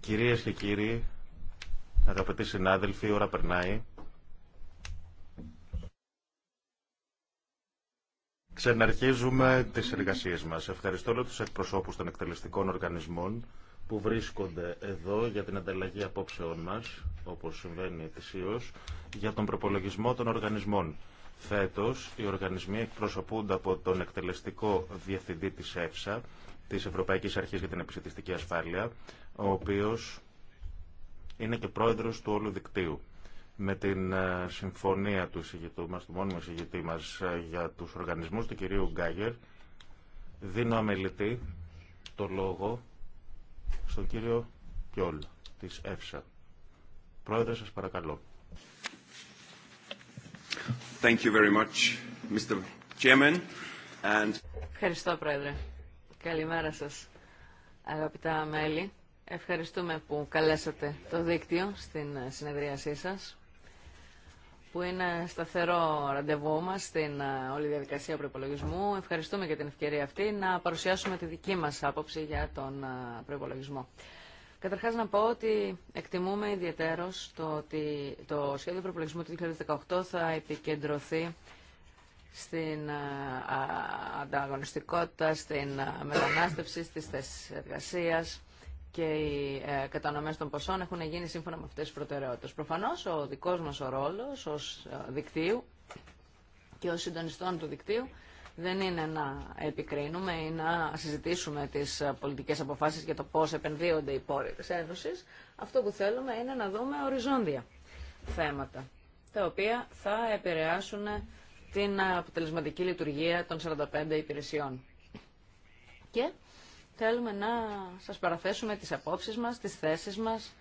Κυρίες και κύριοι, αγαπητοί συνάδελφοι, η ώρα περνάει. Ξεναρχίζουμε τις εργασίες μας. Ευχαριστώ όλους τους εκπροσώπους των εκτελεστικών οργανισμών που βρίσκονται εδώ για την ανταλλαγή απόψεών μας, όπως συμβαίνει ετησίως, για τον προπολογισμό των οργανισμών. Φέτος, οι οργανισμοί εκπροσωπούνται από τον εκτελεστικό διευθυντή της ΕΦΣΑ, της Ευρωπαϊκής Αρχής για την Επιστημιστική Ασφάλεια, ο οποίος είναι και πρόεδρος του όλου δικτύου. Με την ε, συμφωνία του εισηγητού μας, του μόνιμου εισηγητή μας ε, για τους οργανισμούς του κυρίου Γκάγερ, δίνω αμελητή το λόγο στον κύριο Πιόλ της ΕΦΣΑ. Πρόεδρε, σας παρακαλώ. Ευχαριστώ, Πρόεδρε. Καλημέρα σας, αγαπητά μέλη. Ευχαριστούμε που καλέσατε το δίκτυο στην ε, συνεδρίασή σας, που είναι σταθερό ραντεβού μας στην ε, όλη διαδικασία προπολογισμού. Ευχαριστούμε για την ευκαιρία αυτή να παρουσιάσουμε τη δική μας άποψη για τον ε, προπολογισμό. Καταρχάς να πω ότι εκτιμούμε ιδιαίτερος το ότι το σχέδιο προπολογισμού του 2018 θα επικεντρωθεί στην ε, ανταγωνιστικότητα, στην ε, μετανάστευση, στις θέσεις εργασίας και οι ε, κατανομές των ποσών έχουν γίνει σύμφωνα με αυτές τις προτεραιότητες. Προφανώς ο δικός μας ο ρόλος ως δικτύου και ως συντονιστών του δικτύου δεν είναι να επικρίνουμε ή να συζητήσουμε τις πολιτικές αποφάσεις για το πώς επενδύονται οι πόροι της Ένωσης. Αυτό που θέλουμε είναι να δούμε οριζόντια θέματα, τα οποία θα επηρεάσουν την αποτελεσματική λειτουργία των 45 υπηρεσιών. Και θέλουμε να σας παραθέσουμε τις απόψεις μας, τις θέσεις μας,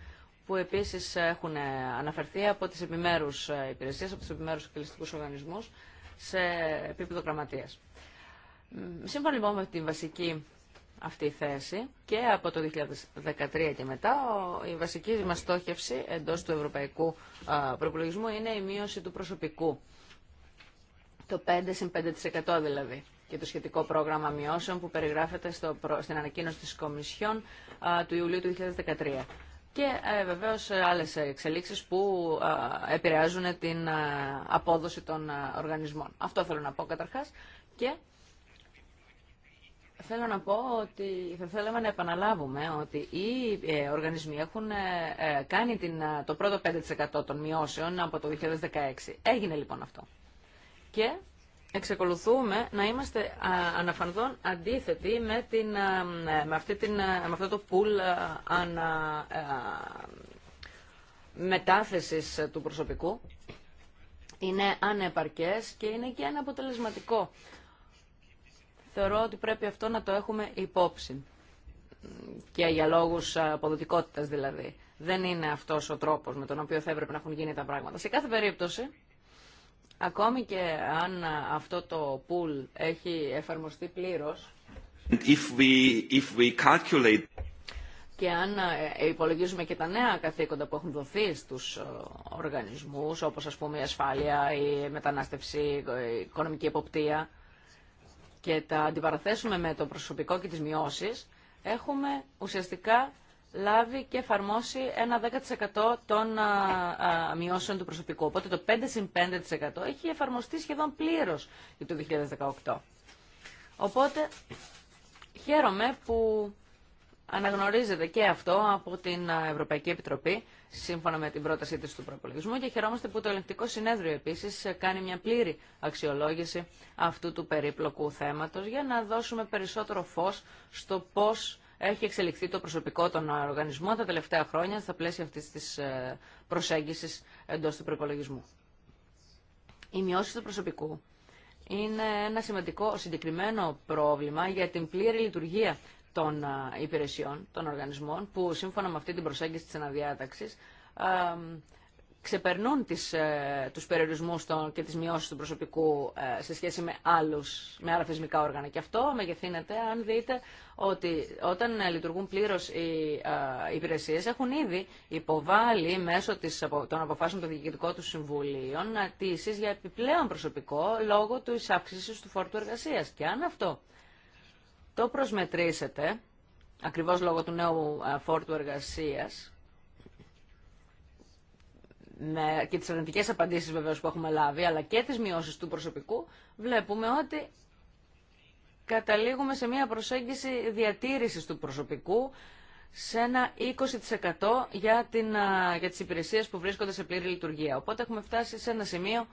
που επίσης έχουν αναφερθεί από τις επιμέρους ε, υπηρεσίες, από τους επιμέρους εκκληστικούς οργανισμούς, σε επίπεδο γραμματείας. Σύμφωνα λοιπόν με την βασική αυτή θέση και από το 2013 και μετά η βασική μας στόχευση εντός του ευρωπαϊκού προπολογισμού είναι η μείωση του προσωπικού. Το 5 5% δηλαδή και το σχετικό πρόγραμμα μειώσεων που περιγράφεται στο, στην ανακοίνωση της Κομισιόν του Ιουλίου του 2013 και ε, βεβαίω άλλε εξελίξεις που ε, επηρεάζουν την ε, απόδοση των οργανισμών. Αυτό θέλω να πω καταρχάς και Θέλω να πω ότι θα θέλαμε να επαναλάβουμε ότι οι οργανισμοί έχουν κάνει την, το πρώτο 5% των μειώσεων από το 2016. Έγινε λοιπόν αυτό. Και εξεκολουθούμε να είμαστε αναφανδόν αντίθετοι με, την, με, αυτή την, με αυτό το πουλ ανα, μετάθεσης του προσωπικού. Είναι ανεπαρκές και είναι και αναποτελεσματικό. Θεωρώ ότι πρέπει αυτό να το έχουμε υπόψη. Και για λόγους αποδοτικότητας δηλαδή. Δεν είναι αυτός ο τρόπος με τον οποίο θα έπρεπε να έχουν γίνει τα πράγματα. Σε κάθε περίπτωση, Ακόμη και αν αυτό το πουλ έχει εφαρμοστεί πλήρως if if και αν ε, υπολογίζουμε και τα νέα καθήκοντα που έχουν δοθεί στους ε, οργανισμούς όπως ας πούμε η ασφάλεια, η μετανάστευση, η οικονομική εποπτεία και τα αντιπαραθέσουμε με το προσωπικό και τις μειώσεις έχουμε ουσιαστικά λάβει και εφαρμόσει ένα 10% των μειώσεων του προσωπικού. Οπότε το 5 5% έχει εφαρμοστεί σχεδόν πλήρως για το 2018. Οπότε χαίρομαι που αναγνωρίζεται και αυτό από την Ευρωπαϊκή Επιτροπή σύμφωνα με την πρότασή της του προπολογισμού και χαιρόμαστε που το Ελεκτικό συνέδριο επίσης κάνει μια πλήρη αξιολόγηση αυτού του περίπλοκου θέματος για να δώσουμε περισσότερο φως στο πώς έχει εξελιχθεί το προσωπικό των οργανισμών τα τελευταία χρόνια στα πλαίσια αυτή τη ε, προσέγγιση εντός του προπολογισμού. Οι μειώσει του προσωπικού είναι ένα σημαντικό συγκεκριμένο πρόβλημα για την πλήρη λειτουργία των ε, υπηρεσιών, των οργανισμών, που σύμφωνα με αυτή την προσέγγιση της αναδιάταξης ε, ξεπερνούν τις, ε, τους περιορισμούς και τις μειώσεις του προσωπικού ε, σε σχέση με, άλλους, με άλλα θεσμικά όργανα. Και αυτό μεγεθύνεται αν δείτε ότι όταν ε, λειτουργούν πλήρως οι ε, υπηρεσίες έχουν ήδη υποβάλει μέσω της, των αποφάσεων των διοικητικών του συμβουλίων ε, αιτήσει για επιπλέον προσωπικό λόγω του αύξηση του φόρτου εργασίας. Και αν αυτό το προσμετρήσετε, ακριβώς λόγω του νέου φόρτου εργασίας, με, ναι, και τις αρνητικές απαντήσεις βεβαίως που έχουμε λάβει, αλλά και τις μειώσεις του προσωπικού, βλέπουμε ότι καταλήγουμε σε μια προσέγγιση διατήρησης του προσωπικού σε ένα 20% για, την, για τις υπηρεσίες που βρίσκονται σε πλήρη λειτουργία. Οπότε έχουμε φτάσει σε ένα σημείο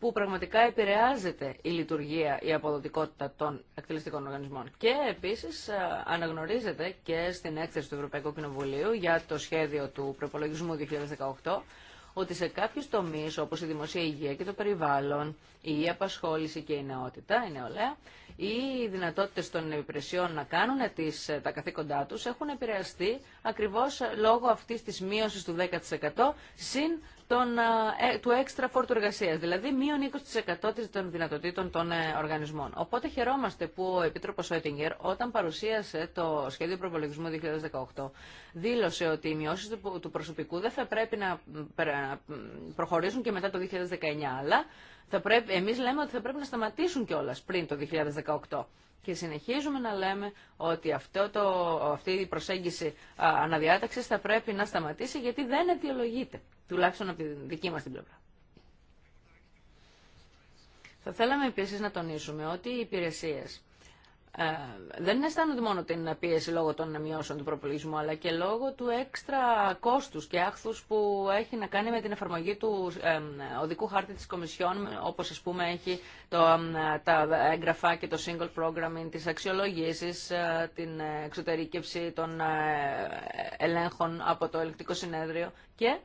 που πραγματικά επηρεάζεται η λειτουργία, η αποδοτικότητα των εκτελεστικών οργανισμών. Και επίσης ε, αναγνωρίζεται και στην έκθεση του Ευρωπαϊκού Κοινοβουλίου για το σχέδιο του προπολογισμού 2018 ότι σε κάποιους τομείς όπως η δημοσία υγεία και το περιβάλλον, η απασχόληση και η νεότητα, η νεολαία, οι δυνατότητες των υπηρεσιών να κάνουν τις, ε, τα καθήκοντά τους έχουν επηρεαστεί ακριβώς λόγω αυτής της μείωσης του 10% συν τον, ε, ε, του έξτρα φόρτου εργασία, δηλαδή μείον 20% των δυνατοτήτων των ε, οργανισμών. Οπότε χαιρόμαστε που ο Επίτροπο Ότιγκερ, όταν παρουσίασε το σχέδιο προπολογισμού 2018, δήλωσε ότι οι μειώσει του, του προσωπικού δεν θα πρέπει να προχωρήσουν και μετά το 2019, αλλά θα πρέπει, εμείς λέμε ότι θα πρέπει να σταματήσουν κιόλα πριν το 2018. Και συνεχίζουμε να λέμε ότι αυτό το, αυτή η προσέγγιση αναδιάταξης θα πρέπει να σταματήσει γιατί δεν αιτιολογείται, τουλάχιστον από τη δική μας την πλευρά. Θα θέλαμε επίσης να τονίσουμε ότι οι υπηρεσίες ε, δεν αισθάνονται μόνο την πίεση λόγω των μειώσεων του προπολογισμού, αλλά και λόγω του έξτρα κόστους και άχθους που έχει να κάνει με την εφαρμογή του οδικού χάρτη της Κομισιόν, όπως ας πούμε έχει το, τα έγγραφα και το single programming, τις αξιολογήσεις, ε, την εξωτερήκευση των ε, ελέγχων από το ελεκτικό συνέδριο και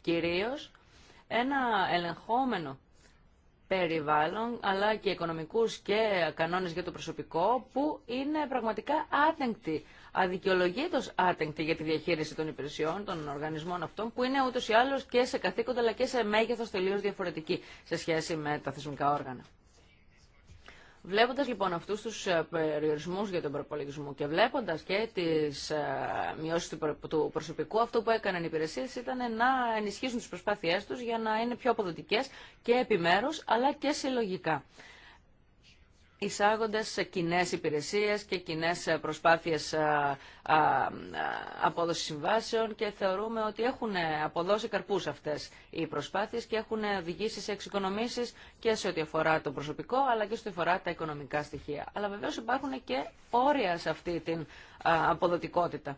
κυρίως ένα ελεγχόμενο περιβάλλον, αλλά και οικονομικούς και κανόνες για το προσωπικό, που είναι πραγματικά άτεγκτοι, αδικαιολογήτως άτεγκτοι για τη διαχείριση των υπηρεσιών, των οργανισμών αυτών, που είναι ούτως ή άλλως και σε καθήκοντα, αλλά και σε μέγεθος τελείως διαφορετική σε σχέση με τα θεσμικά όργανα. Βλέποντα λοιπόν αυτού του ε, περιορισμού για τον προπολογισμό και βλέποντα και τι ε, μειώσει του προσωπικού, αυτό που έκαναν οι υπηρεσίε ήταν να ενισχύσουν τι προσπάθειε του για να είναι πιο αποδοτικέ και επιμέρου, αλλά και συλλογικά εισάγοντας κοινέ υπηρεσίες και κοινέ προσπάθειες απόδοσης συμβάσεων και θεωρούμε ότι έχουν αποδώσει καρπούς αυτές οι προσπάθειες και έχουν οδηγήσει σε εξοικονομήσεις και σε ό,τι αφορά το προσωπικό αλλά και σε ό,τι αφορά τα οικονομικά στοιχεία. Αλλά βεβαίως υπάρχουν και όρια σε αυτή την αποδοτικότητα.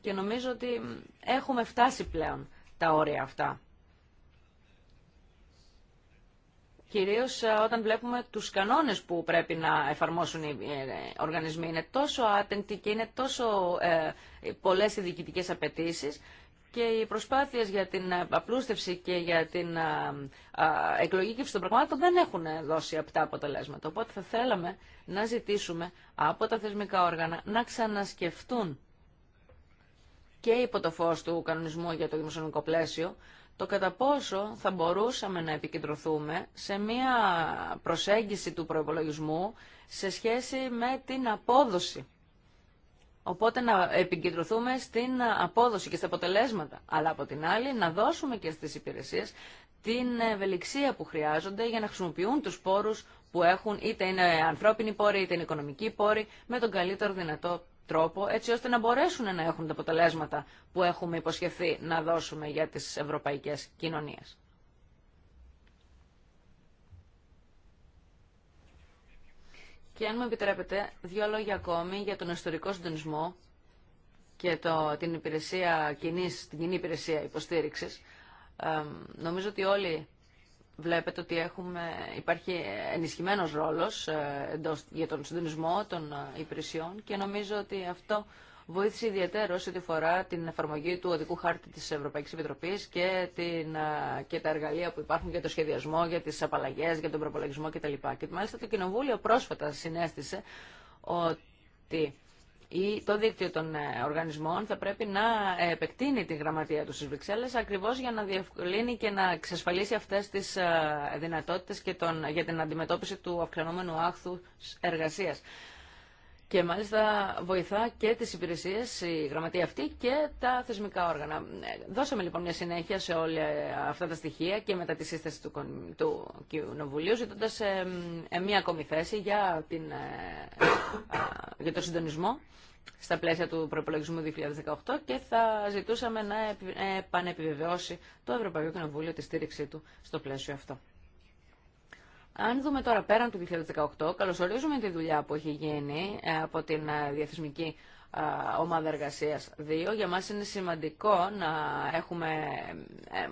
Και νομίζω ότι έχουμε φτάσει πλέον τα όρια αυτά. κυρίως ε, όταν βλέπουμε τους κανόνες που πρέπει να εφαρμόσουν οι ε, οργανισμοί. Είναι τόσο άτεντοι και είναι τόσο ε, πολλές οι διοικητικές απαιτήσεις και οι προσπάθειες για την απλούστευση και για την εκλογήκευση των πραγμάτων δεν έχουν δώσει απτά αποτελέσματα. Οπότε θα θέλαμε να ζητήσουμε από τα θεσμικά όργανα να ξανασκεφτούν και υπό το φως του κανονισμού για το δημοσιονομικό πλαίσιο το κατά πόσο θα μπορούσαμε να επικεντρωθούμε σε μια προσέγγιση του προϋπολογισμού σε σχέση με την απόδοση. Οπότε να επικεντρωθούμε στην απόδοση και στα αποτελέσματα. Αλλά από την άλλη να δώσουμε και στις υπηρεσίες την ευελιξία που χρειάζονται για να χρησιμοποιούν τους πόρους που έχουν, είτε είναι ανθρώπινοι πόροι, είτε είναι οικονομικοί πόροι, με τον καλύτερο δυνατό τρόπο έτσι ώστε να μπορέσουν να έχουν τα αποτελέσματα που έχουμε υποσχεθεί να δώσουμε για τις ευρωπαϊκές κοινωνίες. Και αν μου επιτρέπετε, δύο λόγια ακόμη για τον ιστορικό συντονισμό και το, την, υπηρεσία, κοινής, την κοινή υπηρεσία υποστήριξης. νομίζω ότι όλοι βλέπετε ότι έχουμε, υπάρχει ενισχυμένος ρόλος ε, εντός, για τον συντονισμό των ε, υπηρεσιών και νομίζω ότι αυτό βοήθησε ιδιαίτερα σε τη φορά την εφαρμογή του οδικού χάρτη της Ευρωπαϊκής Επιτροπής και, την, ε, και τα εργαλεία που υπάρχουν για το σχεδιασμό, για τις απαλλαγές, για τον προπολογισμό κτλ. Και μάλιστα το Κοινοβούλιο πρόσφατα συνέστησε ότι ή το δίκτυο των ε, οργανισμών θα πρέπει να ε, επεκτείνει τη γραμματεία του στις Βρυξέλλες ακριβώς για να διευκολύνει και να εξασφαλίσει αυτές τις ε, δυνατότητες και τον, για την αντιμετώπιση του αυξανόμενου άχθου εργασίας. Και μάλιστα βοηθά και τις υπηρεσίες, η γραμματεία αυτή και τα θεσμικά όργανα. Δώσαμε λοιπόν μια συνέχεια σε όλα αυτά τα στοιχεία και μετά τη σύσταση του, του Κοινοβουλίου ζητώντα μια ακόμη θέση για, την, ε, για το συντονισμό στα πλαίσια του προπολογισμού 2018 και θα ζητούσαμε να επανεπιβεβαιώσει ε, το Ευρωπαϊκό Κοινοβούλιο τη στήριξή του στο πλαίσιο αυτό. Αν δούμε τώρα πέραν του 2018, καλωσορίζουμε τη δουλειά που έχει γίνει ε, από την ε, Διαθεσμική ε, Ομάδα εργασία 2. Για μα είναι σημαντικό να έχουμε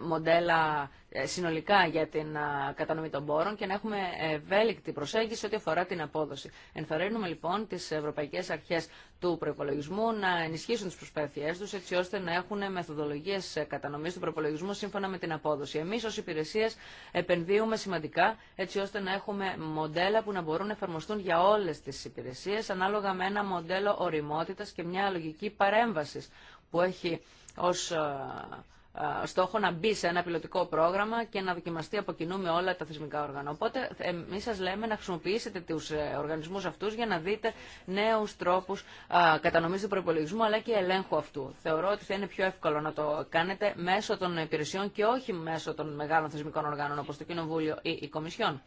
μοντέλα ε, συνολικά για την κατανομή των πόρων και να έχουμε ευέλικτη προσέγγιση ό,τι αφορά την απόδοση. Ενθαρρύνουμε λοιπόν τι ευρωπαϊκέ αρχέ του προπολογισμού να ενισχύσουν τι προσπάθειέ του έτσι ώστε να έχουν μεθοδολογίε κατανομή του προπολογισμού σύμφωνα με την απόδοση. Εμεί ω υπηρεσίε επενδύουμε σημαντικά έτσι ώστε να έχουμε μοντέλα που να μπορούν να εφαρμοστούν για όλε τι υπηρεσίε ανάλογα με ένα μοντέλο οριμότητα και μια λογική παρέμβαση που έχει ως ε, στόχο να μπει σε ένα πιλωτικό πρόγραμμα και να δοκιμαστεί από κοινού με όλα τα θεσμικά όργανα. Οπότε εμεί σα λέμε να χρησιμοποιήσετε τους ε, οργανισμούς αυτούς για να δείτε νέους τρόπους ε, κατανομής του προπολογισμού αλλά και ελέγχου αυτού. Θεωρώ ότι θα είναι πιο εύκολο να το κάνετε μέσω των υπηρεσιών και όχι μέσω των μεγάλων θεσμικών οργάνων όπω το Κοινοβούλιο ή η Κομισιόν.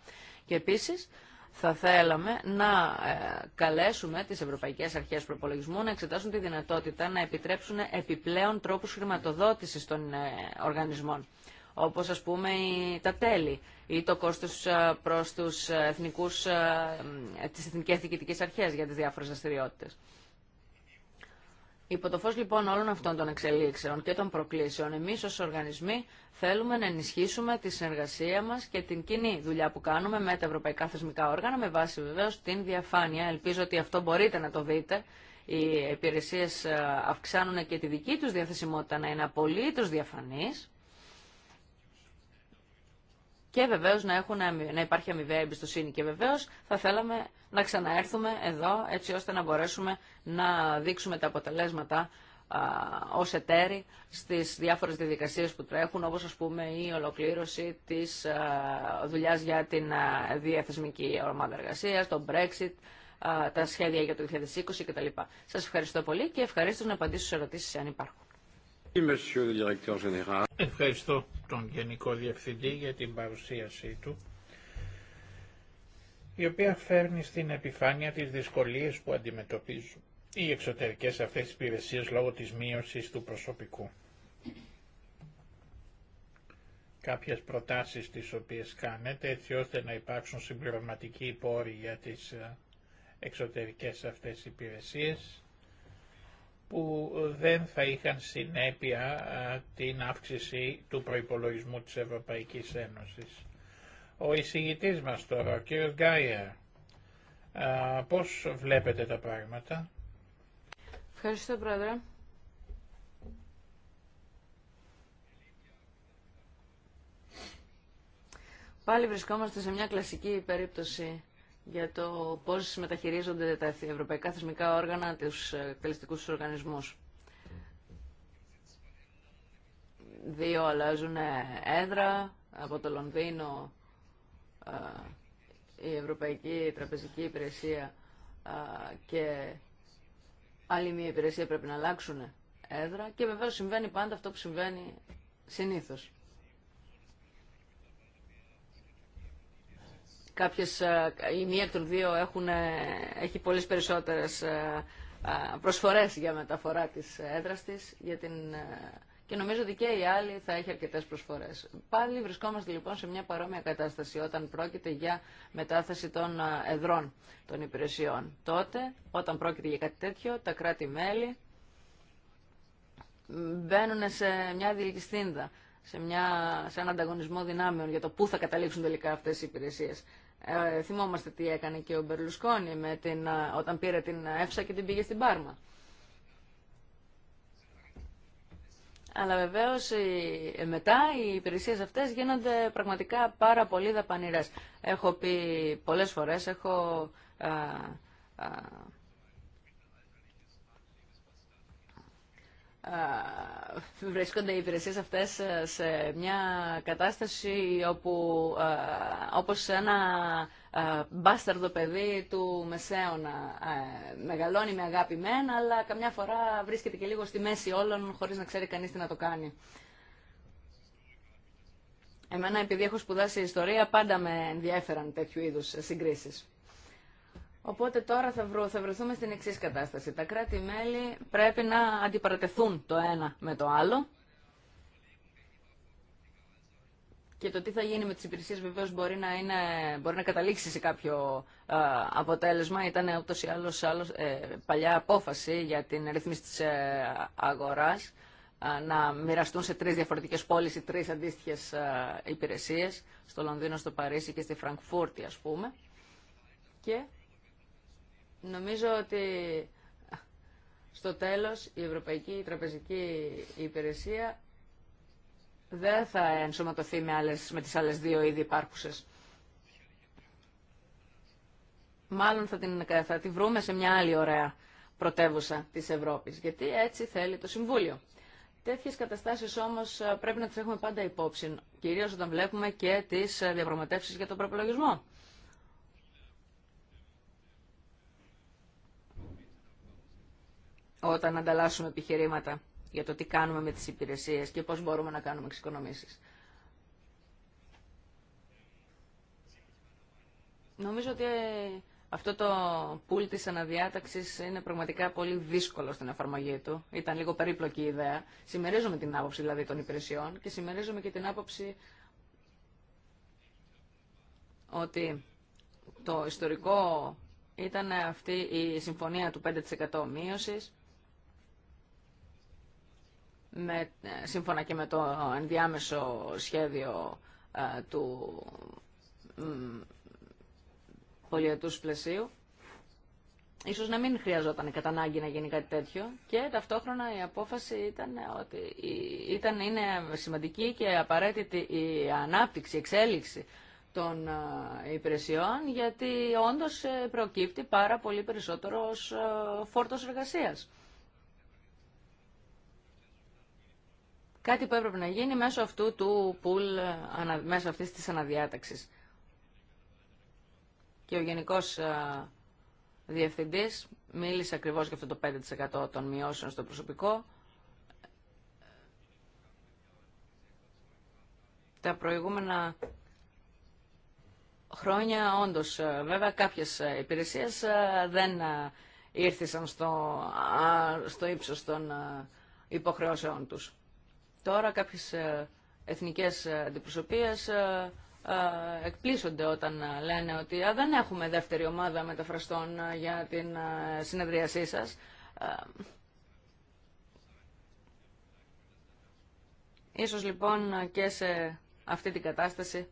Και επίσης θα θέλαμε να ε, καλέσουμε τις Ευρωπαϊκές Αρχές Προπολογισμού να εξετάσουν τη δυνατότητα να επιτρέψουν επιπλέον τρόπους χρηματοδότησης των ε, οργανισμών όπως ας πούμε τα τέλη ή το κόστος ε, προς τους εθνικούς, τις εθνικές διοικητικές αρχές για τις διάφορες δραστηριότητε. Υπό το φως λοιπόν όλων αυτών των εξελίξεων και των προκλήσεων, εμείς ως οργανισμοί θέλουμε να ενισχύσουμε τη συνεργασία μας και την κοινή δουλειά που κάνουμε με τα ευρωπαϊκά θεσμικά όργανα, με βάση βεβαίως την διαφάνεια. Ελπίζω ότι αυτό μπορείτε να το δείτε. Οι υπηρεσίε ε, αυξάνουν και τη δική τους διαθεσιμότητα να είναι απολύτως διαφανής και βεβαίω να, να υπάρχει αμοιβαία εμπιστοσύνη. Και βεβαίω θα θέλαμε να ξαναέρθουμε εδώ έτσι ώστε να μπορέσουμε να δείξουμε τα αποτελέσματα ω εταίροι στις διάφορες διαδικασίε που τρέχουν, όπως ας πούμε η ολοκλήρωση της δουλειά για την διαθεσμική ομάδα εργασία, το Brexit, τα σχέδια για το 2020 κτλ. Σα ευχαριστώ πολύ και ευχαρίστω να απαντήσω στι ερωτήσεις αν υπάρχουν. Ευχαριστώ τον Γενικό Διευθυντή για την παρουσίασή του, η οποία φέρνει στην επιφάνεια τις δυσκολίες που αντιμετωπίζουν οι εξωτερικές αυτές τις υπηρεσίες λόγω της μείωσης του προσωπικού. Κάποιες προτάσεις τις οποίες κάνετε έτσι ώστε να υπάρξουν συμπληρωματικοί πόροι για τις ε, εξωτερικές αυτές υπηρεσίες που δεν θα είχαν συνέπεια την αύξηση του προϋπολογισμού της Ευρωπαϊκής Ένωσης. Ο εισηγητής μας τώρα, ο κύριος Γκάιερ, πώς βλέπετε τα πράγματα. Ευχαριστώ, Πρόεδρε. Πάλι βρισκόμαστε σε μια κλασική περίπτωση για το πώς μεταχειρίζονται τα ευρωπαϊκά θεσμικά όργανα τους ε, του οργανισμού. Δύο αλλάζουν έδρα από το Λονδίνο ε, η Ευρωπαϊκή Τραπεζική Υπηρεσία ε, και άλλη μία υπηρεσία πρέπει να αλλάξουν έδρα και βεβαίω συμβαίνει πάντα αυτό που συμβαίνει συνήθω. Κάποιες, ε, η μία εκ των δύο ε, έχει πολλές περισσότερες ε, προσφορές για μεταφορά της έδρας της για την, και νομίζω ότι και η άλλη θα έχει αρκετές προσφορές. Πάλι βρισκόμαστε λοιπόν σε μια παρόμοια κατάσταση όταν πρόκειται για μετάθεση των εδρών των υπηρεσιών. Τότε, όταν πρόκειται για κάτι τέτοιο, τα κράτη-μέλη μπαίνουν σε μια διελκυστίνδα, σε, μια, σε έναν ανταγωνισμό δυνάμεων για το πού θα καταλήξουν τελικά αυτές οι υπηρεσίες. Ε, θυμόμαστε τι έκανε και ο Μπερλουσκόνη με την, ε, όταν πήρε την ΕΦΣΑ και την πήγε στην Πάρμα. Αλλά βεβαίως ε, μετά οι υπηρεσίε αυτές γίνονται πραγματικά πάρα πολύ δαπανηρές. Έχω πει πολλές φορές... έχω βρίσκονται οι υπηρεσίες αυτές ε, σε μια κατάσταση όπου ε, όπως ένα ε, μπάσταρδο παιδί του μεσαίωνα μεγαλώνει με αγάπη μένα, αλλά καμιά φορά βρίσκεται και λίγο στη μέση όλων χωρίς να ξέρει κανείς τι να το κάνει. Εμένα επειδή έχω σπουδάσει ιστορία πάντα με ενδιέφεραν τέτοιου είδους συγκρίσεις. Οπότε τώρα θα, βρω, θα βρεθούμε στην εξή κατάσταση. Τα κράτη-μέλη πρέπει να αντιπαρατεθούν το ένα με το άλλο. Και το τι θα γίνει με τις υπηρεσίες βεβαίως μπορεί να, είναι, μπορεί να καταλήξει σε κάποιο ε, αποτέλεσμα. Ήταν ούτως ή άλλως, ε, παλιά απόφαση για την ρυθμίση της ε, αγοράς ε, να μοιραστούν σε τρεις διαφορετικές πόλεις οι τρεις αντίστοιχες υπηρεσίες, στο Λονδίνο, στο Παρίσι και στη Φραγκφούρτη ας πούμε. Και Νομίζω ότι στο τέλος η Ευρωπαϊκή Τραπεζική Υπηρεσία δεν θα ενσωματωθεί με, άλλες, με τις άλλες δύο ήδη υπάρχουσες. Μάλλον θα την, θα τη βρούμε σε μια άλλη ωραία πρωτεύουσα της Ευρώπης, γιατί έτσι θέλει το Συμβούλιο. Τέτοιες καταστάσεις όμως πρέπει να τις έχουμε πάντα υπόψη, κυρίως όταν βλέπουμε και τις διαπραγματεύσεις για τον προπολογισμό. όταν ανταλλάσσουμε επιχειρήματα για το τι κάνουμε με τις υπηρεσίες και πώς μπορούμε να κάνουμε εξοικονομήσεις. Νομίζω ότι ε, αυτό το πουλ της αναδιάταξης είναι πραγματικά πολύ δύσκολο στην εφαρμογή του. Ήταν λίγο περίπλοκη η ιδέα. Συμμερίζομαι την άποψη δηλαδή των υπηρεσιών και συμμερίζομαι και την άποψη ότι το ιστορικό ήταν αυτή η συμφωνία του 5% μείωσης με, σύμφωνα και με το ενδιάμεσο σχέδιο ε, του πολιετούς πλαισίου. Ίσως να μην χρειαζόταν κατά ανάγκη να γίνει κάτι τέτοιο και ταυτόχρονα η απόφαση ήταν ότι ήταν, είναι σημαντική και απαραίτητη η ανάπτυξη, η εξέλιξη των ε, υπηρεσιών γιατί όντως ε, προκύπτει πάρα πολύ περισσότερος φόρτος εργασίας. Κάτι που έπρεπε να γίνει μέσω αυτού του πουλ, μέσω αυτής της αναδιάταξης. Και ο Γενικός Διευθυντής μίλησε ακριβώς για αυτό το 5% των μειώσεων στο προσωπικό. Τα προηγούμενα χρόνια, όντως, βέβαια, κάποιες υπηρεσίες δεν ήρθησαν στο, στο ύψος των υποχρεώσεών τους. Τώρα κάποιες ε, εθνικές ε, αντιπροσωπείες ε, εκπλήσονται όταν λένε ότι δεν έχουμε δεύτερη ομάδα μεταφραστών για την συνεδρίασή σας. Ίσως λοιπόν και σε αυτή την κατάσταση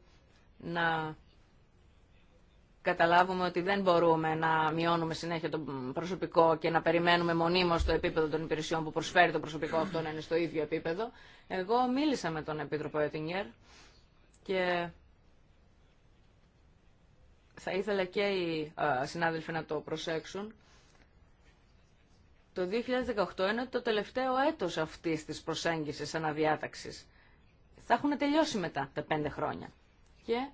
να καταλάβουμε ότι δεν μπορούμε να μειώνουμε συνέχεια το προσωπικό και να περιμένουμε μονίμως το επίπεδο των υπηρεσιών που προσφέρει το προσωπικό αυτό να είναι στο ίδιο επίπεδο. Εγώ μίλησα με τον Επίτροπο Ετινιέρ και θα ήθελα και οι ε, συνάδελφοι να το προσέξουν. Το 2018 είναι το τελευταίο έτος αυτής της προσέγγισης αναδιάταξης. Θα έχουν τελειώσει μετά τα πέντε χρόνια. Και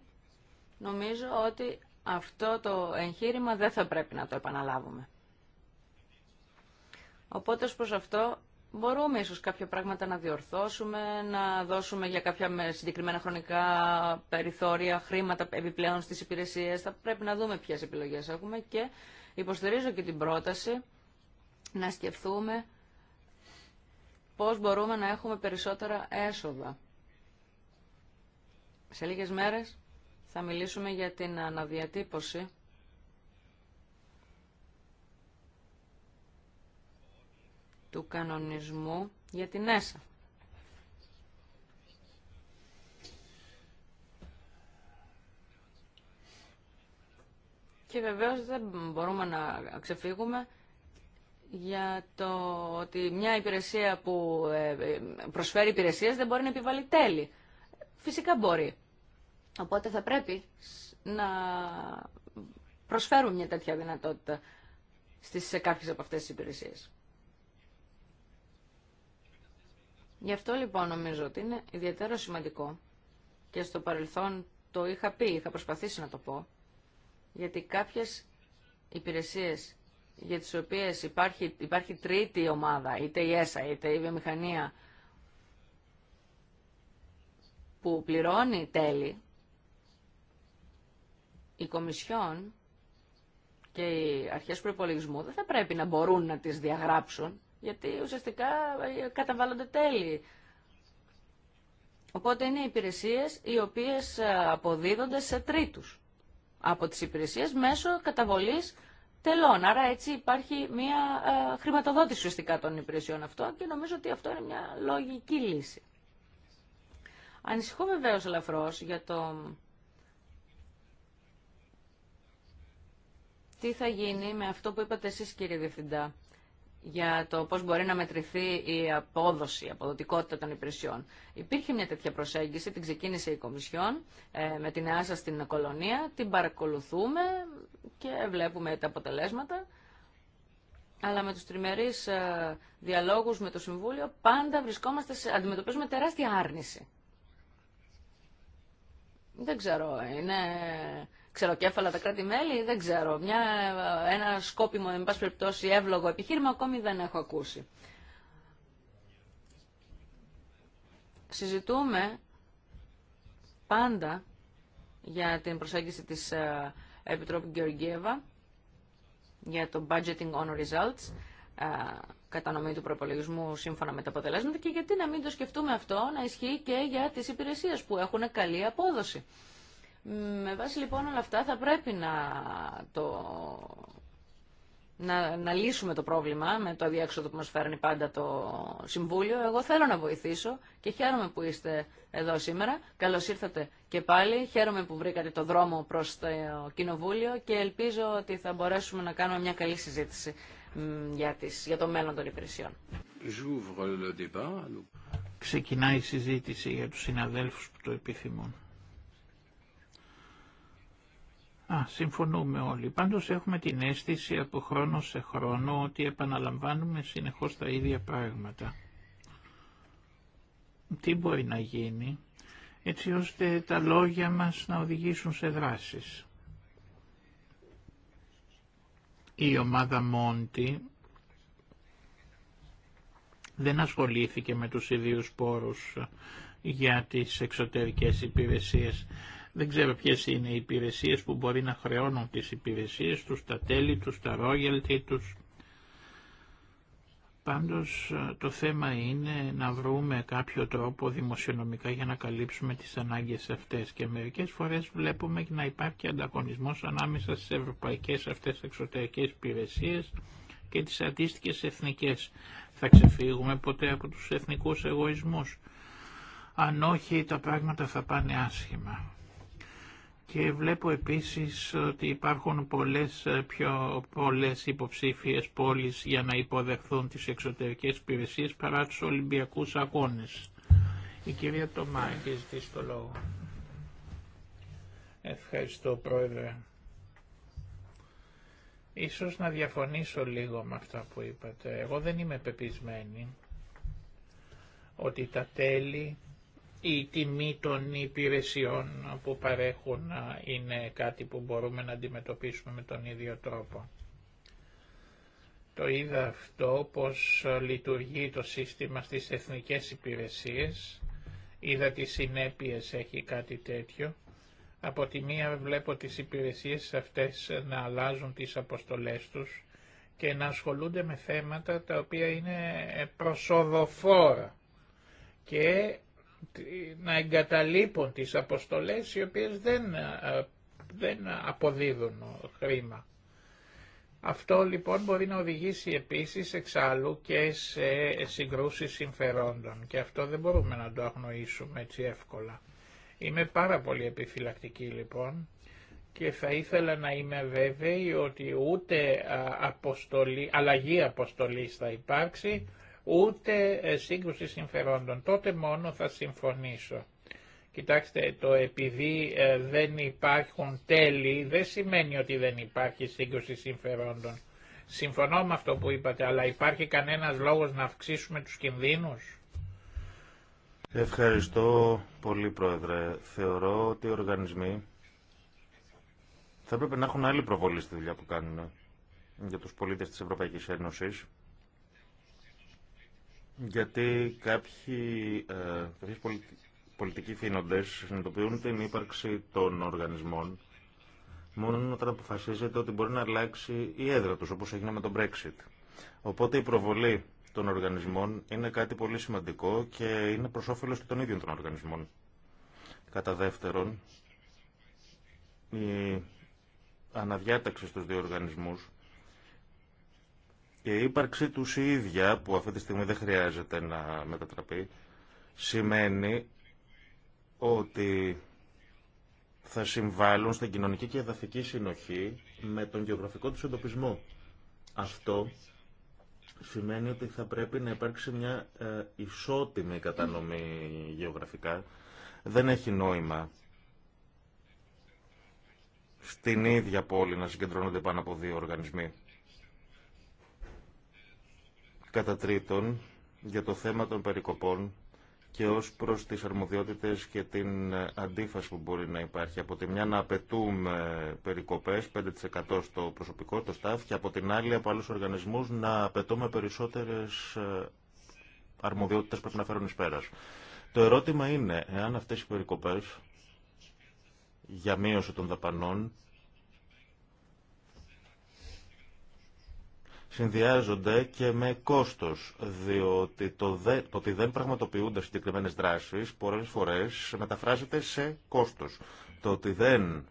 νομίζω ότι αυτό το εγχείρημα δεν θα πρέπει να το επαναλάβουμε. Οπότε ως προς αυτό μπορούμε ίσως κάποια πράγματα να διορθώσουμε, να δώσουμε για κάποια συγκεκριμένα χρονικά περιθώρια, χρήματα επιπλέον στις υπηρεσίες. Θα πρέπει να δούμε ποιες επιλογές έχουμε και υποστηρίζω και την πρόταση να σκεφτούμε πώς μπορούμε να έχουμε περισσότερα έσοδα. Σε λίγες μέρες θα μιλήσουμε για την αναδιατύπωση του κανονισμού για την ΕΣΑ. Και βεβαίως δεν μπορούμε να ξεφύγουμε για το ότι μια υπηρεσία που ε, ε, προσφέρει υπηρεσίες δεν μπορεί να επιβάλλει τέλη. Φυσικά μπορεί. Οπότε θα πρέπει να προσφέρουν μια τέτοια δυνατότητα στις, σε κάποιες από αυτές τις υπηρεσίες. Γι' αυτό λοιπόν νομίζω ότι είναι ιδιαίτερα σημαντικό και στο παρελθόν το είχα πει, είχα προσπαθήσει να το πω, γιατί κάποιες υπηρεσίες για τις οποίες υπάρχει, υπάρχει τρίτη ομάδα, είτε η ΕΣΑ, είτε η βιομηχανία, που πληρώνει τέλη, η Κομισιόν και οι αρχές προπολογισμού δεν θα πρέπει να μπορούν να τις διαγράψουν, γιατί ουσιαστικά ε, καταβάλλονται τέλη. Οπότε είναι οι υπηρεσίες οι οποίες ε, αποδίδονται σε τρίτους από τις υπηρεσίες μέσω καταβολής τελών. Άρα έτσι υπάρχει μια ε, χρηματοδότηση ουσιαστικά των υπηρεσιών αυτών και νομίζω ότι αυτό είναι μια λογική λύση. Ανησυχώ βεβαίω ελαφρώ για το τι θα γίνει με αυτό που είπατε εσείς κύριε Διευθυντά για το πώς μπορεί να μετρηθεί η απόδοση, η αποδοτικότητα των υπηρεσιών. Υπήρχε μια τέτοια προσέγγιση, την ξεκίνησε η Κομισιόν ε, με την ΕΑΣΑ στην Κολονία, την παρακολουθούμε και βλέπουμε τα αποτελέσματα. Αλλά με τους τριμερείς ε, διαλόγους με το Συμβούλιο πάντα βρισκόμαστε, αντιμετωπίζουμε τεράστια άρνηση. Δεν ξέρω, είναι ξεροκέφαλα τα κράτη-μέλη, δεν ξέρω. Μια, ένα σκόπιμο, εν πάση περιπτώσει, εύλογο επιχείρημα ακόμη δεν έχω ακούσει. Συζητούμε πάντα για την προσέγγιση της ε, Επιτρόπου Γεωργίευα για το budgeting on results, ε, κατανομή του προπολογισμού σύμφωνα με τα αποτελέσματα και γιατί να μην το σκεφτούμε αυτό να ισχύει και για τις υπηρεσίες που έχουν καλή απόδοση. Με βάση λοιπόν όλα αυτά θα πρέπει να, το... να, λύσουμε το πρόβλημα με το αδιέξοδο που μας φέρνει πάντα το Συμβούλιο. Εγώ θέλω να βοηθήσω και χαίρομαι που είστε εδώ σήμερα. Καλώς ήρθατε και πάλι. Χαίρομαι που βρήκατε το δρόμο προς το Κοινοβούλιο και ελπίζω ότι θα μπορέσουμε να κάνουμε μια καλή συζήτηση για, τις, για το μέλλον των υπηρεσιών. Ξεκινάει η συζήτηση για τους συναδέλφους που το επιθυμούν. Α, συμφωνούμε όλοι. Πάντως έχουμε την αίσθηση από χρόνο σε χρόνο ότι επαναλαμβάνουμε συνεχώς τα ίδια πράγματα. Τι μπορεί να γίνει έτσι ώστε τα λόγια μας να οδηγήσουν σε δράσεις. Η ομάδα Μόντι δεν ασχολήθηκε με τους ιδίους πόρους για τις εξωτερικές υπηρεσίες. Δεν ξέρω ποιες είναι οι υπηρεσίες που μπορεί να χρεώνουν τις υπηρεσίες τους, τα τέλη τους, τα ρόγελτη τους. Πάντως ε, το θέμα είναι να βρούμε κάποιο τρόπο δημοσιονομικά για να καλύψουμε τις ανάγκες αυτές και μερικές φορές βλέπουμε να υπάρχει ανταγωνισμός ανάμεσα στις ευρωπαϊκές αυτές εξωτερικές υπηρεσίες και τις αντίστοιχες εθνικές. Θα ξεφύγουμε ποτέ από τους εθνικούς εγωισμούς. Αν όχι τα πράγματα θα πάνε άσχημα. Και βλέπω επίσης ότι υπάρχουν πολλές, πιο, πολλές υποψήφιες πόλεις για να υποδεχθούν τις εξωτερικές υπηρεσίες παρά τους Ολυμπιακούς Αγώνες. Η κυρία Τωμά έχει ζητήσει το λόγο. Ευχαριστώ Πρόεδρε. Ίσως να διαφωνήσω λίγο με αυτά που είπατε. Εγώ δεν είμαι πεπισμένη ότι τα τέλη η τιμή των υπηρεσιών που παρέχουν είναι κάτι που μπορούμε να αντιμετωπίσουμε με τον ίδιο τρόπο. Το είδα αυτό πως λειτουργεί το σύστημα στις εθνικές υπηρεσίες. Είδα τι συνέπειες έχει κάτι τέτοιο. Από τη μία βλέπω τις υπηρεσίες αυτές να αλλάζουν τις αποστολές τους και να ασχολούνται με θέματα τα οποία είναι προσοδοφόρα και να εγκαταλείπουν τις αποστολές οι οποίες δεν, ε, δεν αποδίδουν χρήμα. Αυτό λοιπόν μπορεί να οδηγήσει επίσης εξάλλου και σε συγκρούσεις συμφερόντων και αυτό δεν μπορούμε να το αγνοήσουμε έτσι εύκολα. Είμαι πάρα πολύ επιφυλακτική λοιπόν και θα ήθελα να είμαι βέβαιη ότι ούτε αποστολή, αλλαγή αποστολής θα υπάρξει ούτε ε, σύγκρουση συμφερόντων. Τότε μόνο θα συμφωνήσω. Κοιτάξτε, το επειδή ε, δεν υπάρχουν τέλη δεν σημαίνει ότι δεν υπάρχει σύγκρουση συμφερόντων. Συμφωνώ με αυτό που είπατε, αλλά υπάρχει κανένας λόγος να αυξήσουμε τους κινδύνους. Ευχαριστώ πολύ, Πρόεδρε. Θεωρώ ότι οι οργανισμοί θα έπρεπε να έχουν άλλη προβολή στη δουλειά που κάνουν για τους πολίτες της Ευρωπαϊκής Ένωσης γιατί κάποιοι, ε, πολιτικοί, πολιτικοί θύνοντες συνειδητοποιούν την ύπαρξη των οργανισμών μόνο όταν αποφασίζεται ότι μπορεί να αλλάξει η έδρα τους, όπως έγινε με τον Brexit. Οπότε η προβολή των οργανισμών είναι κάτι πολύ σημαντικό και είναι προς όφελος και των ίδιων των οργανισμών. Κατά δεύτερον, η αναδιάταξη στους δύο οργανισμούς η ύπαρξή τους η ίδια, που αυτή τη στιγμή δεν χρειάζεται να μετατραπεί, σημαίνει ότι θα συμβάλλουν στην κοινωνική και εδαφική συνοχή με τον γεωγραφικό τους εντοπισμό. Αυτό σημαίνει ότι θα πρέπει να υπάρξει μια ε, ισότιμη κατανομή γεωγραφικά. Δεν έχει νόημα στην ίδια πόλη να συγκεντρώνονται πάνω από δύο οργανισμοί. Κατά τρίτον, για το θέμα των περικοπών και ως προς τις αρμοδιότητες και την ε, αντίφαση που μπορεί να υπάρχει. Από τη μια να απαιτούμε περικοπές, 5% στο προσωπικό, το staff, και από την άλλη από άλλους οργανισμούς να απαιτούμε περισσότερες ε, αρμοδιότητες που πρέπει να φέρουν εις πέρας. Το ερώτημα είναι, εάν αυτές οι περικοπές για μείωση των δαπανών συνδυάζονται και με κόστος, διότι το, δε, το ότι δεν πραγματοποιούνται συγκεκριμένες δράσεις πολλές φορές μεταφράζεται σε κόστος. Το ότι δεν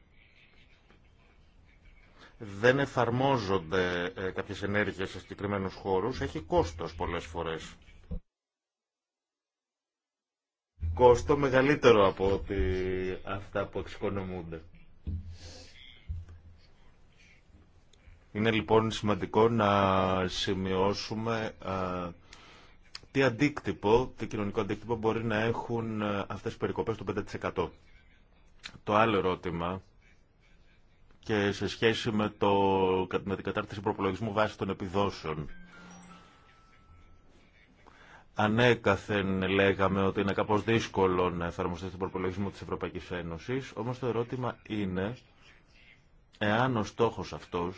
δεν εφαρμόζονται ε, κάποιες ενέργειες σε συγκεκριμένους χώρους, έχει κόστος πολλές φορές. Κόστο μεγαλύτερο από ότι αυτά που εξοικονομούνται. Είναι λοιπόν σημαντικό να σημειώσουμε ε, τι αντίκτυπο, τι κοινωνικό αντίκτυπο μπορεί να έχουν ε, αυτές οι περικοπές του 5%. Το άλλο ερώτημα και σε σχέση με, το, με την κατάρτιση προπολογισμού βάσει των επιδόσεων. Ανέκαθεν λέγαμε ότι είναι κάπως δύσκολο να εφαρμοστεί στον προπολογισμό της Ευρωπαϊκής Ένωσης, όμως το ερώτημα είναι εάν ο στόχος αυτός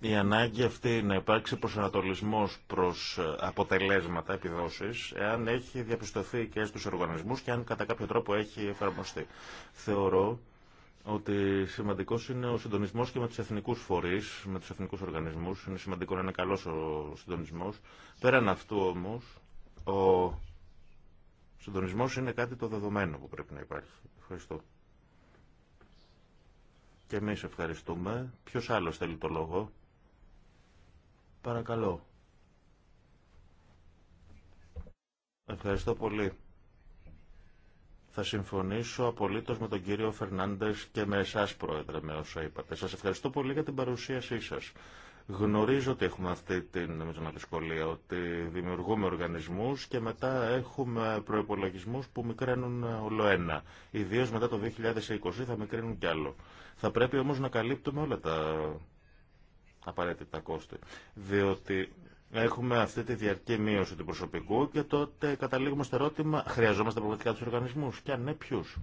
Η ανάγκη αυτή να υπάρξει προσανατολισμό προ ε, αποτελέσματα, επιδόσεις, εάν έχει διαπιστωθεί και στου οργανισμού και αν κατά κάποιο τρόπο έχει εφαρμοστεί. Θεωρώ ότι σημαντικό είναι ο συντονισμό και με του εθνικού φορεί, με του εθνικού οργανισμού. Είναι σημαντικό να είναι καλό ο συντονισμό. Πέραν αυτού όμω, ο συντονισμό είναι κάτι το δεδομένο που πρέπει να υπάρχει. Ευχαριστώ. Και εμείς ευχαριστούμε. Ποιος άλλο θέλει το λόγο. Παρακαλώ. Ευχαριστώ πολύ. Θα συμφωνήσω απολύτω με τον κύριο Φερνάντε και με εσά, Πρόεδρε, με όσα είπατε. Σα ευχαριστώ πολύ για την παρουσίασή σα. Γνωρίζω ότι έχουμε αυτή την δυσκολία, ότι δημιουργούμε οργανισμού και μετά έχουμε προπολογισμού που μικραίνουν όλο ένα. Ιδίω μετά το 2020 θα μικραίνουν κι άλλο. Θα πρέπει όμω να καλύπτουμε όλα τα απαραίτητα κόστη. Διότι έχουμε αυτή τη διαρκή μείωση του προσωπικού και τότε καταλήγουμε στο ερώτημα χρειαζόμαστε πραγματικά τους οργανισμούς και αν ναι ποιους.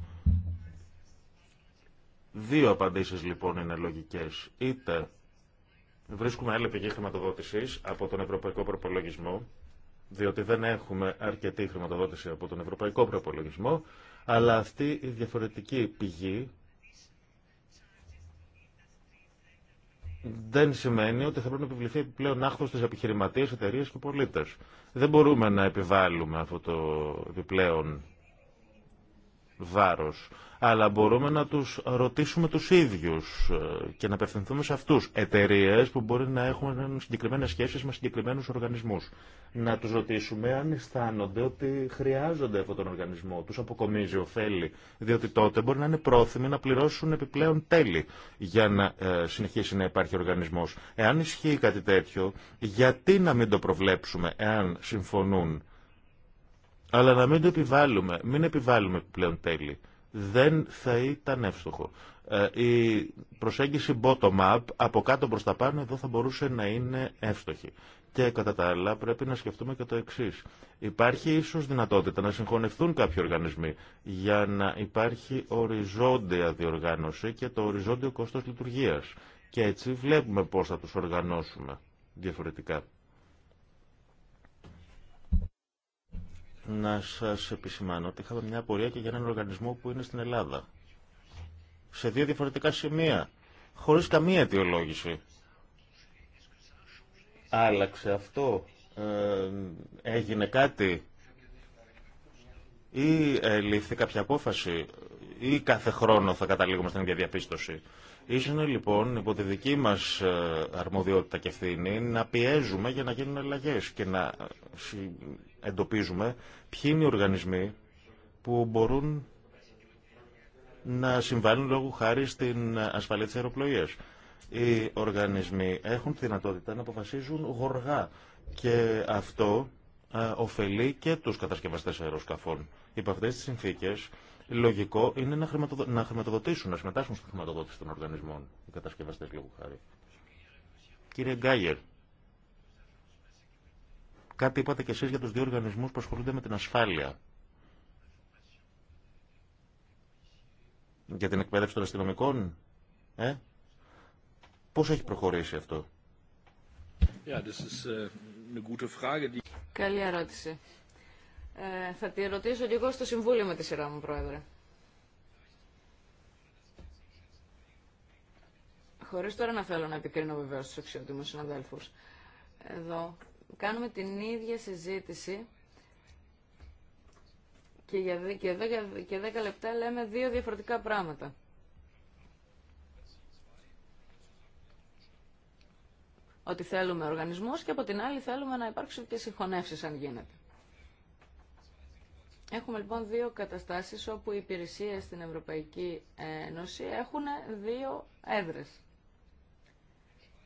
Δύο απαντήσεις λοιπόν είναι λογικές. Είτε βρίσκουμε άλλη πηγή χρηματοδότησης από τον Ευρωπαϊκό Προπολογισμό, διότι δεν έχουμε αρκετή χρηματοδότηση από τον Ευρωπαϊκό Προπολογισμό, αλλά αυτή η διαφορετική πηγή δεν σημαίνει ότι θα πρέπει να επιβληθεί επιπλέον άχθο στι επιχειρηματίε, εταιρείε και πολίτε. Δεν μπορούμε να επιβάλλουμε αυτό το επιπλέον βάρος. Αλλά μπορούμε να τους ρωτήσουμε τους ίδιους ε, και να απευθυνθούμε σε αυτούς. Εταιρείε που μπορεί να έχουν συγκεκριμένες σχέσεις με συγκεκριμένους οργανισμούς. Να τους ρωτήσουμε αν αισθάνονται ότι χρειάζονται αυτόν τον οργανισμό. Τους αποκομίζει ωφέλη. Διότι τότε μπορεί να είναι πρόθυμοι να πληρώσουν επιπλέον τέλη για να ε, συνεχίσει να υπάρχει οργανισμός. Εάν ισχύει κάτι τέτοιο, γιατί να μην το προβλέψουμε εάν συμφωνούν αλλά να μην το επιβάλλουμε, μην επιβάλλουμε πλέον τέλη. Δεν θα ήταν εύστοχο. Ε, η προσέγγιση bottom-up, από κάτω προς τα πάνω, εδώ θα μπορούσε να είναι εύστοχη. Και κατά τα άλλα πρέπει να σκεφτούμε και το εξή. Υπάρχει ίσως δυνατότητα να συγχωνευτούν κάποιοι οργανισμοί για να υπάρχει οριζόντια διοργάνωση και το οριζόντιο κόστος λειτουργίας. Και έτσι βλέπουμε πώς θα του οργανώσουμε διαφορετικά. να σας επισημάνω ότι είχαμε μια απορία και για έναν οργανισμό που είναι στην Ελλάδα. Σε δύο διαφορετικά σημεία, χωρίς καμία αιτιολόγηση. Άλλαξε αυτό, ε, έγινε κάτι ή ε, λήφθη κάποια απόφαση ή κάθε χρόνο θα καταλήγουμε στην ίδια διαπίστωση. Ήσουν λοιπόν υπό τη δική μας ε, αρμοδιότητα και ευθύνη να πιέζουμε για να γίνουν αλλαγέ και να ε, εντοπίζουμε ποιοι είναι οι οργανισμοί που μπορούν να συμβάλλουν λόγω χάρη στην ασφαλή της αεροπλοείας. Οι οργανισμοί έχουν τη δυνατότητα να αποφασίζουν γοργά και αυτό ωφελεί και τους κατασκευαστές αεροσκαφών. Υπό αυτές τις συνθήκες λογικό είναι να, να χρηματοδοτήσουν, να συμμετάσχουν στη χρηματοδότηση των οργανισμών οι κατασκευαστές λόγω χάρη. Κύριε Γκάγερ, Κάτι είπατε και εσείς για τους δύο οργανισμούς που ασχολούνται με την ασφάλεια. Για την εκπαίδευση των αστυνομικών, ε? Πώς έχει προχωρήσει αυτό. Äh, Καλή ερώτηση. Ε, θα τη ρωτήσω και εγώ στο Συμβούλιο με τη σειρά μου, Πρόεδρε. Χωρίς τώρα να θέλω να επικρίνω βεβαίως τους αξιότιμους συναδέλφους. Εδώ κάνουμε την ίδια συζήτηση και για 10, και 10 λεπτά λέμε δύο διαφορετικά πράγματα. Ότι θέλουμε οργανισμούς και από την άλλη θέλουμε να υπάρξουν και συγχωνεύσεις αν γίνεται. Έχουμε λοιπόν δύο καταστάσεις όπου οι υπηρεσίες στην Ευρωπαϊκή Ένωση έχουν δύο έδρες.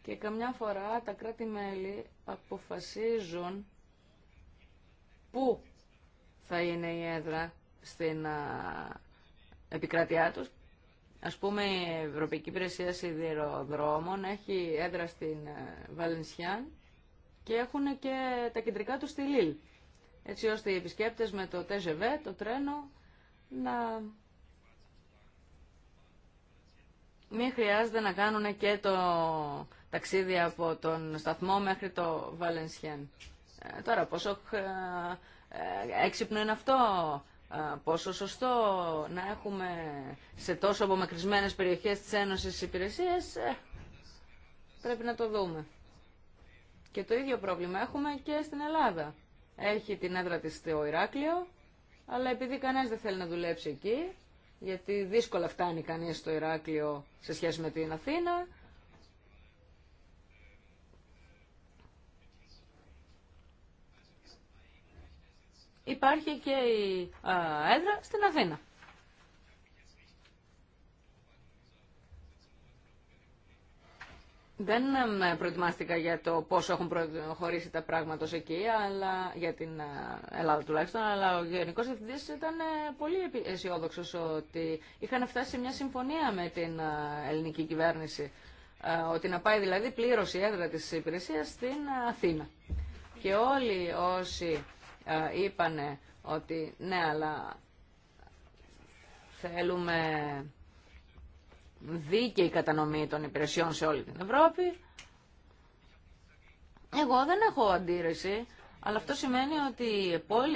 Και καμιά φορά τα κράτη-μέλη αποφασίζουν πού θα είναι η έδρα στην επικράτειά τους. Ας πούμε η Ευρωπαϊκή Υπηρεσία Σιδηροδρόμων έχει έδρα στην Βαλενσιάν και έχουν και τα κεντρικά τους στη Λίλ. Έτσι ώστε οι επισκέπτες με το ΤΕΖΕΒΕ, το τρένο, να μην χρειάζεται να κάνουν και το ταξίδι από τον σταθμό μέχρι το Βαλενσιέν. Ε, τώρα, πόσο ε, ε, έξυπνο είναι αυτό, πόσο σωστό να έχουμε σε τόσο απομακρυσμένες περιοχές της Ένωσης υπηρεσίες, πρέπει να το δούμε. Και το ίδιο πρόβλημα έχουμε και στην Ελλάδα. Έχει την έδρα της στο Ηράκλειο, αλλά επειδή κανένας δεν θέλει να δουλέψει εκεί, γιατί δύσκολα φτάνει κανείς στο Ηράκλειο σε σχέση με την Αθήνα, υπάρχει και η έδρα στην Αθήνα. Δεν προετοιμάστηκα για το πόσο έχουν προχωρήσει τα πράγματα εκεί, αλλά για την Ελλάδα τουλάχιστον, αλλά ο Γενικό Διευθυντή ήταν ε, πολύ αισιόδοξο ότι είχαν φτάσει σε μια συμφωνία με την ελληνική κυβέρνηση. Ότι να πάει δηλαδή πλήρω η έδρα τη υπηρεσία στην Αθήνα. Και όλοι όσοι ε, είπανε ότι ναι, αλλά θέλουμε δίκαιη κατανομή των υπηρεσιών σε όλη την Ευρώπη. Εγώ δεν έχω αντίρρηση, αλλά αυτό σημαίνει ότι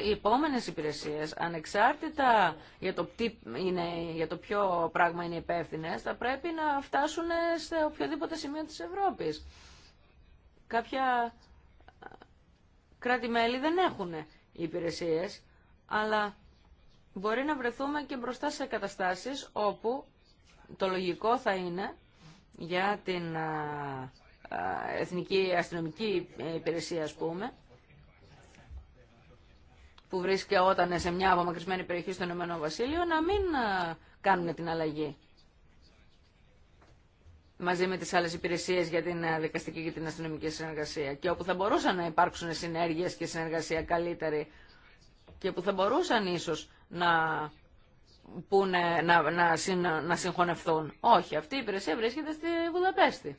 οι επόμενες υπηρεσίες, ανεξάρτητα για το, τι είναι, για το ποιο πράγμα είναι υπεύθυνε, θα πρέπει να φτάσουν σε οποιοδήποτε σημείο της Ευρώπης. Κάποια κράτη-μέλη δεν έχουν υπηρεσίες, αλλά μπορεί να βρεθούμε και μπροστά σε καταστάσεις όπου το λογικό θα είναι για την Εθνική Αστυνομική Υπηρεσία, ας πούμε, που βρίσκεται όταν σε μια απομακρυσμένη περιοχή στον Ηνωμένο Βασίλειο, να μην κάνουν την αλλαγή μαζί με τις άλλες υπηρεσίες για την ε, δικαστική και την αστυνομική συνεργασία και όπου θα μπορούσαν να υπάρξουν συνέργειες και συνεργασία καλύτερη και που θα μπορούσαν ίσως να, πούνε, να, να, να Όχι, αυτή η υπηρεσία βρίσκεται στη Βουδαπέστη.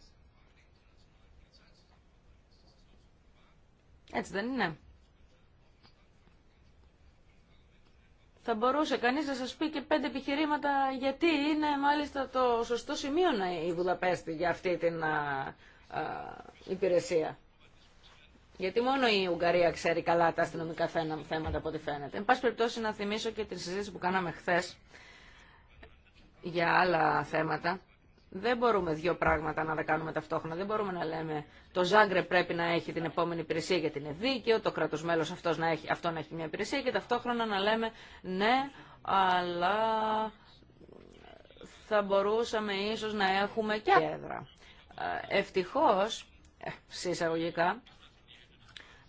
Έτσι δεν είναι. Θα μπορούσε κανείς να σας πει και πέντε επιχειρήματα γιατί είναι μάλιστα το σωστό σημείο να η Βουδαπέστη για αυτή την υπηρεσία. Γιατί μόνο η Ουγγαρία ξέρει καλά τα αστυνομικά θέματα από ό,τι φαίνεται. Εν πάση περιπτώσει να θυμίσω και τη συζήτηση που κάναμε χθες για άλλα θέματα δεν μπορούμε δύο πράγματα να τα κάνουμε ταυτόχρονα. Δεν μπορούμε να λέμε το Ζάγκρε πρέπει να έχει την επόμενη υπηρεσία γιατί είναι δίκαιο, το κράτο μέλο αυτό να έχει, να έχει μια υπηρεσία και ταυτόχρονα να λέμε ναι, αλλά θα μπορούσαμε ίσω να έχουμε και έδρα. Ε, Ευτυχώ, ε, συσσαγωγικά,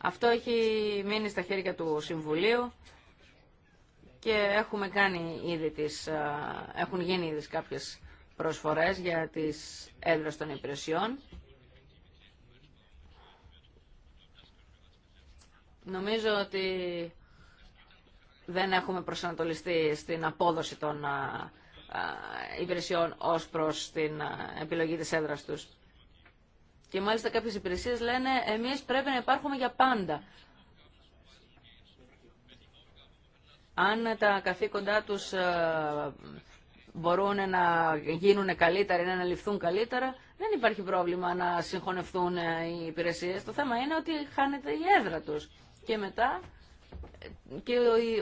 αυτό έχει μείνει στα χέρια του Συμβουλίου και έχουμε τις, ε, έχουν γίνει ήδη κάποιες προσφορές για τις έδρες των υπηρεσιών. Νομίζω ότι δεν έχουμε προσανατολιστεί στην απόδοση των υπηρεσιών ως προς την επιλογή της έδρας τους. Και μάλιστα κάποιες υπηρεσίες λένε εμείς πρέπει να υπάρχουμε για πάντα. Αν τα καθήκοντά τους μπορούν να γίνουν καλύτερα ή να αναλυφθούν καλύτερα, δεν υπάρχει πρόβλημα να συγχωνευτούν ε, οι υπηρεσίες. Το θέμα είναι ότι χάνεται η έδρα τους. Και μετά και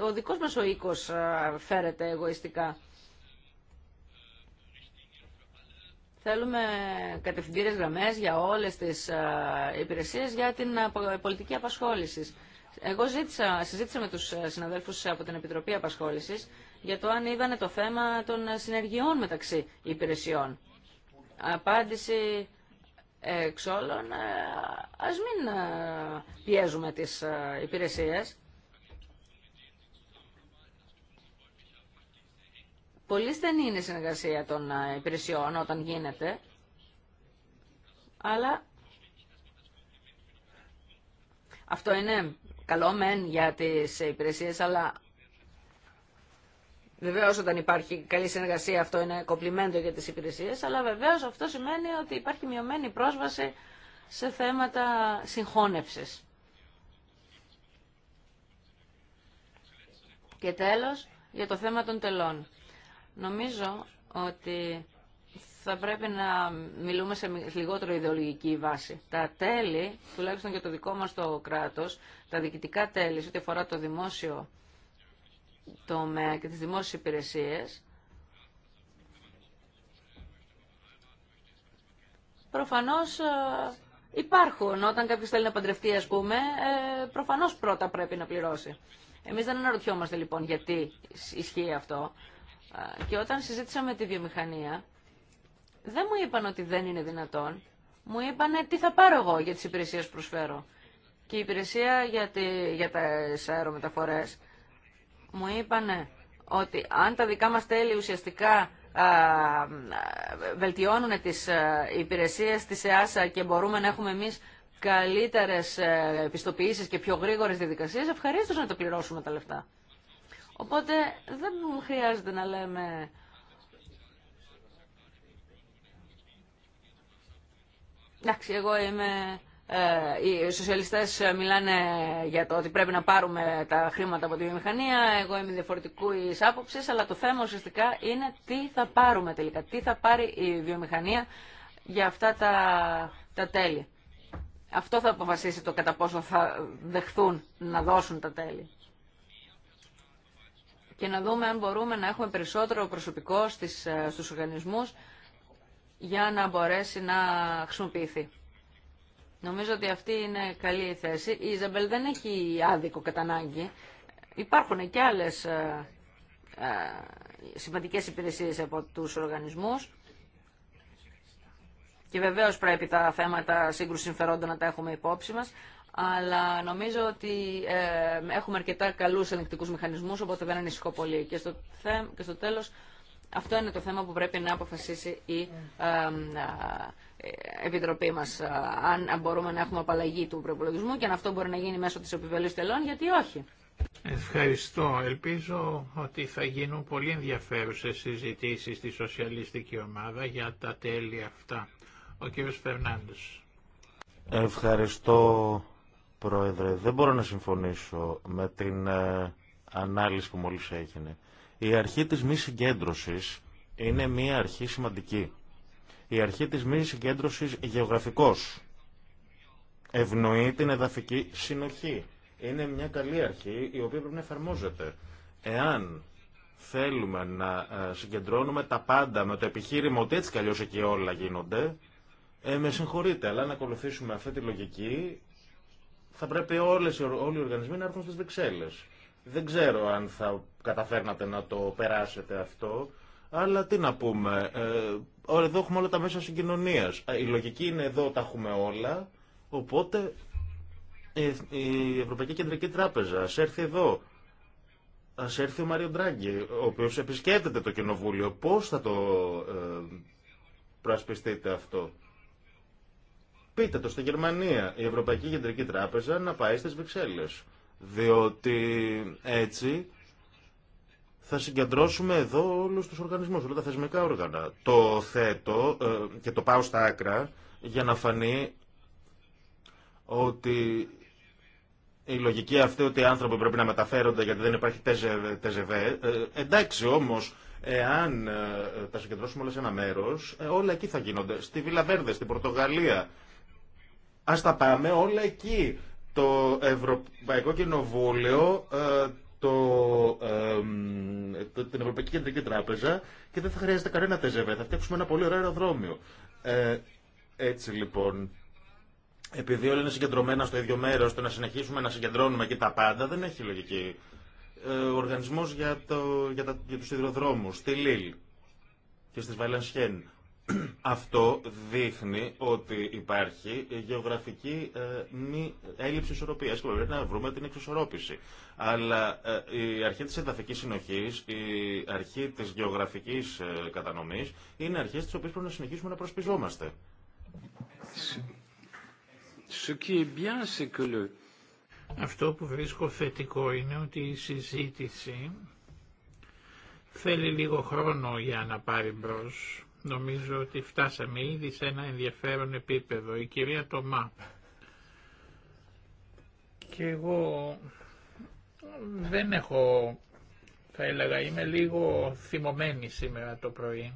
ο, ο δικός μας ο οίκο φέρεται εγωιστικά. Θέλουμε κατευθυντήρες γραμμές για όλες τις υπηρεσίες για την πολιτική απασχόληση. Εγώ ζήτησα, συζήτησα με τους ε, συναδέλφους από την Επιτροπή Απασχόλησης για το αν είδανε το θέμα των ε, συνεργειών μεταξύ υπηρεσιών. Απάντηση εξ όλων, ε, ας μην πιέζουμε τις υπηρεσίες. Πολύ στενή είναι η συνεργασία των υπηρεσιών όταν γίνεται, αλλά αυτό είναι καλό μεν για τις υπηρεσίες, αλλά βεβαίως όταν υπάρχει καλή συνεργασία αυτό είναι κοπλιμέντο για τις υπηρεσίες, αλλά βεβαίως αυτό σημαίνει ότι υπάρχει μειωμένη πρόσβαση σε θέματα συγχώνευσης. Και τέλος, για το θέμα των τελών. Νομίζω ότι θα πρέπει να μιλούμε σε λιγότερο ιδεολογική βάση. Τα τέλη, τουλάχιστον για το δικό μας το κράτος, τα διοικητικά τέλη, σε ό,τι αφορά το δημόσιο τομέα και τις δημόσιες υπηρεσίες, προφανώς ε, υπάρχουν. Όταν κάποιο θέλει να παντρευτεί, ας πούμε, ε, προφανώς πρώτα πρέπει να πληρώσει. Εμείς δεν αναρωτιόμαστε λοιπόν γιατί ισχύει αυτό. Ε, και όταν συζήτησαμε τη βιομηχανία, δεν μου είπαν ότι δεν είναι δυνατόν. Μου είπαν τι θα πάρω εγώ για τις υπηρεσίες που προσφέρω. Και η υπηρεσία για, τη, για τις αερομεταφορές μου είπαν ότι αν τα δικά μας τέλη ουσιαστικά βελτιώνουν τις υπηρεσίες της ΕΑΣΑ και μπορούμε να έχουμε εμείς καλύτερες ε, επιστοποιήσεις και πιο γρήγορες διαδικασίες, ευχαρίστως να τα πληρώσουμε τα λεφτά. Οπότε δεν χρειάζεται να λέμε Εντάξει, εγώ είμαι... Ε, οι σοσιαλιστέ μιλάνε για το ότι πρέπει να πάρουμε τα χρήματα από τη βιομηχανία. Εγώ είμαι διαφορετικού άποψη, αλλά το θέμα ουσιαστικά είναι τι θα πάρουμε τελικά. Τι θα πάρει η βιομηχανία για αυτά τα, τέλη. Αυτό θα αποφασίσει το κατά πόσο θα δεχθούν να δώσουν τα τέλη. Και να δούμε αν μπορούμε να έχουμε περισσότερο προσωπικό στις, ε, στους οργανισμούς για να μπορέσει να χρησιμοποιηθεί. Νομίζω ότι αυτή είναι καλή η θέση. Η Ιζαμπέλ δεν έχει άδικο κατά ανάγκη. Υπάρχουν και άλλες σημαντικέ υπηρεσίε ε, σημαντικές υπηρεσίες από τους οργανισμούς και βεβαίως πρέπει τα θέματα σύγκρουση συμφερόντων να τα έχουμε υπόψη μας, αλλά νομίζω ότι ε, έχουμε αρκετά καλούς ελεγκτικούς μηχανισμούς, οπότε δεν ανησυχώ πολύ. Και στο, και στο τέλος αυτό είναι το θέμα που πρέπει να αποφασίσει η ε, Επιτροπή μα. Αν μπορούμε να έχουμε απαλλαγή του προπολογισμού και αν αυτό μπορεί να γίνει μέσω τη επιβελή τελών, γιατί όχι. Ευχαριστώ. Ελπίζω ότι θα γίνουν πολύ ενδιαφέρουσε συζητήσει στη σοσιαλιστική ομάδα για τα τέλη αυτά. Ο κύριος Φερνάνδης. Ευχαριστώ, Πρόεδρε. Δεν μπορώ να συμφωνήσω με την ε, ανάλυση που μόλις έγινε. Η αρχή της μη συγκέντρωσης είναι μια αρχή σημαντική. Η αρχή της μη συγκέντρωσης γεωγραφικός ευνοεί την εδαφική συνοχή. Είναι μια καλή αρχή η οποία πρέπει να εφαρμόζεται. Εάν θέλουμε να ε, συγκεντρώνουμε τα πάντα με το επιχείρημα ότι έτσι κι εκεί όλα γίνονται, ε, με συγχωρείτε, αλλά να ακολουθήσουμε αυτή τη λογική θα πρέπει όλες, όλοι οι οργανισμοί να έρθουν στις Βρυξέλλες. Δεν ξέρω αν θα καταφέρνατε να το περάσετε αυτό, αλλά τι να πούμε. Ε, εδώ έχουμε όλα τα μέσα συγκοινωνίας. Ε, η λογική είναι εδώ τα έχουμε όλα, οπότε ε, η Ευρωπαϊκή Κεντρική Τράπεζα ας έρθει εδώ. Ας έρθει ο Μάριο Ντράγκη, ο οποίος επισκέπτεται το κοινοβούλιο. Πώς θα το προασπιστείτε αυτό. Πείτε το στη Γερμανία, η Ευρωπαϊκή Κεντρική Τράπεζα να πάει στις Βεξέλλες. Διότι έτσι θα συγκεντρώσουμε εδώ όλους τους οργανισμούς, όλα τα θεσμικά όργανα. Το θέτω ε, και το πάω στα άκρα για να φανεί ότι η λογική αυτή ότι οι άνθρωποι πρέπει να μεταφέρονται γιατί δεν υπάρχει ΤΖΒ. Ε, εντάξει όμως, εάν ε, τα συγκεντρώσουμε όλα σε ένα μέρος, όλα εκεί θα γίνονται. Στη Βιλαβέρδε, στην Πορτογαλία. Ας τα πάμε όλα εκεί. Το Ευρωπαϊκό Κοινοβούλιο ε, το, το, την Ευρωπαϊκή Κεντρική Τράπεζα και δεν θα χρειάζεται κανένα τεζεβέ. Θα φτιάξουμε ένα πολύ ωραίο αεροδρόμιο. Ε, έτσι λοιπόν, επειδή όλοι είναι συγκεντρωμένα στο ίδιο μέρο, το να συνεχίσουμε να συγκεντρώνουμε και τα πάντα δεν έχει λογική. Ε, ο οργανισμό για, το, για, για του σιδηροδρόμου στη Λίλ και στι Βαλανσιέν. Αυτό δείχνει ότι υπάρχει γεωγραφική ε, μη, έλλειψη ισορροπίας και πρέπει να βρούμε την εξισορρόπηση. Αλλά ε, η αρχή τη ενταφικής συνοχή, η αρχή της γεωγραφική ε, είναι αρχές τις οποίες πρέπει να συνεχίσουμε να προσπιζόμαστε. Αυτό που βρίσκω θετικό είναι ότι η συζήτηση θέλει λίγο χρόνο για να πάρει μπρος Νομίζω ότι φτάσαμε ήδη σε ένα ενδιαφέρον επίπεδο. Η κυρία Τωμά. Και εγώ δεν έχω, θα έλεγα, είμαι λίγο θυμωμένη σήμερα το πρωί.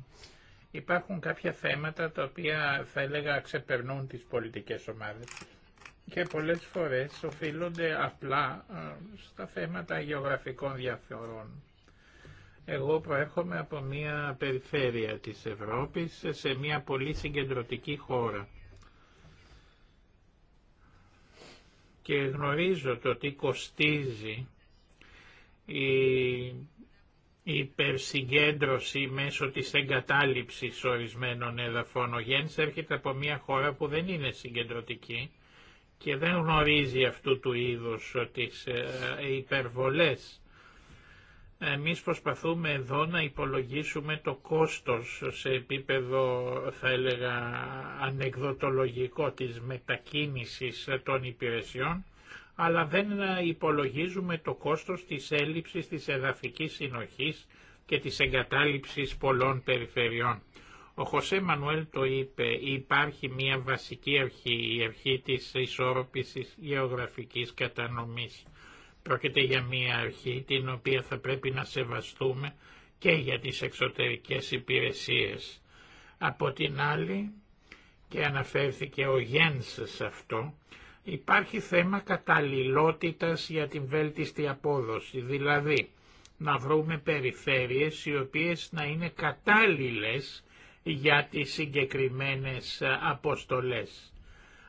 Υπάρχουν κάποια θέματα τα οποία θα έλεγα ξεπερνούν τις πολιτικές ομάδες και πολλές φορές οφείλονται απλά ε, στα θέματα γεωγραφικών διαφορών. Εγώ προέρχομαι από μια περιφέρεια της Ευρώπης σε μια πολύ συγκεντρωτική χώρα. Και γνωρίζω το τι κοστίζει η υπερσυγκέντρωση μέσω της εγκατάλειψης ορισμένων εδαφών. Ο Γένς έρχεται από μια χώρα που δεν είναι συγκεντρωτική και δεν γνωρίζει αυτού του είδους τις ε, υπερβολές εμείς προσπαθούμε εδώ να υπολογίσουμε το κόστος σε επίπεδο θα έλεγα ανεκδοτολογικό της μετακίνησης των υπηρεσιών αλλά δεν υπολογίζουμε το κόστος της έλλειψης της εδαφικής συνοχής και της εγκατάλειψης πολλών περιφερειών. Ο Χωσέ Μανουέλ το είπε, υπάρχει μια βασική αρχή, η αρχή της ισόρροπης γεωγραφικής κατανομής. Πρόκειται για μία αρχή την οποία θα πρέπει να σεβαστούμε και για τις εξωτερικές υπηρεσίες. Από την άλλη, και αναφέρθηκε ο Γένς σε αυτό, υπάρχει θέμα καταλληλότητας για την βέλτιστη απόδοση, δηλαδή να βρούμε περιφέρειες οι οποίες να είναι κατάλληλες για τις συγκεκριμένες αποστολές.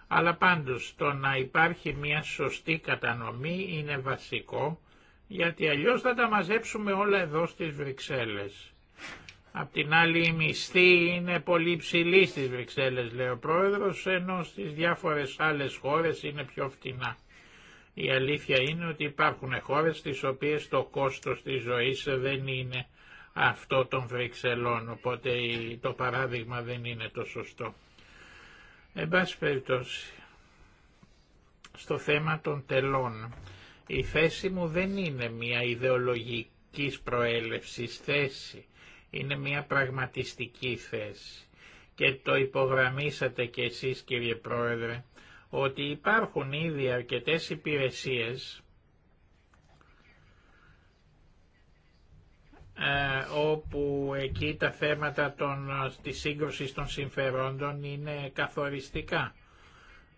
Αλλά πάντως το να υπάρχει μια σωστή κατανομή είναι βασικό, γιατί αλλιώς θα τα μαζέψουμε όλα εδώ στις Βρυξέλλες. Απ' την άλλη η μισθή είναι πολύ ψηλή στις Βρυξέλλες, λέει ο Πρόεδρος, ενώ στις διάφορες άλλες χώρες είναι πιο φτηνά. Η αλήθεια είναι ότι υπάρχουν χώρες στις οποίες το κόστος της ζωής δεν είναι αυτό των Βρυξελών, οπότε το παράδειγμα δεν είναι το σωστό. Εν πάση περιπτώσει, στο θέμα των τελών, η θέση μου δεν είναι μια ιδεολογική προέλευσης θέση, είναι μια πραγματιστική θέση. Και το υπογραμμίσατε και εσείς κύριε Πρόεδρε, ότι υπάρχουν ήδη αρκετές υπηρεσίες Ε, όπου εκεί τα θέματα των, της σύγκρουσης των συμφερόντων είναι καθοριστικά.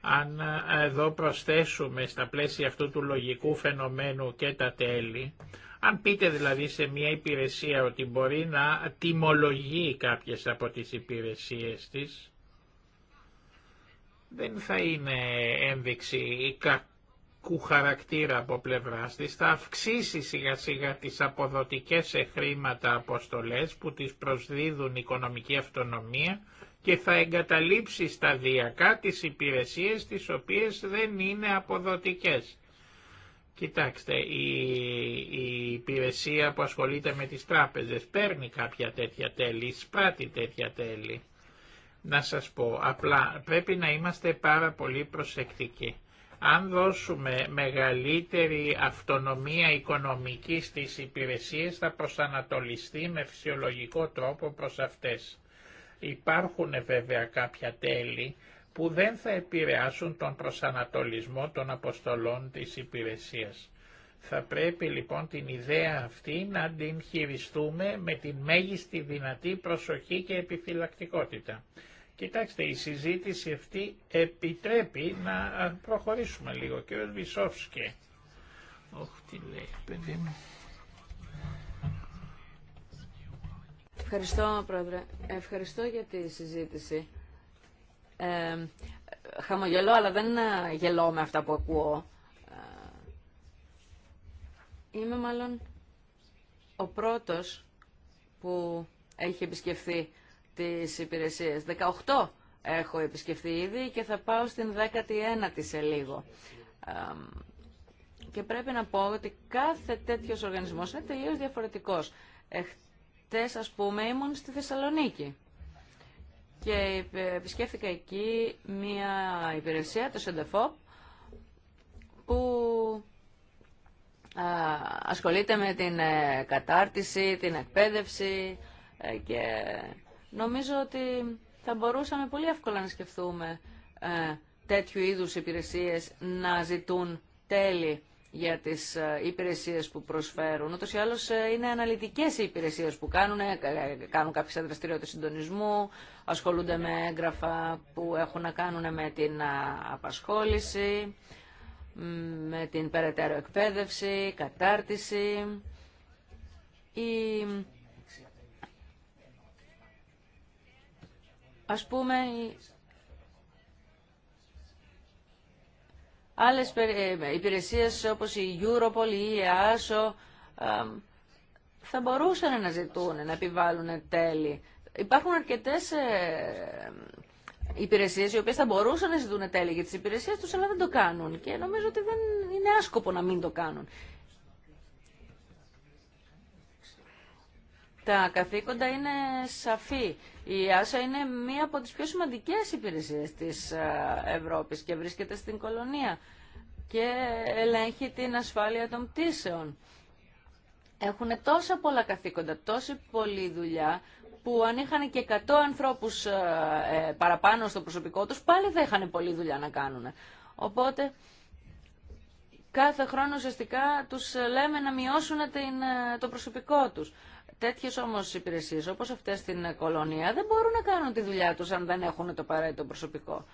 Αν ε, εδώ προσθέσουμε στα πλαίσια αυτού του λογικού φαινομένου και τα τέλη, αν πείτε δηλαδή σε μια υπηρεσία ότι μπορεί να τιμολογεί κάποιες από τις υπηρεσίες της, δεν θα είναι ένδειξη χαρακτήρα από πλευράς της θα αυξήσει σιγά σιγά τις αποδοτικές σε χρήματα αποστολές που τις προσδίδουν οικονομική αυτονομία και θα εγκαταλείψει σταδιακά τις υπηρεσίες τις οποίες δεν είναι αποδοτικές. Κοιτάξτε, η, η υπηρεσία που ασχολείται με τις τράπεζες παίρνει κάποια τέτοια τέλη, εισπράττει τέτοια τέλη. Να σας πω, απλά πρέπει να είμαστε πάρα πολύ προσεκτικοί. Αν δώσουμε μεγαλύτερη αυτονομία οικονομική στις υπηρεσίες θα προσανατολιστεί με φυσιολογικό τρόπο προς αυτές. Υπάρχουν βέβαια κάποια τέλη που δεν θα επηρεάσουν τον προσανατολισμό των αποστολών της υπηρεσίας. Θα πρέπει λοιπόν την ιδέα αυτή να την χειριστούμε με τη μέγιστη δυνατή προσοχή και επιφυλακτικότητα. Κοιτάξτε, η συζήτηση αυτή επιτρέπει να προχωρήσουμε λίγο. Και ο τι λέει, παιδί Ευχαριστώ, Πρόεδρε. Ευχαριστώ για τη συζήτηση. Ε, χαμογελώ, αλλά δεν ε, γελώ με αυτά που ακούω. Ε, είμαι μάλλον ο πρώτος που έχει επισκεφθεί τις υπηρεσίες. 18 έχω επισκεφθεί ήδη και θα πάω στην 19η σε λίγο. Και πρέπει να πω ότι κάθε τέτοιος οργανισμός είναι τελείως διαφορετικός. Εχθές, ας πούμε, ήμουν στη Θεσσαλονίκη και επισκέφθηκα εκεί μία υπηρεσία, το Σεντεφόπ, που ασχολείται με την ε, κατάρτιση, την εκπαίδευση ε, και Νομίζω ότι θα μπορούσαμε πολύ εύκολα να σκεφτούμε ε, τέτοιου είδους υπηρεσίες να ζητούν τέλη για τις ε, υπηρεσίες που προσφέρουν. Ούτως ή άλλως ε, είναι αναλυτικές οι υπηρεσίες που κάνουν, κάνουν κάποιες δραστηριότητες συντονισμού, ασχολούνται με έγγραφα που έχουν να κάνουν με την απασχόληση, με την περαιτέρω εκπαίδευση, κατάρτιση. Ας πούμε, άλλες ε, υπηρεσίες όπως η Europol ή η EASO θα μπορούσαν να ζητούν, να επιβάλλουν τέλη. Υπάρχουν αρκετές ε, υπηρεσίες οι οποίες θα μπορούσαν να ζητούν τέλη για τις υπηρεσίες τους, αλλά δεν το κάνουν. Και νομίζω ότι δεν είναι άσκοπο να μην το κάνουν. Τα καθήκοντα είναι σαφή. Η Άσα είναι μία από τις πιο σημαντικές υπηρεσίες της Ευρώπης και βρίσκεται στην κολονία και ελέγχει την ασφάλεια των πτήσεων. Έχουν τόσα πολλά καθήκοντα, τόση πολλή δουλειά που αν είχαν και 100 ανθρώπους ε, παραπάνω στο προσωπικό τους πάλι δεν είχαν πολλή δουλειά να κάνουν. Οπότε κάθε χρόνο ουσιαστικά τους λέμε να μειώσουν το προσωπικό τους. Τέτοιες όμως υπηρεσίες όπως αυτές στην κολονία δεν μπορούν να κάνουν τη δουλειά τους αν δεν έχουν το παραίτητο προσωπικό.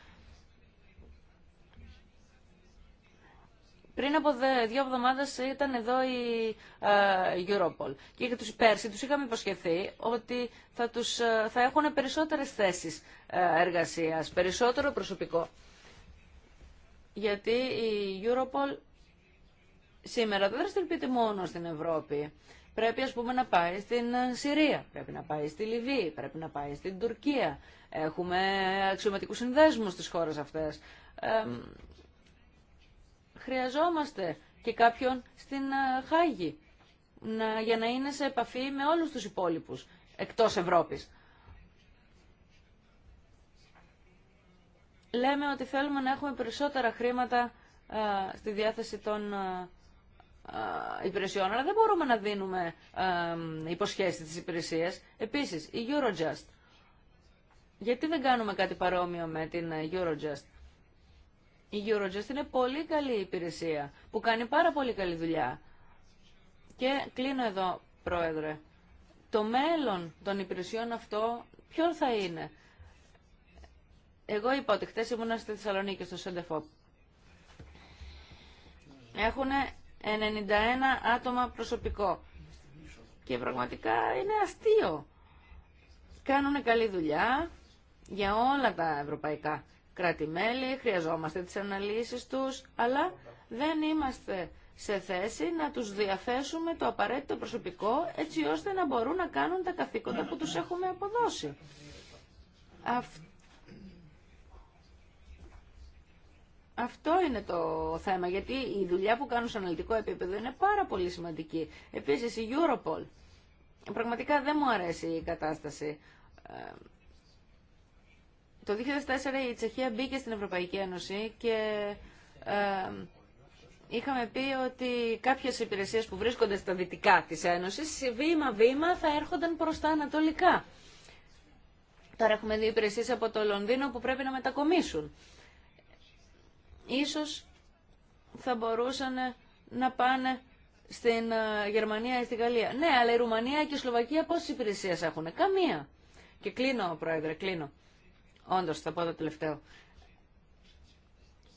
Πριν από δύο εβδομάδες ήταν εδώ η ε, Europol και πέρσι τους είχαμε υποσχεθεί ότι θα, τους, ε, θα έχουν περισσότερες θέσεις ε, εργασίας, περισσότερο προσωπικό. Γιατί η Europol σήμερα δεν δραστηριοποιείται μόνο στην Ευρώπη πρέπει ας πούμε να πάει στην ε, Συρία, πρέπει να πάει στη Λιβύη, πρέπει να πάει στην Τουρκία. Έχουμε αξιωματικούς συνδέσμους στις χώρες αυτές. χρειαζόμαστε και κάποιον στην ε, Χάγη να, για να είναι σε επαφή με όλους τους υπόλοιπους εκτός Ευρώπης. Λέμε ότι θέλουμε να έχουμε περισσότερα χρήματα ε, στη διάθεση των υπηρεσιών, αλλά δεν μπορούμε να δίνουμε υποσχέσεις της υπηρεσίας Επίσης, η Eurojust. Γιατί δεν κάνουμε κάτι παρόμοιο με την ε, Eurojust. Η Eurojust είναι πολύ καλή υπηρεσία που κάνει πάρα πολύ καλή δουλειά. Και κλείνω εδώ, Πρόεδρε. Το μέλλον των υπηρεσιών αυτό ποιο θα είναι. Εγώ είπα ότι χτες ήμουν στη Θεσσαλονίκη στο Σεντεφόπ. Έχουν 91 άτομα προσωπικό. Και πραγματικά είναι αστείο. Κάνουν καλή δουλειά για όλα τα ευρωπαϊκά κράτη-μέλη, χρειαζόμαστε τις αναλύσεις τους, αλλά δεν είμαστε σε θέση να τους διαθέσουμε το απαραίτητο προσωπικό έτσι ώστε να μπορούν να κάνουν τα καθήκοντα που τους έχουμε αποδώσει. Αυτό είναι το θέμα, γιατί η δουλειά που κάνουν σε αναλυτικό επίπεδο είναι πάρα πολύ σημαντική. Επίσης, η Europol. Πραγματικά δεν μου αρέσει η κατάσταση. Ε, το 2004 η Τσεχία μπήκε στην Ευρωπαϊκή Ένωση και ε, είχαμε πει ότι κάποιες υπηρεσίες που βρίσκονται στα δυτικά της Ένωσης βήμα-βήμα θα έρχονταν προς τα ανατολικά. Τώρα έχουμε δύο υπηρεσίες από το Λονδίνο που πρέπει να μετακομίσουν ίσως θα μπορούσαν να πάνε στην ε, Γερμανία ή στη Γαλλία. Ναι, αλλά η Ρουμανία και η Σλοβακία πόσες υπηρεσίες έχουν. Καμία. Και κλείνω, Πρόεδρε, κλείνω. Όντως, θα πω το τελευταίο.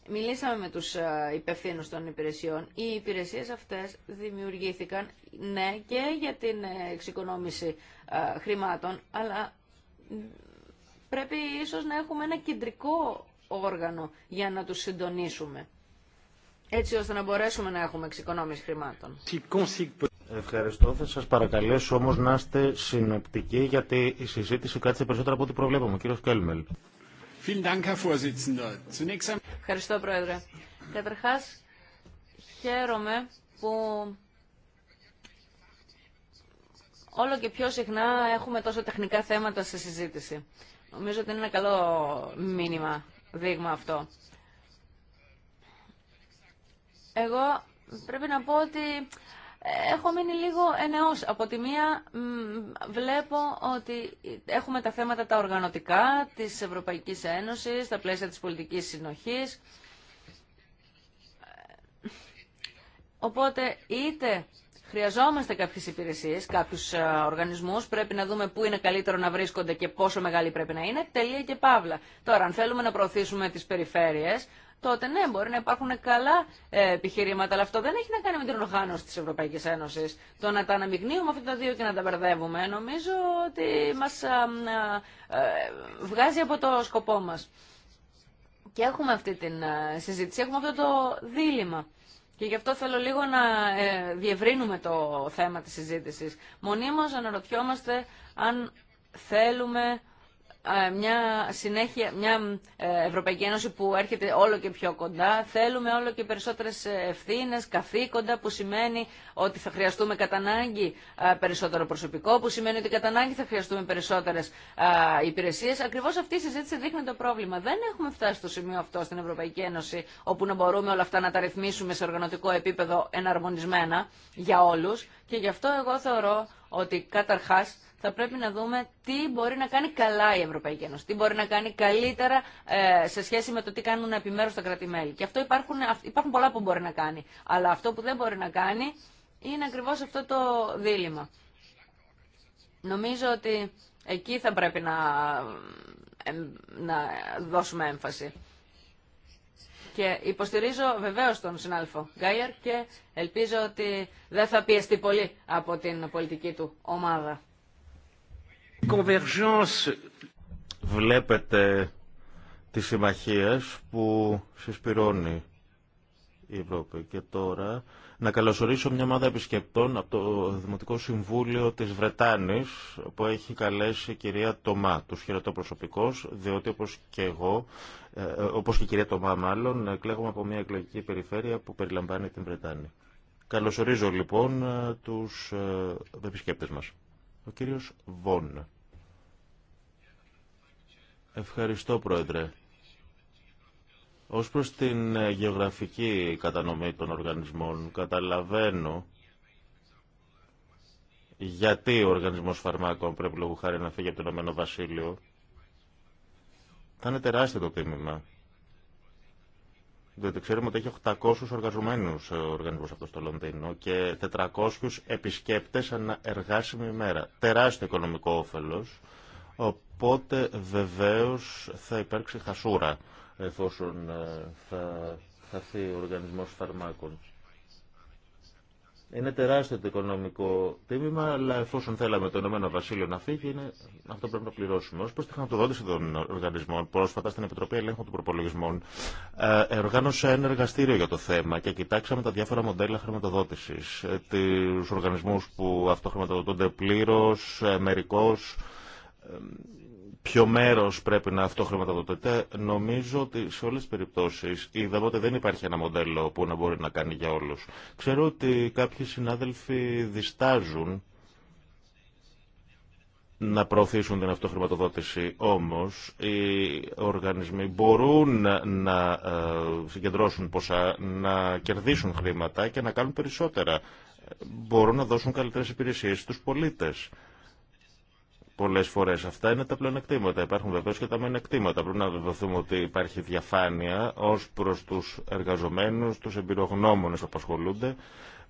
Μιλήσαμε με τους ε, υπευθύνου των υπηρεσιών. Οι υπηρεσίες αυτές δημιουργήθηκαν, ναι, και για την ε, εξοικονόμηση χρημάτων, αλλά πρέπει ίσως να έχουμε ένα κεντρικό όργανο για να τους συντονίσουμε. Έτσι ώστε να μπορέσουμε να έχουμε εξοικονόμηση χρημάτων. Ευχαριστώ. Θα σας παρακαλέσω όμως να είστε συνοπτικοί γιατί η συζήτηση κάτσε περισσότερο από ό,τι προβλέπαμε. Κύριος Κέλμελ. Ευχαριστώ Πρόεδρε. Καταρχά, χαίρομαι που όλο και πιο συχνά έχουμε τόσο τεχνικά θέματα στη συζήτηση. Νομίζω ότι είναι ένα καλό μήνυμα δείγμα αυτό. Εγώ πρέπει να πω ότι ε, έχω μείνει λίγο ενεός. Από τη μία βλέπω ότι έχουμε τα θέματα τα οργανωτικά της Ευρωπαϊκής Ένωσης, τα πλαίσια της πολιτικής συνοχής. Ε, οπότε είτε Χρειαζόμαστε κάποιε υπηρεσίε, κάποιου ε, οργανισμού. πρέπει να δούμε πού είναι καλύτερο να βρίσκονται και πόσο μεγάλοι πρέπει να είναι, τελεία και παύλα. Τώρα, αν θέλουμε να προωθήσουμε τι περιφέρειες, τότε ναι, μπορεί να υπάρχουν καλά ε, επιχειρήματα, αλλά αυτό δεν έχει να κάνει με την οργάνωση τη Ευρωπαϊκή Ένωση. Το να τα αναμειγνύουμε αυτά τα δύο και να τα μπερδεύουμε, νομίζω ότι μα ε, βγάζει από το σκοπό μα. Και έχουμε αυτή τη συζήτηση, έχουμε αυτό το δίλημα. Και γι' αυτό θέλω λίγο να ε, διευρύνουμε το θέμα της συζήτησης. Μονίμως αναρωτιόμαστε αν θέλουμε ε, μια, συνέχεια, μια ε, Ευρωπαϊκή Ένωση που έρχεται όλο και πιο κοντά. Θέλουμε όλο και περισσότερες ε, ευθύνες, καθήκοντα που σημαίνει ότι θα χρειαστούμε κατά ανάγκη περισσότερο προσωπικό, που σημαίνει ότι κατά ανάγκη θα χρειαστούμε περισσότερες υπηρεσίες. Ακριβώς αυτή η συζήτηση δείχνει το πρόβλημα. Δεν έχουμε φτάσει στο σημείο αυτό στην Ευρωπαϊκή Ένωση όπου να μπορούμε όλα αυτά να τα ρυθμίσουμε σε οργανωτικό επίπεδο εναρμονισμένα για όλους και γι' αυτό εγώ θεωρώ ότι καταρχάς θα πρέπει να δούμε τι μπορεί να κάνει καλά η Ευρωπαϊκή Ένωση, τι μπορεί να κάνει καλύτερα ε, σε σχέση με το τι κάνουν επιμέρους τα κράτη-μέλη. Και αυτό υπάρχουν, υπάρχουν πολλά που μπορεί να κάνει. Αλλά αυτό που δεν μπορεί να κάνει είναι ακριβώς αυτό το δίλημα. Νομίζω ότι εκεί θα πρέπει να, να δώσουμε έμφαση. Και υποστηρίζω βεβαίω τον συνάδελφο Γκάιερ και ελπίζω ότι δεν θα πιεστεί πολύ από την πολιτική του ομάδα. Βλέπετε τις συμμαχίες που συσπηρώνει η Ευρώπη. Και τώρα να καλωσορίσω μια ομάδα επισκεπτών από το Δημοτικό Συμβούλιο της Βρετάνης που έχει καλέσει η κυρία Τομά, τους προσωπικώς, διότι όπως και εγώ, ε, όπως και η κυρία Τομά μάλλον, εκλέγουμε από μια εκλογική περιφέρεια που περιλαμβάνει την Βρετάνη. Καλωσορίζω λοιπόν ε, τους ε, επισκέπτες μας. Ο κύριος Βόν. Ευχαριστώ, Πρόεδρε. Ως προς την ε, γεωγραφική κατανομή των οργανισμών, καταλαβαίνω γιατί ο οργανισμός φαρμάκων πρέπει λόγω χάρη να φύγει από το Ηνωμένο Βασίλειο. Θα είναι τεράστιο το τίμημα διότι ξέρουμε ότι έχει 800 εργαζομένου ο οργανισμό αυτό στο Λονδίνο και 400 επισκέπτες ανά εργάσιμη ημέρα. Τεράστιο οικονομικό όφελο, οπότε βεβαίω θα υπάρξει χασούρα εφόσον ε, θα χαθεί ο οργανισμός φαρμάκων. Είναι τεράστιο το οικονομικό τίμημα, αλλά εφόσον θέλαμε το Ηνωμένο Βασίλειο να φύγει, είναι... αυτό πρέπει να πληρώσουμε. Ω προ τη χρηματοδότηση των οργανισμών, πρόσφατα στην Επιτροπή Ελέγχου των Προπολογισμών, εργάνωσα ένα εργαστήριο για το θέμα και κοιτάξαμε τα διάφορα μοντέλα χρηματοδότηση. Ε, του οργανισμού που αυτοχρηματοδοτούνται πλήρω, ε, μερικώ ποιο μέρος πρέπει να αυτό νομίζω ότι σε όλες τι περιπτώσεις είδαμε ότι δεν υπάρχει ένα μοντέλο που να μπορεί να κάνει για όλους. Ξέρω ότι κάποιοι συνάδελφοι διστάζουν να προωθήσουν την αυτοχρηματοδότηση. Όμως, οι οργανισμοί μπορούν να ε, συγκεντρώσουν ποσά, να κερδίσουν χρήματα και να κάνουν περισσότερα. Μπορούν να δώσουν καλύτερες υπηρεσίες στους πολίτες πολλέ φορέ. Αυτά είναι τα πλεονεκτήματα. Υπάρχουν βεβαίω και τα μειονεκτήματα. Πρέπει να βεβαιωθούμε ότι υπάρχει διαφάνεια ω προ του εργαζομένου, του εμπειρογνώμονε που απασχολούνται.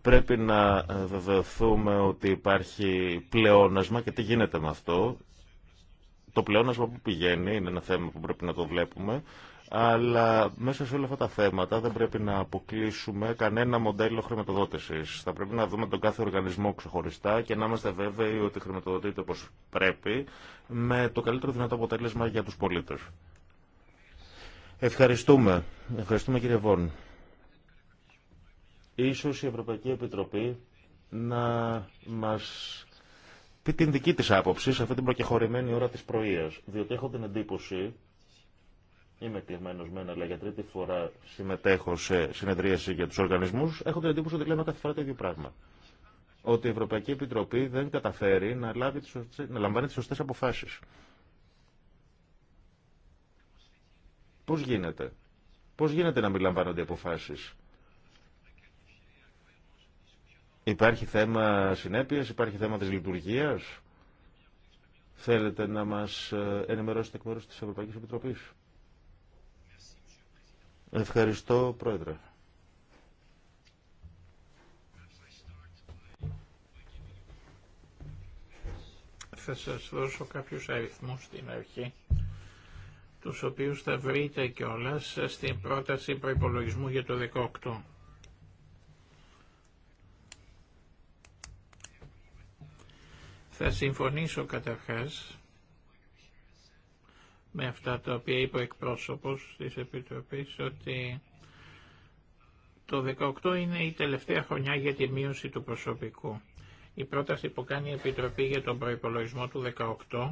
Πρέπει να βεβαιωθούμε ότι υπάρχει πλεόνασμα και τι γίνεται με αυτό. Το πλεόνασμα που πηγαίνει είναι ένα θέμα που πρέπει να το βλέπουμε αλλά μέσα σε όλα αυτά τα θέματα δεν πρέπει να αποκλείσουμε κανένα μοντέλο χρηματοδότηση. Θα πρέπει να δούμε τον κάθε οργανισμό ξεχωριστά και να είμαστε βέβαιοι ότι χρηματοδοτείται όπω πρέπει, με το καλύτερο δυνατό αποτέλεσμα για του πολίτε. Ευχαριστούμε. Ευχαριστούμε κύριε Βόν. Ίσως η Ευρωπαϊκή Επιτροπή να μας πει την δική της άποψη σε αυτή την προκεχωρημένη ώρα της πρωίας. Διότι έχω την εντύπωση Είμαι κλεισμένο μένα, αλλά για τρίτη φορά συμμετέχω σε συνεδρίαση για του οργανισμού. Έχω την εντύπωση ότι λέμε κάθε φορά το ίδιο πράγμα. Ότι η Ευρωπαϊκή Επιτροπή δεν καταφέρει να, λάβει τις σωστές, να λαμβάνει τι σωστέ αποφάσει. Πώ γίνεται. Πώ γίνεται να μην λαμβάνονται αποφάσει. Υπάρχει θέμα συνέπεια, υπάρχει θέμα τη λειτουργία. Θέλετε να μα ε, ενημερώσετε εκ μέρου τη Ευρωπαϊκή Επιτροπή. Ευχαριστώ, Πρόεδρε. Θα σας δώσω κάποιους αριθμούς στην αρχή, τους οποίους θα βρείτε κιόλας στην πρόταση προϋπολογισμού για το 18. Θα συμφωνήσω καταρχάς με αυτά τα οποία είπε ο εκπρόσωπος της Επιτροπής ότι το 18 είναι η τελευταία χρονιά για τη μείωση του προσωπικού. Η πρόταση που κάνει η Επιτροπή για τον προϋπολογισμό του 18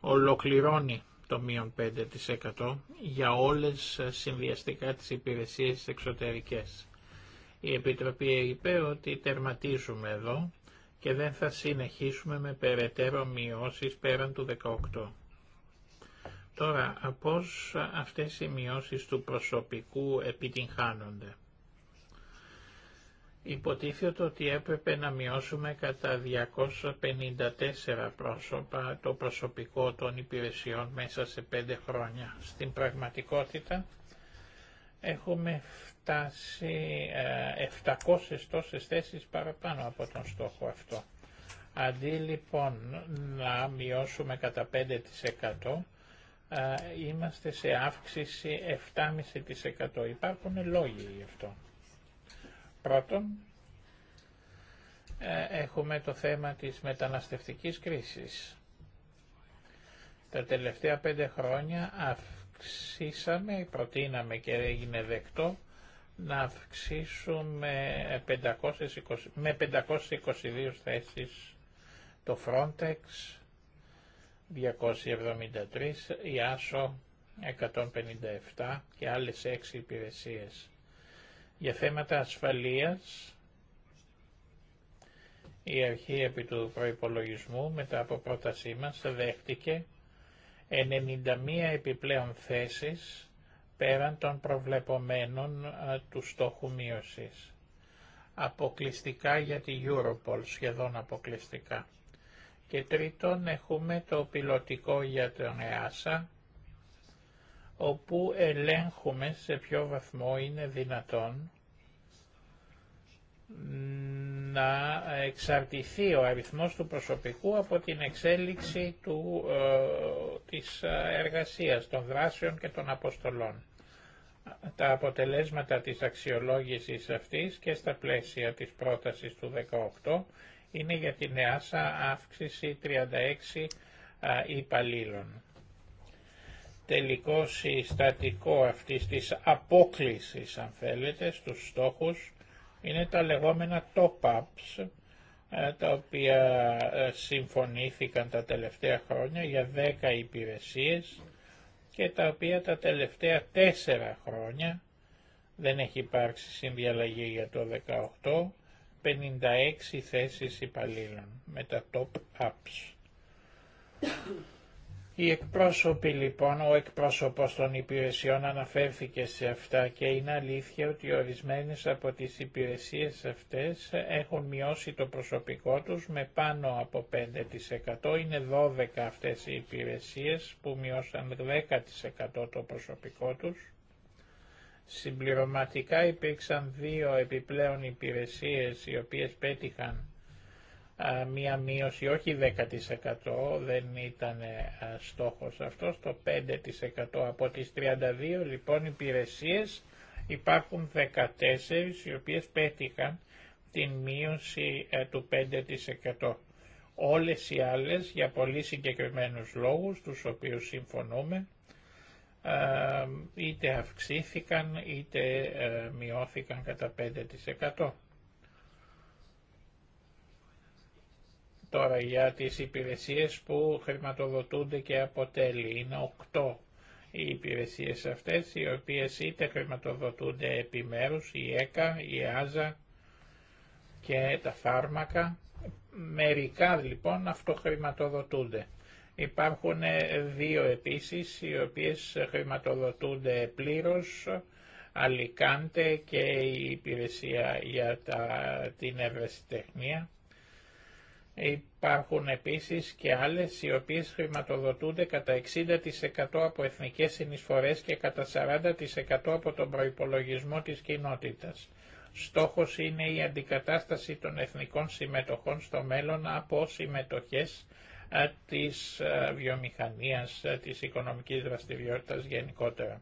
ολοκληρώνει το μείον 5% για όλες συνδυαστικά τις υπηρεσίες εξωτερικές. Η Επιτροπή είπε ότι τερματίζουμε εδώ και δεν θα συνεχίσουμε με περαιτέρω μειώσεις πέραν του 18. Τώρα, πώς αυτές οι μειώσεις του προσωπικού επιτυγχάνονται. Υποτίθεται ότι έπρεπε να μειώσουμε κατά 254 πρόσωπα το προσωπικό των υπηρεσιών μέσα σε 5 χρόνια. Στην πραγματικότητα έχουμε φτάσει 700 ε, τόσες θέσεις παραπάνω από τον στόχο αυτό. Αντί λοιπόν να μειώσουμε κατά 5% είμαστε σε αύξηση 7,5%. Υπάρχουν λόγοι γι' αυτό. Πρώτον, ε, έχουμε το θέμα της μεταναστευτικής κρίσης. Τα τελευταία πέντε χρόνια αυξήσαμε, προτείναμε και έγινε δεκτό, να αυξήσουμε 520, με 522 θέσεις το Frontex, 273, η Άσο 157 και άλλες 6 υπηρεσίες. Για θέματα ασφαλείας, η αρχή επί του προϋπολογισμού μετά από πρότασή μας δέχτηκε 91 επιπλέον θέσεις πέραν των προβλεπομένων του στόχου μείωσης. Αποκλειστικά για τη Europol, σχεδόν αποκλειστικά. Και τρίτον έχουμε το πιλωτικό για τον ΕΑΣΑ, όπου ελέγχουμε σε ποιο βαθμό είναι δυνατόν να εξαρτηθεί ο αριθμός του προσωπικού από την εξέλιξη του, ε, της εργασίας, των δράσεων και των αποστολών. Τα αποτελέσματα της αξιολόγησης αυτής και στα πλαίσια της πρότασης του 18 είναι για την ΕΑΣΑ αύξηση 36 υπαλλήλων. Τελικό συστατικό αυτής της απόκλησης, αν θέλετε, στους στόχους είναι τα λεγόμενα top-ups, τα οποία συμφωνήθηκαν τα τελευταία χρόνια για 10 υπηρεσίες και τα οποία τα τελευταία 4 χρόνια, δεν έχει υπάρξει συνδιαλλαγή για το 18, 56 θέσεις υπαλλήλων με τα top apps. Οι εκπρόσωποι λοιπόν, ο εκπρόσωπος των υπηρεσιών αναφέρθηκε σε αυτά και είναι αλήθεια ότι ορισμένες από τις υπηρεσίες αυτές έχουν μειώσει το προσωπικό τους με πάνω από 5%. Είναι 12 αυτές οι υπηρεσίες που μειώσαν 10% το προσωπικό τους Συμπληρωματικά υπήρξαν δύο επιπλέον υπηρεσίες οι οποίες πέτυχαν μία μείωση όχι 10% δεν ήταν στόχος αυτό το 5% από τις 32 λοιπόν υπηρεσίες υπάρχουν 14 οι οποίες πέτυχαν την μείωση του 5%. Όλες οι άλλες για πολύ συγκεκριμένους λόγους τους οποίους συμφωνούμε ε, είτε αυξήθηκαν είτε ε, μειώθηκαν κατά 5%. Τώρα για τις υπηρεσίες που χρηματοδοτούνται και αποτέλει. Είναι 8 οι υπηρεσίες αυτές οι οποίες είτε χρηματοδοτούνται επιμέρους, η ΕΚΑ, η ΆΖΑ και τα φάρμακα. Μερικά λοιπόν αυτοχρηματοδοτούνται. Υπάρχουν ε, δύο επίσης οι οποίες χρηματοδοτούνται πλήρως, Αλικάντε και η Υπηρεσία για τα, την Ευρεσιτεχνία. Υπάρχουν επίσης και άλλες οι οποίες χρηματοδοτούνται κατά 60% από εθνικές συνεισφορές και κατά 40% από τον προϋπολογισμό της κοινότητας. Στόχος είναι η αντικατάσταση των εθνικών συμμετοχών στο μέλλον από συμμετοχές της ε, βιομηχανίας, ε, της οικονομικής δραστηριότητας γενικότερα.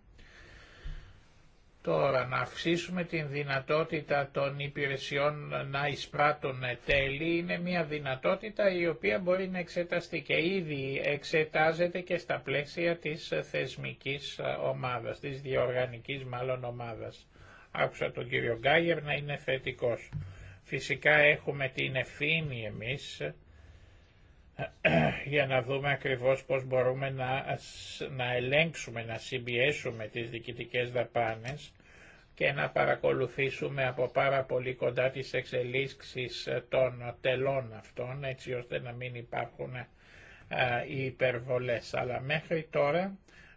Τώρα, να αυξήσουμε την δυνατότητα των υπηρεσιών να εισπράττουν τέλη είναι μια δυνατότητα η οποία μπορεί να εξεταστεί και ήδη εξετάζεται και στα πλαίσια της θεσμικής ομάδας, της διοργανικής μάλλον ομάδας. Άκουσα τον κύριο Γκάγερ να είναι θετικός. Φυσικά έχουμε την ευθύνη εμείς για να δούμε ακριβώς πώς μπορούμε να, να ελέγξουμε, να συμπιέσουμε τις διοικητικές δαπάνες και να παρακολουθήσουμε από πάρα πολύ κοντά τις εξελίξεις των τελών αυτών, έτσι ώστε να μην υπάρχουν οι υπερβολές. Αλλά μέχρι τώρα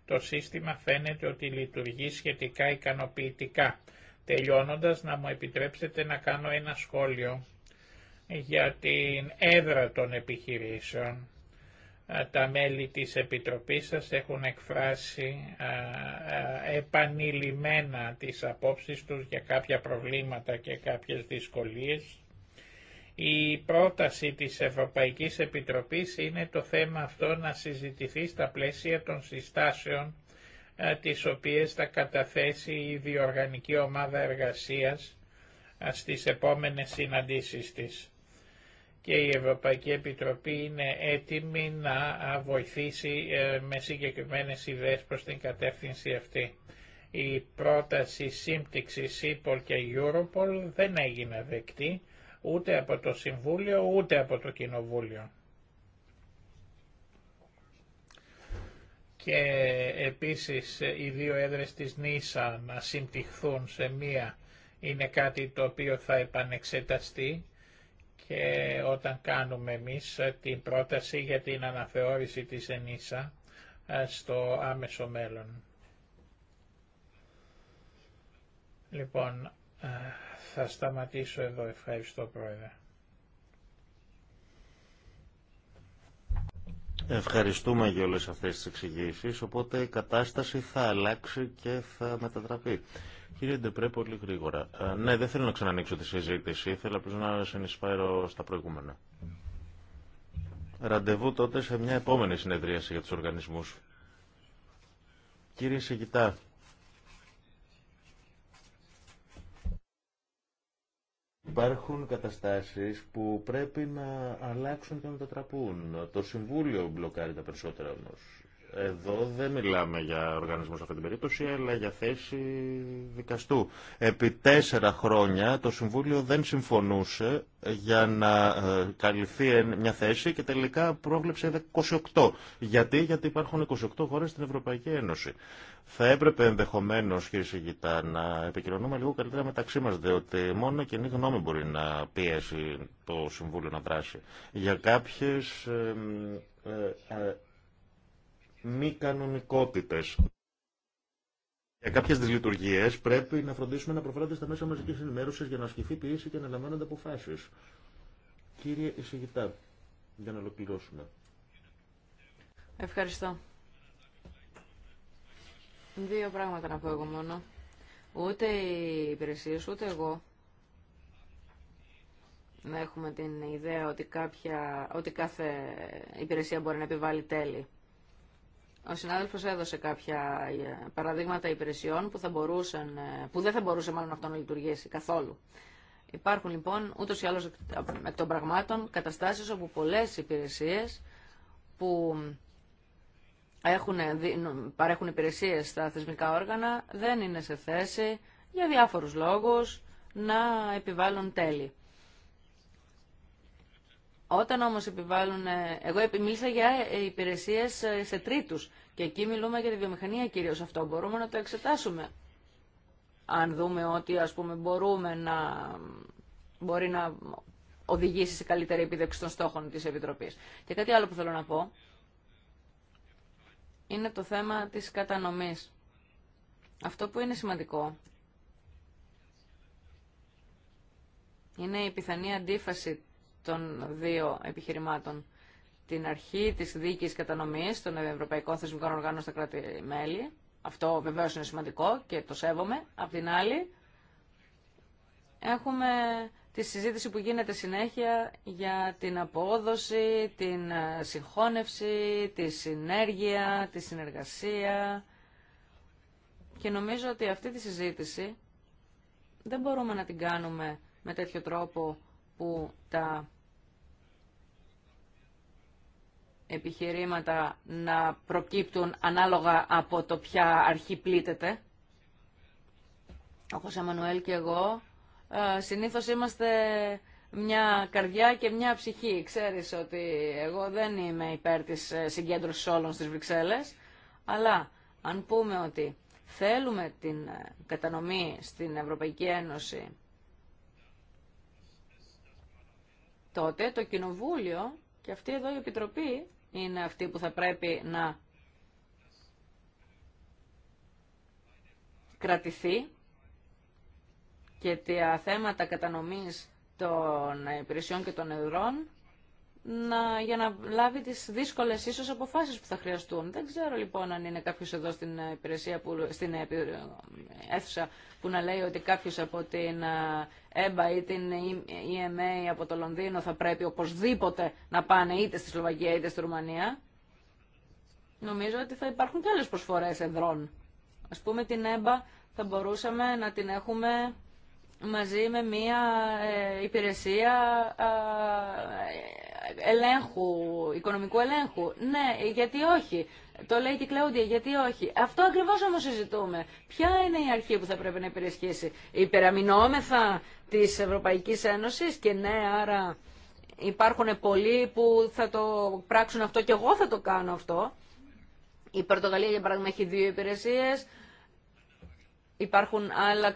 το σύστημα φαίνεται ότι λειτουργεί σχετικά ικανοποιητικά. Τελειώνοντας, να μου επιτρέψετε να κάνω ένα σχόλιο για την έδρα των επιχειρήσεων. Τα μέλη της Επιτροπής σας έχουν εκφράσει επανειλημμένα τις απόψεις τους για κάποια προβλήματα και κάποιες δυσκολίες. Η πρόταση της Ευρωπαϊκής Επιτροπής είναι το θέμα αυτό να συζητηθεί στα πλαίσια των συστάσεων τις οποίες θα καταθέσει η Διοργανική Ομάδα Εργασίας στις επόμενες συναντήσεις της και η Ευρωπαϊκή Επιτροπή είναι έτοιμη να βοηθήσει ε, με συγκεκριμένες ιδέες προς την κατεύθυνση αυτή. Η πρόταση σύμπτυξη ΣΥΠΟΛ και Europol δεν έγινε δεκτή ούτε από το Συμβούλιο ούτε από το Κοινοβούλιο. Και επίσης οι δύο έδρες της ΝΙΣΑ να συμπτυχθούν σε μία είναι κάτι το οποίο θα επανεξεταστεί όταν κάνουμε εμείς ε, την πρόταση για την αναθεώρηση της ΕΝΙΣΑ ε, στο άμεσο μέλλον. Λοιπόν, ε, θα σταματήσω εδώ. Ευχαριστώ, Πρόεδρε. Ευχαριστούμε για όλες αυτές τις εξηγήσεις, οπότε η κατάσταση θα αλλάξει και θα μετατραπεί. Κύριε Ντεπρέ, πολύ γρήγορα. Ε, ναι, δεν θέλω να ξανανοίξω τη συζήτηση. Θέλω απλώ να συνεισφέρω στα προηγούμενα. Ραντεβού τότε σε μια επόμενη συνεδρίαση για τους οργανισμούς. Κύριε Σιγητά, Υπάρχουν καταστάσεις που πρέπει να αλλάξουν και να μετατραπούν. Το Συμβούλιο μπλοκάρει τα περισσότερα όμως. Εδώ δεν μιλάμε για οργανισμό σε αυτή την περίπτωση, αλλά για θέση δικαστού. Επί τέσσερα χρόνια το Συμβούλιο δεν συμφωνούσε για να ε, καλυφθεί μια θέση και τελικά πρόβλεψε 28. Γιατί, Γιατί υπάρχουν 28 χώρες στην Ευρωπαϊκή Ένωση. Θα έπρεπε ενδεχομένω, κύριε Σιγητά, να επικοινωνούμε λίγο καλύτερα μεταξύ μα, διότι μόνο κοινή γνώμη μπορεί να πιέσει το Συμβούλιο να δράσει. Για κάποιε μη κανονικότητε. Για κάποιε δυσλειτουργίε πρέπει να φροντίσουμε να προφέρονται στα μέσα μαζική ενημέρωση για να ασκηθεί πίεση και να λαμβάνονται αποφάσει. Κύριε Ισηγητά, για να ολοκληρώσουμε. Ευχαριστώ. Δύο πράγματα να πω εγώ μόνο. Ούτε οι υπηρεσίε, ούτε εγώ να έχουμε την ιδέα ότι, κάποια, ότι κάθε υπηρεσία μπορεί να επιβάλλει τέλη. Ο συνάδελφος έδωσε κάποια ε, παραδείγματα υπηρεσιών που, θα μπορούσαν, ε, που δεν θα μπορούσε μάλλον αυτό να λειτουργήσει καθόλου. Υπάρχουν λοιπόν ούτως ή άλλως εκ των πραγμάτων καταστάσεις όπου πολλές υπηρεσίες που έχουν, παρέχουν υπηρεσίες στα θεσμικά όργανα δεν είναι σε θέση για διάφορους λόγους να επιβάλλουν τέλη. Όταν όμως επιβάλλουν, ε, εγώ μίλησα για ε, υπηρεσίε ε, σε τρίτου. και εκεί μιλούμε για τη βιομηχανία κυρίω αυτό, μπορούμε να το εξετάσουμε. Αν δούμε ότι ας πούμε μπορούμε να, μπορεί να οδηγήσει σε καλύτερη επίδεξη των στόχων της Επιτροπής. Και κάτι άλλο που θέλω να πω είναι το θέμα της κατανομής. Αυτό που είναι σημαντικό είναι η πιθανή αντίφαση των δύο επιχειρημάτων. Την αρχή της δίκης κατανομής των Ευρωπαϊκών Θεσμικών Οργάνων στα κράτη-μέλη. Αυτό βεβαίω είναι σημαντικό και το σέβομαι. Απ' την άλλη, έχουμε τη συζήτηση που γίνεται συνέχεια για την απόδοση, την συγχώνευση, τη συνέργεια, τη συνεργασία. Και νομίζω ότι αυτή τη συζήτηση δεν μπορούμε να την κάνουμε με τέτοιο τρόπο που τα επιχειρήματα να προκύπτουν ανάλογα από το ποια αρχή πλήττεται. Ο Χωσέ Μανουέλ και εγώ ε, συνήθως είμαστε μια καρδιά και μια ψυχή. Ξέρεις ότι εγώ δεν είμαι υπέρ της ε, συγκέντρωσης όλων στις Βρυξέλλες, αλλά αν πούμε ότι θέλουμε την ε, κατανομή στην Ευρωπαϊκή Ένωση, τότε το Κοινοβούλιο και αυτή εδώ η Επιτροπή είναι αυτή που θα πρέπει να κρατηθεί και τα θέματα κατανομής των υπηρεσιών και των ευρών να, για να λάβει τις δύσκολες ίσως αποφάσεις που θα χρειαστούν. Δεν ξέρω λοιπόν αν είναι κάποιος εδώ στην υπηρεσία, που, στην αίθουσα που να λέει ότι κάποιος από την ε, ΕΜΠΑ ή την EMA από το Λονδίνο θα πρέπει οπωσδήποτε να πάνε είτε στη Σλοβακία είτε στη Ρουμανία. Νομίζω ότι θα υπάρχουν και άλλες προσφορές εδρών. Ας πούμε την ΕΜΠΑ θα μπορούσαμε να την έχουμε μαζί με μια ε, υπηρεσία ελέγχου, οικονομικού ελέγχου. Ναι, γιατί όχι. Το λέει και η Κλαούντια, γιατί όχι. Αυτό ακριβώς όμως συζητούμε. Ποια είναι η αρχή που θα πρέπει να υπηρεσχύσει. Υπεραμεινόμεθα της Ευρωπαϊκής Ένωσης και ναι, άρα υπάρχουν πολλοί που θα το πράξουν αυτό και εγώ θα το κάνω αυτό. Η Πορτογαλία, για παράδειγμα, έχει δύο υπηρεσίες. Υπάρχουν άλλα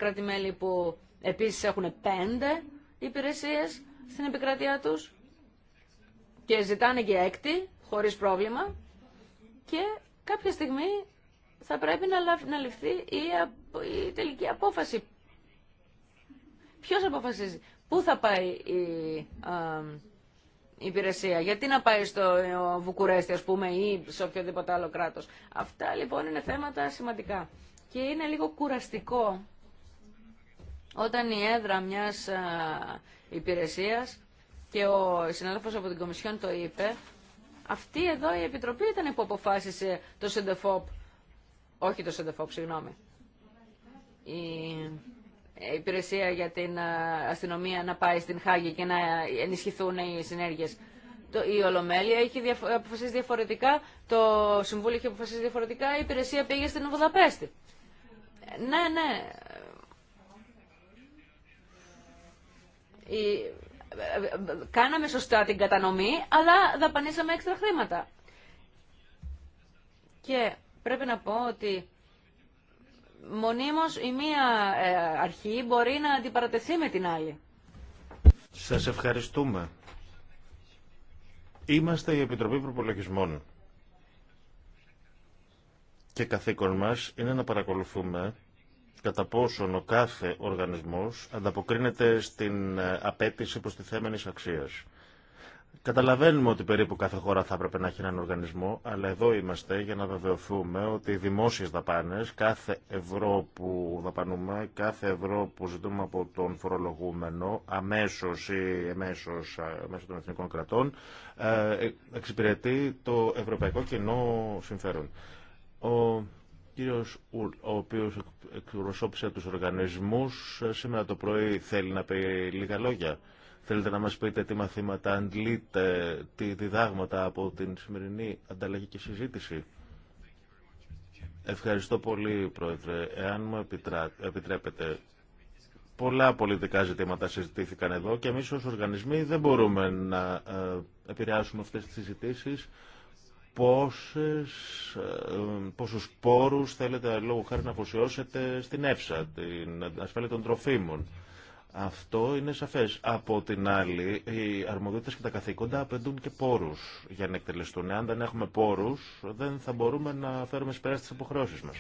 που Επίσης έχουν πέντε υπηρεσίες στην επικρατεία τους και ζητάνε και έκτη, χωρίς πρόβλημα και κάποια στιγμή θα πρέπει να ληφθεί η, τελική απόφαση. Ποιος αποφασίζει, πού θα πάει η, η υπηρεσία, γιατί να πάει στο Βουκουρέστι ας πούμε ή σε οποιοδήποτε άλλο κράτος. Αυτά λοιπόν είναι θέματα σημαντικά και είναι λίγο κουραστικό όταν η έδρα μιας υπηρεσίας και ο συνάδελφος από την Κομισιόν το είπε, αυτή εδώ η Επιτροπή ήταν που αποφάσισε το ΣΕΝΤΕΦΟΠ, όχι το ΣΕΝΤΕΦΟΠ, συγγνώμη, η ε, υπηρεσία για την αστυνομία να πάει στην Χάγη και να ενισχυθούν οι συνέργειες. Η Ολομέλεια έχει αποφασίσει διαφορετικά, το Συμβούλιο έχει αποφασίσει διαφορετικά, η υπηρεσία πήγε στην Βουδαπέστη. Ε, ναι, ναι, κάναμε σωστά την κατανομή, αλλά δαπανίσαμε έξτρα χρήματα. Και πρέπει να πω ότι μονίμως η μία ε, αρχή μπορεί να αντιπαρατεθεί με την άλλη. Σας ευχαριστούμε. Είμαστε η Επιτροπή Προπολογισμών. Και καθήκον μας είναι να παρακολουθούμε κατά πόσον ο κάθε οργανισμός ανταποκρίνεται στην ε, απέτηση τη θέμενης αξίας. Καταλαβαίνουμε ότι περίπου κάθε χώρα θα έπρεπε να έχει έναν οργανισμό, αλλά εδώ είμαστε για να βεβαιωθούμε ότι οι δημόσιες δαπάνες, κάθε ευρώ που δαπανούμε, κάθε ευρώ που ζητούμε από τον φορολογούμενο, αμέσως ή εμέσως ε, μέσω των εθνικών κρατών, ε, εξυπηρετεί το ευρωπαϊκό κοινό συμφέρον. Ο κύριος ο οποίος εκπροσώπησε τους οργανισμούς, ε, σήμερα το πρωί θέλει να πει λίγα λόγια. Θέλετε να μας πείτε τι μαθήματα αντλείτε, τι διδάγματα από την σημερινή ανταλλαγή και συζήτηση. Ευχαριστώ πολύ, Πρόεδρε. Εάν μου επιτρέπετε, πολλά πολιτικά ζητήματα συζητήθηκαν εδώ και εμείς ως οργανισμοί δεν μπορούμε να ε, επηρεάσουμε αυτές τις συζητήσεις πόσες, ε, πόσους πόρους θέλετε λόγω χάρη να αφοσιώσετε στην ΕΦΣΑ, την ασφάλεια των τροφίμων. Αυτό είναι σαφές. Από την άλλη, οι αρμοδιότητες και τα καθήκοντα απαιτούν και πόρους για να εκτελεστούν. Αν δεν έχουμε πόρους, δεν θα μπορούμε να φέρουμε σπέρα στις αποχρεώσεις μας.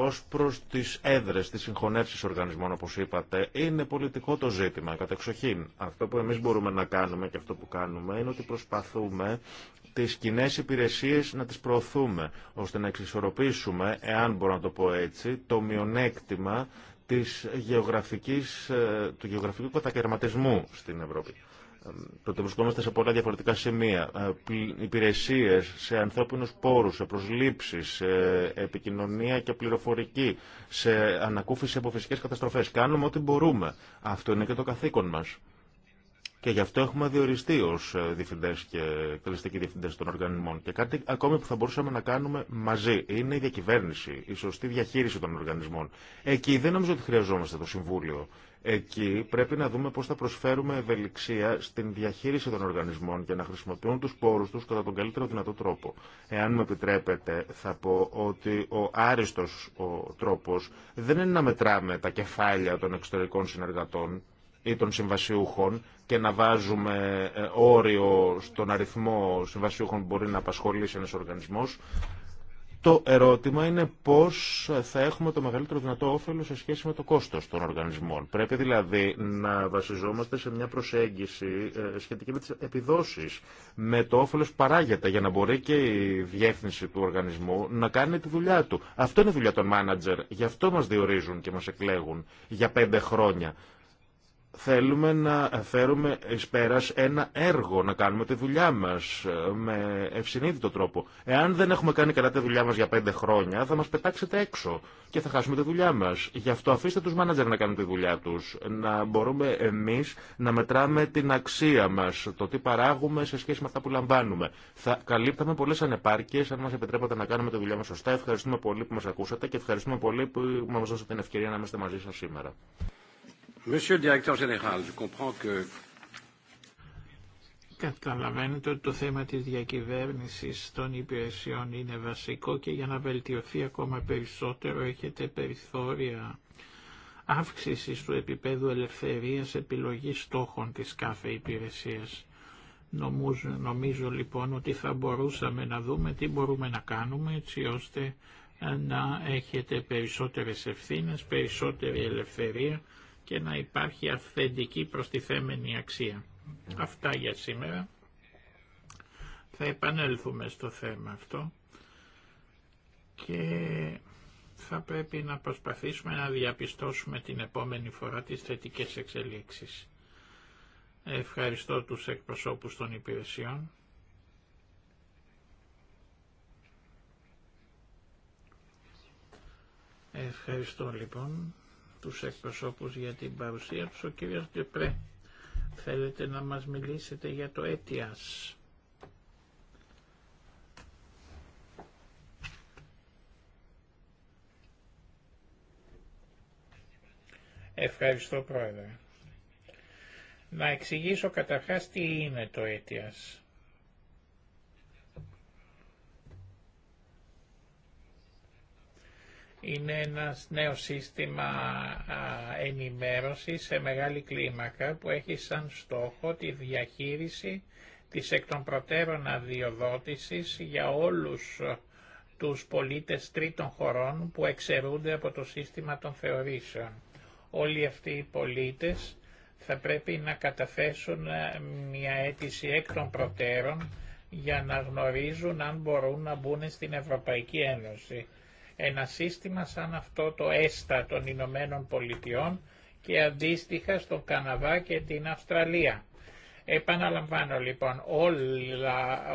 Ω προ τι έδρε τη συγχωνεύσει οργανισμών, όπω είπατε, είναι πολιτικό το ζήτημα, κατεξοχήν. Αυτό που εμεί μπορούμε να κάνουμε και αυτό που κάνουμε είναι ότι προσπαθούμε τι κοινέ υπηρεσίε να τι προωθούμε, ώστε να εξισορροπήσουμε, εάν μπορώ να το πω έτσι, το μειονέκτημα της γεωγραφικής, ε, του γεωγραφικού κατακαιρματισμού στην Ευρώπη το ότι βρισκόμαστε σε πολλά διαφορετικά σημεία, ε, Υπηρεσίε σε ανθρώπινους πόρους, σε προσλήψεις, σε επικοινωνία και πληροφορική, σε ανακούφιση από φυσικέ καταστροφές. Κάνουμε ό,τι μπορούμε. Αυτό είναι και το καθήκον μας. Και γι' αυτό έχουμε διοριστεί ω ε, διευθυντέ και εκτελεστικοί διευθυντέ των οργανισμών. Και κάτι ακόμη που θα μπορούσαμε να κάνουμε μαζί είναι η διακυβέρνηση, η σωστή διαχείριση των οργανισμών. Εκεί δεν νομίζω ότι χρειαζόμαστε το Συμβούλιο. Εκεί πρέπει να δούμε πώ θα προσφέρουμε ευελιξία στην διαχείριση των οργανισμών και να χρησιμοποιούν του πόρου του κατά τον καλύτερο δυνατό τρόπο. Εάν μου επιτρέπετε, θα πω ότι ο άριστο τρόπο δεν είναι να μετράμε τα κεφάλια των εξωτερικών συνεργατών ή των συμβασιούχων, και να βάζουμε ε, όριο στον αριθμό συμβασιούχων που μπορεί να απασχολήσει ένας οργανισμός. Το ερώτημα είναι πώς θα έχουμε το μεγαλύτερο δυνατό όφελο σε σχέση με το κόστος των οργανισμών. Πρέπει δηλαδή να βασιζόμαστε σε μια προσέγγιση ε, σχετική με τις επιδόσεις, με το όφελος παράγεται για να μπορεί και η διεύθυνση του οργανισμού να κάνει τη δουλειά του. Αυτό είναι η δουλειά των μάνατζερ, γι' αυτό μας διορίζουν και μας εκλέγουν για πέντε χρόνια. Θέλουμε να φέρουμε εις πέρας ένα έργο, να κάνουμε τη δουλειά μας ε, με ευσυνείδητο τρόπο. Εάν δεν έχουμε κάνει καλά τη δουλειά μας για πέντε χρόνια, θα μας πετάξετε έξω και θα χάσουμε τη δουλειά μας. Γι' αυτό αφήστε τους μάνατζερ να κάνουν τη δουλειά τους, να μπορούμε εμείς να μετράμε την αξία μας, το τι παράγουμε σε σχέση με αυτά που λαμβάνουμε. Θα καλύπταμε πολλές ανεπάρκειες, αν μας επιτρέπατε να κάνουμε τη δουλειά μας σωστά. Ευχαριστούμε πολύ που μας ακούσατε και ευχαριστούμε πολύ που μας δώσατε την ευκαιρία να είμαστε μαζί σας σήμερα. Καταλαβαίνετε ότι το θέμα της διακυβέρνησης των υπηρεσιών είναι βασικό και για να βελτιωθεί ακόμα περισσότερο έχετε περιθώρια αύξησης του επίπεδου ελευθερίας επιλογής στόχων της κάθε υπηρεσίας. Νομίζω, νομίζω λοιπόν ότι θα μπορούσαμε να δούμε τι μπορούμε να κάνουμε έτσι ώστε να έχετε περισσότερες ευθύνες, περισσότερη ελευθερία και να υπάρχει αυθεντική προστιθέμενη αξία. Αυτά για σήμερα. Θα επανέλθουμε στο θέμα αυτό και θα πρέπει να προσπαθήσουμε να διαπιστώσουμε την επόμενη φορά τις θετικές εξελίξεις. Ευχαριστώ τους εκπροσώπους των υπηρεσιών. Ευχαριστώ λοιπόν τους εκπροσώπους για την παρουσία τους. Ο κύριος Ντεπρέ, θέλετε να μας μιλήσετε για το αίτιας. Ευχαριστώ πρόεδρε. Να εξηγήσω καταρχάς τι είναι το αίτιας. είναι ένα νέο σύστημα ενημέρωσης σε μεγάλη κλίμακα που έχει σαν στόχο τη διαχείριση της εκ των προτέρων αδειοδότησης για όλους τους πολίτες τρίτων χωρών που εξαιρούνται από το σύστημα των θεωρήσεων. Όλοι αυτοί οι πολίτες θα πρέπει να καταθέσουν ε, μια αίτηση εκ των προτέρων για να γνωρίζουν αν μπορούν να μπουν στην Ευρωπαϊκή Ένωση. Ένα σύστημα σαν αυτό το ΕΣΤΑ των Ηνωμένων Πολιτειών και αντίστοιχα στον Καναδά και την Αυστραλία. Επαναλαμβάνω λοιπόν,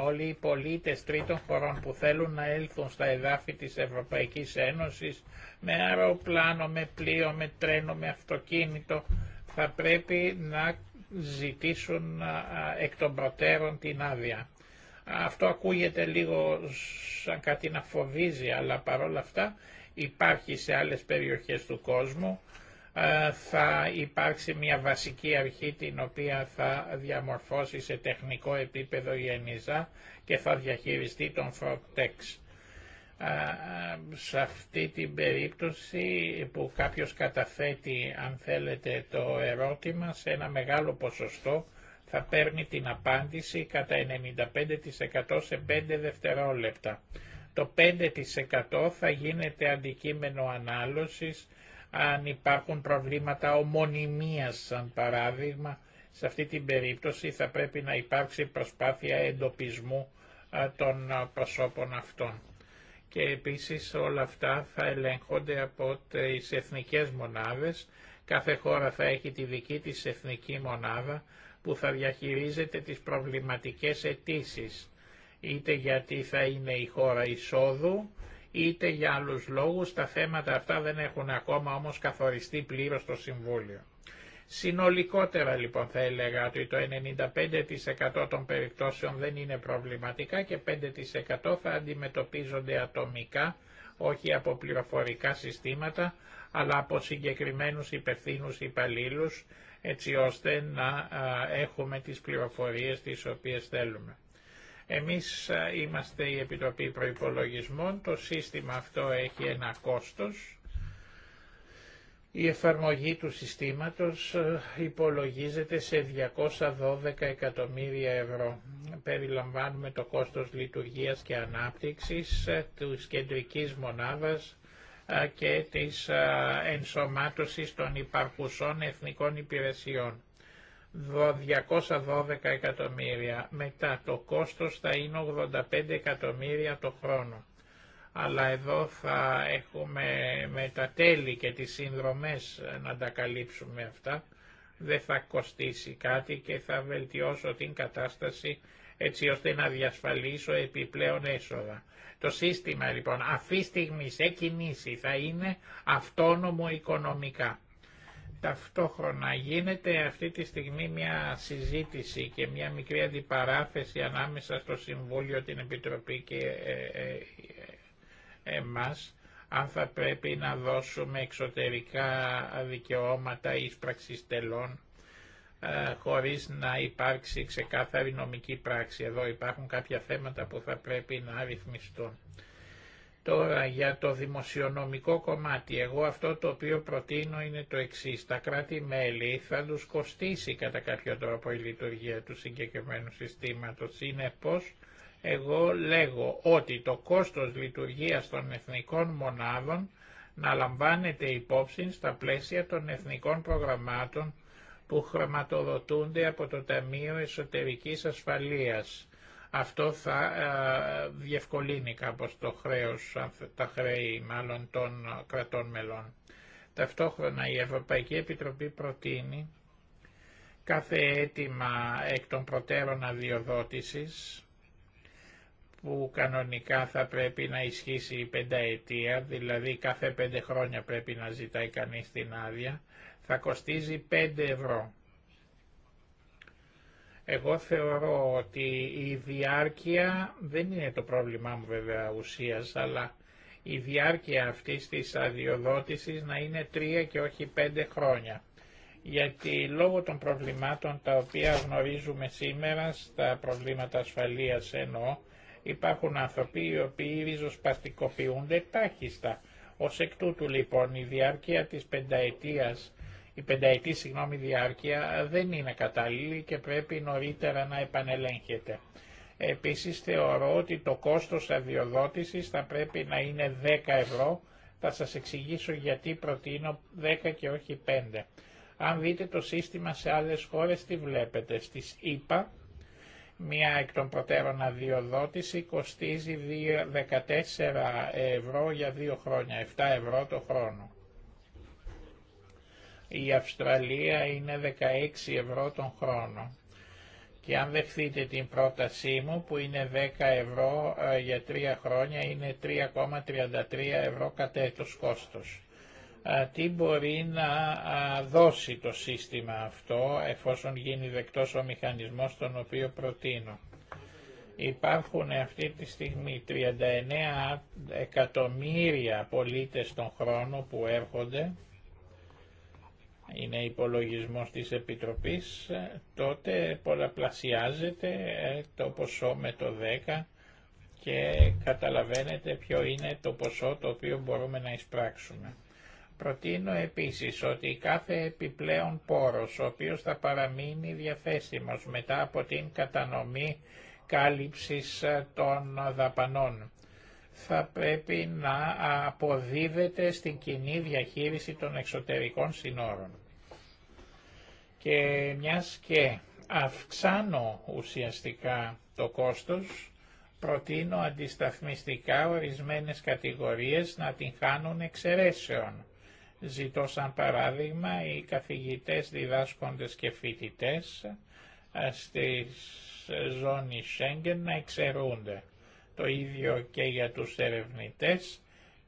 όλοι οι πολίτες τρίτων χωρών που θέλουν να έλθουν στα εδάφη της Ευρωπαϊκής Ένωσης με αεροπλάνο, με πλοίο, με τρένο, με αυτοκίνητο θα πρέπει να ζητήσουν εκ των προτέρων την άδεια. Αυτό ακούγεται λίγο σαν κάτι να φοβίζει, αλλά παρόλα αυτά υπάρχει σε άλλες περιοχές του κόσμου. Ε, θα υπάρξει μια βασική αρχή την οποία θα διαμορφώσει σε τεχνικό επίπεδο η ΕΝΙΖΑ και θα διαχειριστεί τον Φορτεξ. Ε, ε, σε αυτή την περίπτωση που κάποιος καταθέτει, αν θέλετε, το ερώτημα σε ένα μεγάλο ποσοστό θα παίρνει την απάντηση κατά 95% σε 5 δευτερόλεπτα. Το 5% θα γίνεται αντικείμενο ανάλωσης αν υπάρχουν προβλήματα ομονιμίας σαν παράδειγμα. Σε αυτή την περίπτωση θα πρέπει να υπάρξει προσπάθεια εντοπισμού των προσώπων αυτών. Και επίσης όλα αυτά θα ελέγχονται από τις εθνικές μονάδες. Κάθε χώρα θα έχει τη δική της εθνική μονάδα που θα διαχειρίζεται τις προβληματικές αιτήσει, είτε γιατί θα είναι η χώρα εισόδου, είτε για άλλους λόγους τα θέματα αυτά δεν έχουν ακόμα όμως καθοριστεί πλήρως στο Συμβούλιο. Συνολικότερα λοιπόν θα έλεγα ότι το 95% των περιπτώσεων δεν είναι προβληματικά και 5% θα αντιμετωπίζονται ατομικά όχι από πληροφορικά συστήματα, αλλά από συγκεκριμένους υπευθύνους υπαλλήλου έτσι ώστε να έχουμε τις πληροφορίες τις οποίες θέλουμε. Εμείς είμαστε η Επιτροπή Προϋπολογισμών, το σύστημα αυτό έχει ένα κόστος, η εφαρμογή του συστήματος ε, υπολογίζεται σε 212 εκατομμύρια ευρώ. Περιλαμβάνουμε το κόστος λειτουργίας και ανάπτυξης ε, του κεντρικής μονάδας ε, και της ενσωμάτωσης των υπαρχουσών εθνικών υπηρεσιών. 212 εκατομμύρια. Μετά το κόστος θα είναι 85 εκατομμύρια το χρόνο αλλά εδώ θα έχουμε με τα τέλη και τις συνδρομές να τα καλύψουμε αυτά. Δεν θα κοστίσει κάτι και θα βελτιώσω την κατάσταση έτσι ώστε να διασφαλίσω επιπλέον έσοδα. Το σύστημα λοιπόν αυτή στιγμή σε κινήσει θα είναι αυτόνομο οικονομικά. Ταυτόχρονα γίνεται αυτή τη στιγμή μια συζήτηση και μια μικρή αντιπαράθεση ανάμεσα στο Συμβούλιο, την Επιτροπή και ε, ε, εμάς αν θα πρέπει να δώσουμε εξωτερικά δικαιώματα ής τελών ε, χωρίς να υπάρξει ξεκάθαρη νομική πράξη. Εδώ υπάρχουν κάποια θέματα που θα πρέπει να ρυθμιστούν. Τώρα για το δημοσιονομικό κομμάτι, εγώ αυτό το οποίο προτείνω είναι το εξή. Τα κράτη-μέλη θα τους κοστίσει κατά κάποιο τρόπο η λειτουργία του συγκεκριμένου συστήματος. Είναι πως εγώ λέγω ότι το κόστος λειτουργίας των εθνικών μονάδων να λαμβάνεται υπόψη στα πλαίσια των εθνικών προγραμμάτων που χρηματοδοτούνται από το Ταμείο Εσωτερικής Ασφαλείας. Αυτό θα α, ε, διευκολύνει κάπως το χρέος, τα χρέη μάλλον των κρατών μελών. Ταυτόχρονα η Ευρωπαϊκή Επιτροπή προτείνει κάθε αίτημα εκ των προτέρων αδειοδότησης που κανονικά θα πρέπει να ισχύσει η πενταετία, δηλαδή κάθε πέντε χρόνια πρέπει να ζητάει κανείς την άδεια, θα κοστίζει 5 ευρώ. Εγώ θεωρώ ότι η διάρκεια δεν είναι το πρόβλημά μου βέβαια ουσίας, αλλά η διάρκεια αυτής της αδειοδότησης να είναι 3 και όχι 5 χρόνια. Γιατί λόγω των προβλημάτων τα οποία γνωρίζουμε σήμερα, στα προβλήματα ασφαλείας εννοώ, Υπάρχουν άνθρωποι οι οποίοι ριζοσπαστικοποιούνται τάχιστα. Ω εκ τούτου λοιπόν η διάρκεια τη πενταετία, η πενταετή συγγνώμη διάρκεια δεν είναι κατάλληλη και πρέπει νωρίτερα να επανελέγχεται. Επίσης θεωρώ ότι το κόστος αδειοδότησης θα πρέπει να είναι 10 ευρώ. Θα σας εξηγήσω γιατί προτείνω 10 και όχι 5. Αν δείτε το σύστημα σε άλλες χώρες τι βλέπετε. Στις ΗΠΑ Μία εκ των προτέρων αδειοδότηση κοστίζει 14 ευρώ για δύο χρόνια, 7 ευρώ το χρόνο. Η Αυστραλία είναι 16 ευρώ τον χρόνο. Και αν δεχθείτε την πρότασή μου που είναι 10 ευρώ ε, για 3 χρόνια είναι 3,33 ευρώ κατέτος κόστος τι μπορεί να δώσει το σύστημα αυτό εφόσον γίνει δεκτός ο μηχανισμός τον οποίο προτείνω. Υπάρχουν αυτή τη στιγμή 39 εκατομμύρια πολίτες τον χρόνο που έρχονται, είναι υπολογισμός της Επιτροπής, τότε πολλαπλασιάζεται ε, το ποσό με το 10 και καταλαβαίνετε ποιο είναι το ποσό το οποίο μπορούμε να εισπράξουμε. Προτείνω επίσης ότι κάθε επιπλέον πόρος, ο οποίος θα παραμείνει διαθέσιμος μετά από την κατανομή κάλυψης ε, των δαπανών, θα πρέπει να αποδίδεται στην κοινή διαχείριση των εξωτερικών συνόρων. Και μιας και αυξάνω ουσιαστικά το κόστος, προτείνω αντισταθμιστικά ορισμένες κατηγορίες να την χάνουν εξαιρέσεων Ζητώ σαν παράδειγμα οι καθηγητές, διδάσκοντες και φοιτητές ε, στη ζώνη Σέγγεν να εξαιρούνται. Το ίδιο και για τους ερευνητές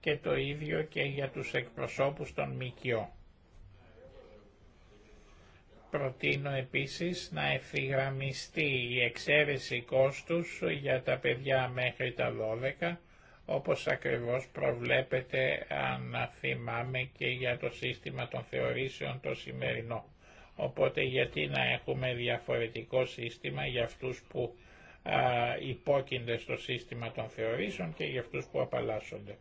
και το ίδιο και για τους εκπροσώπους των ΜΚΙΟ. Προτείνω επίσης να ευθυγραμμιστεί η εξαίρεση κόστους για τα παιδιά μέχρι τα 12 όπως ακριβώς προβλέπεται αν θυμάμαι και για το σύστημα των θεωρήσεων το σημερινό. Οπότε γιατί να έχουμε διαφορετικό σύστημα για αυτούς που α, υπόκεινται στο σύστημα των θεωρήσεων και για αυτούς που απαλλάσσονται.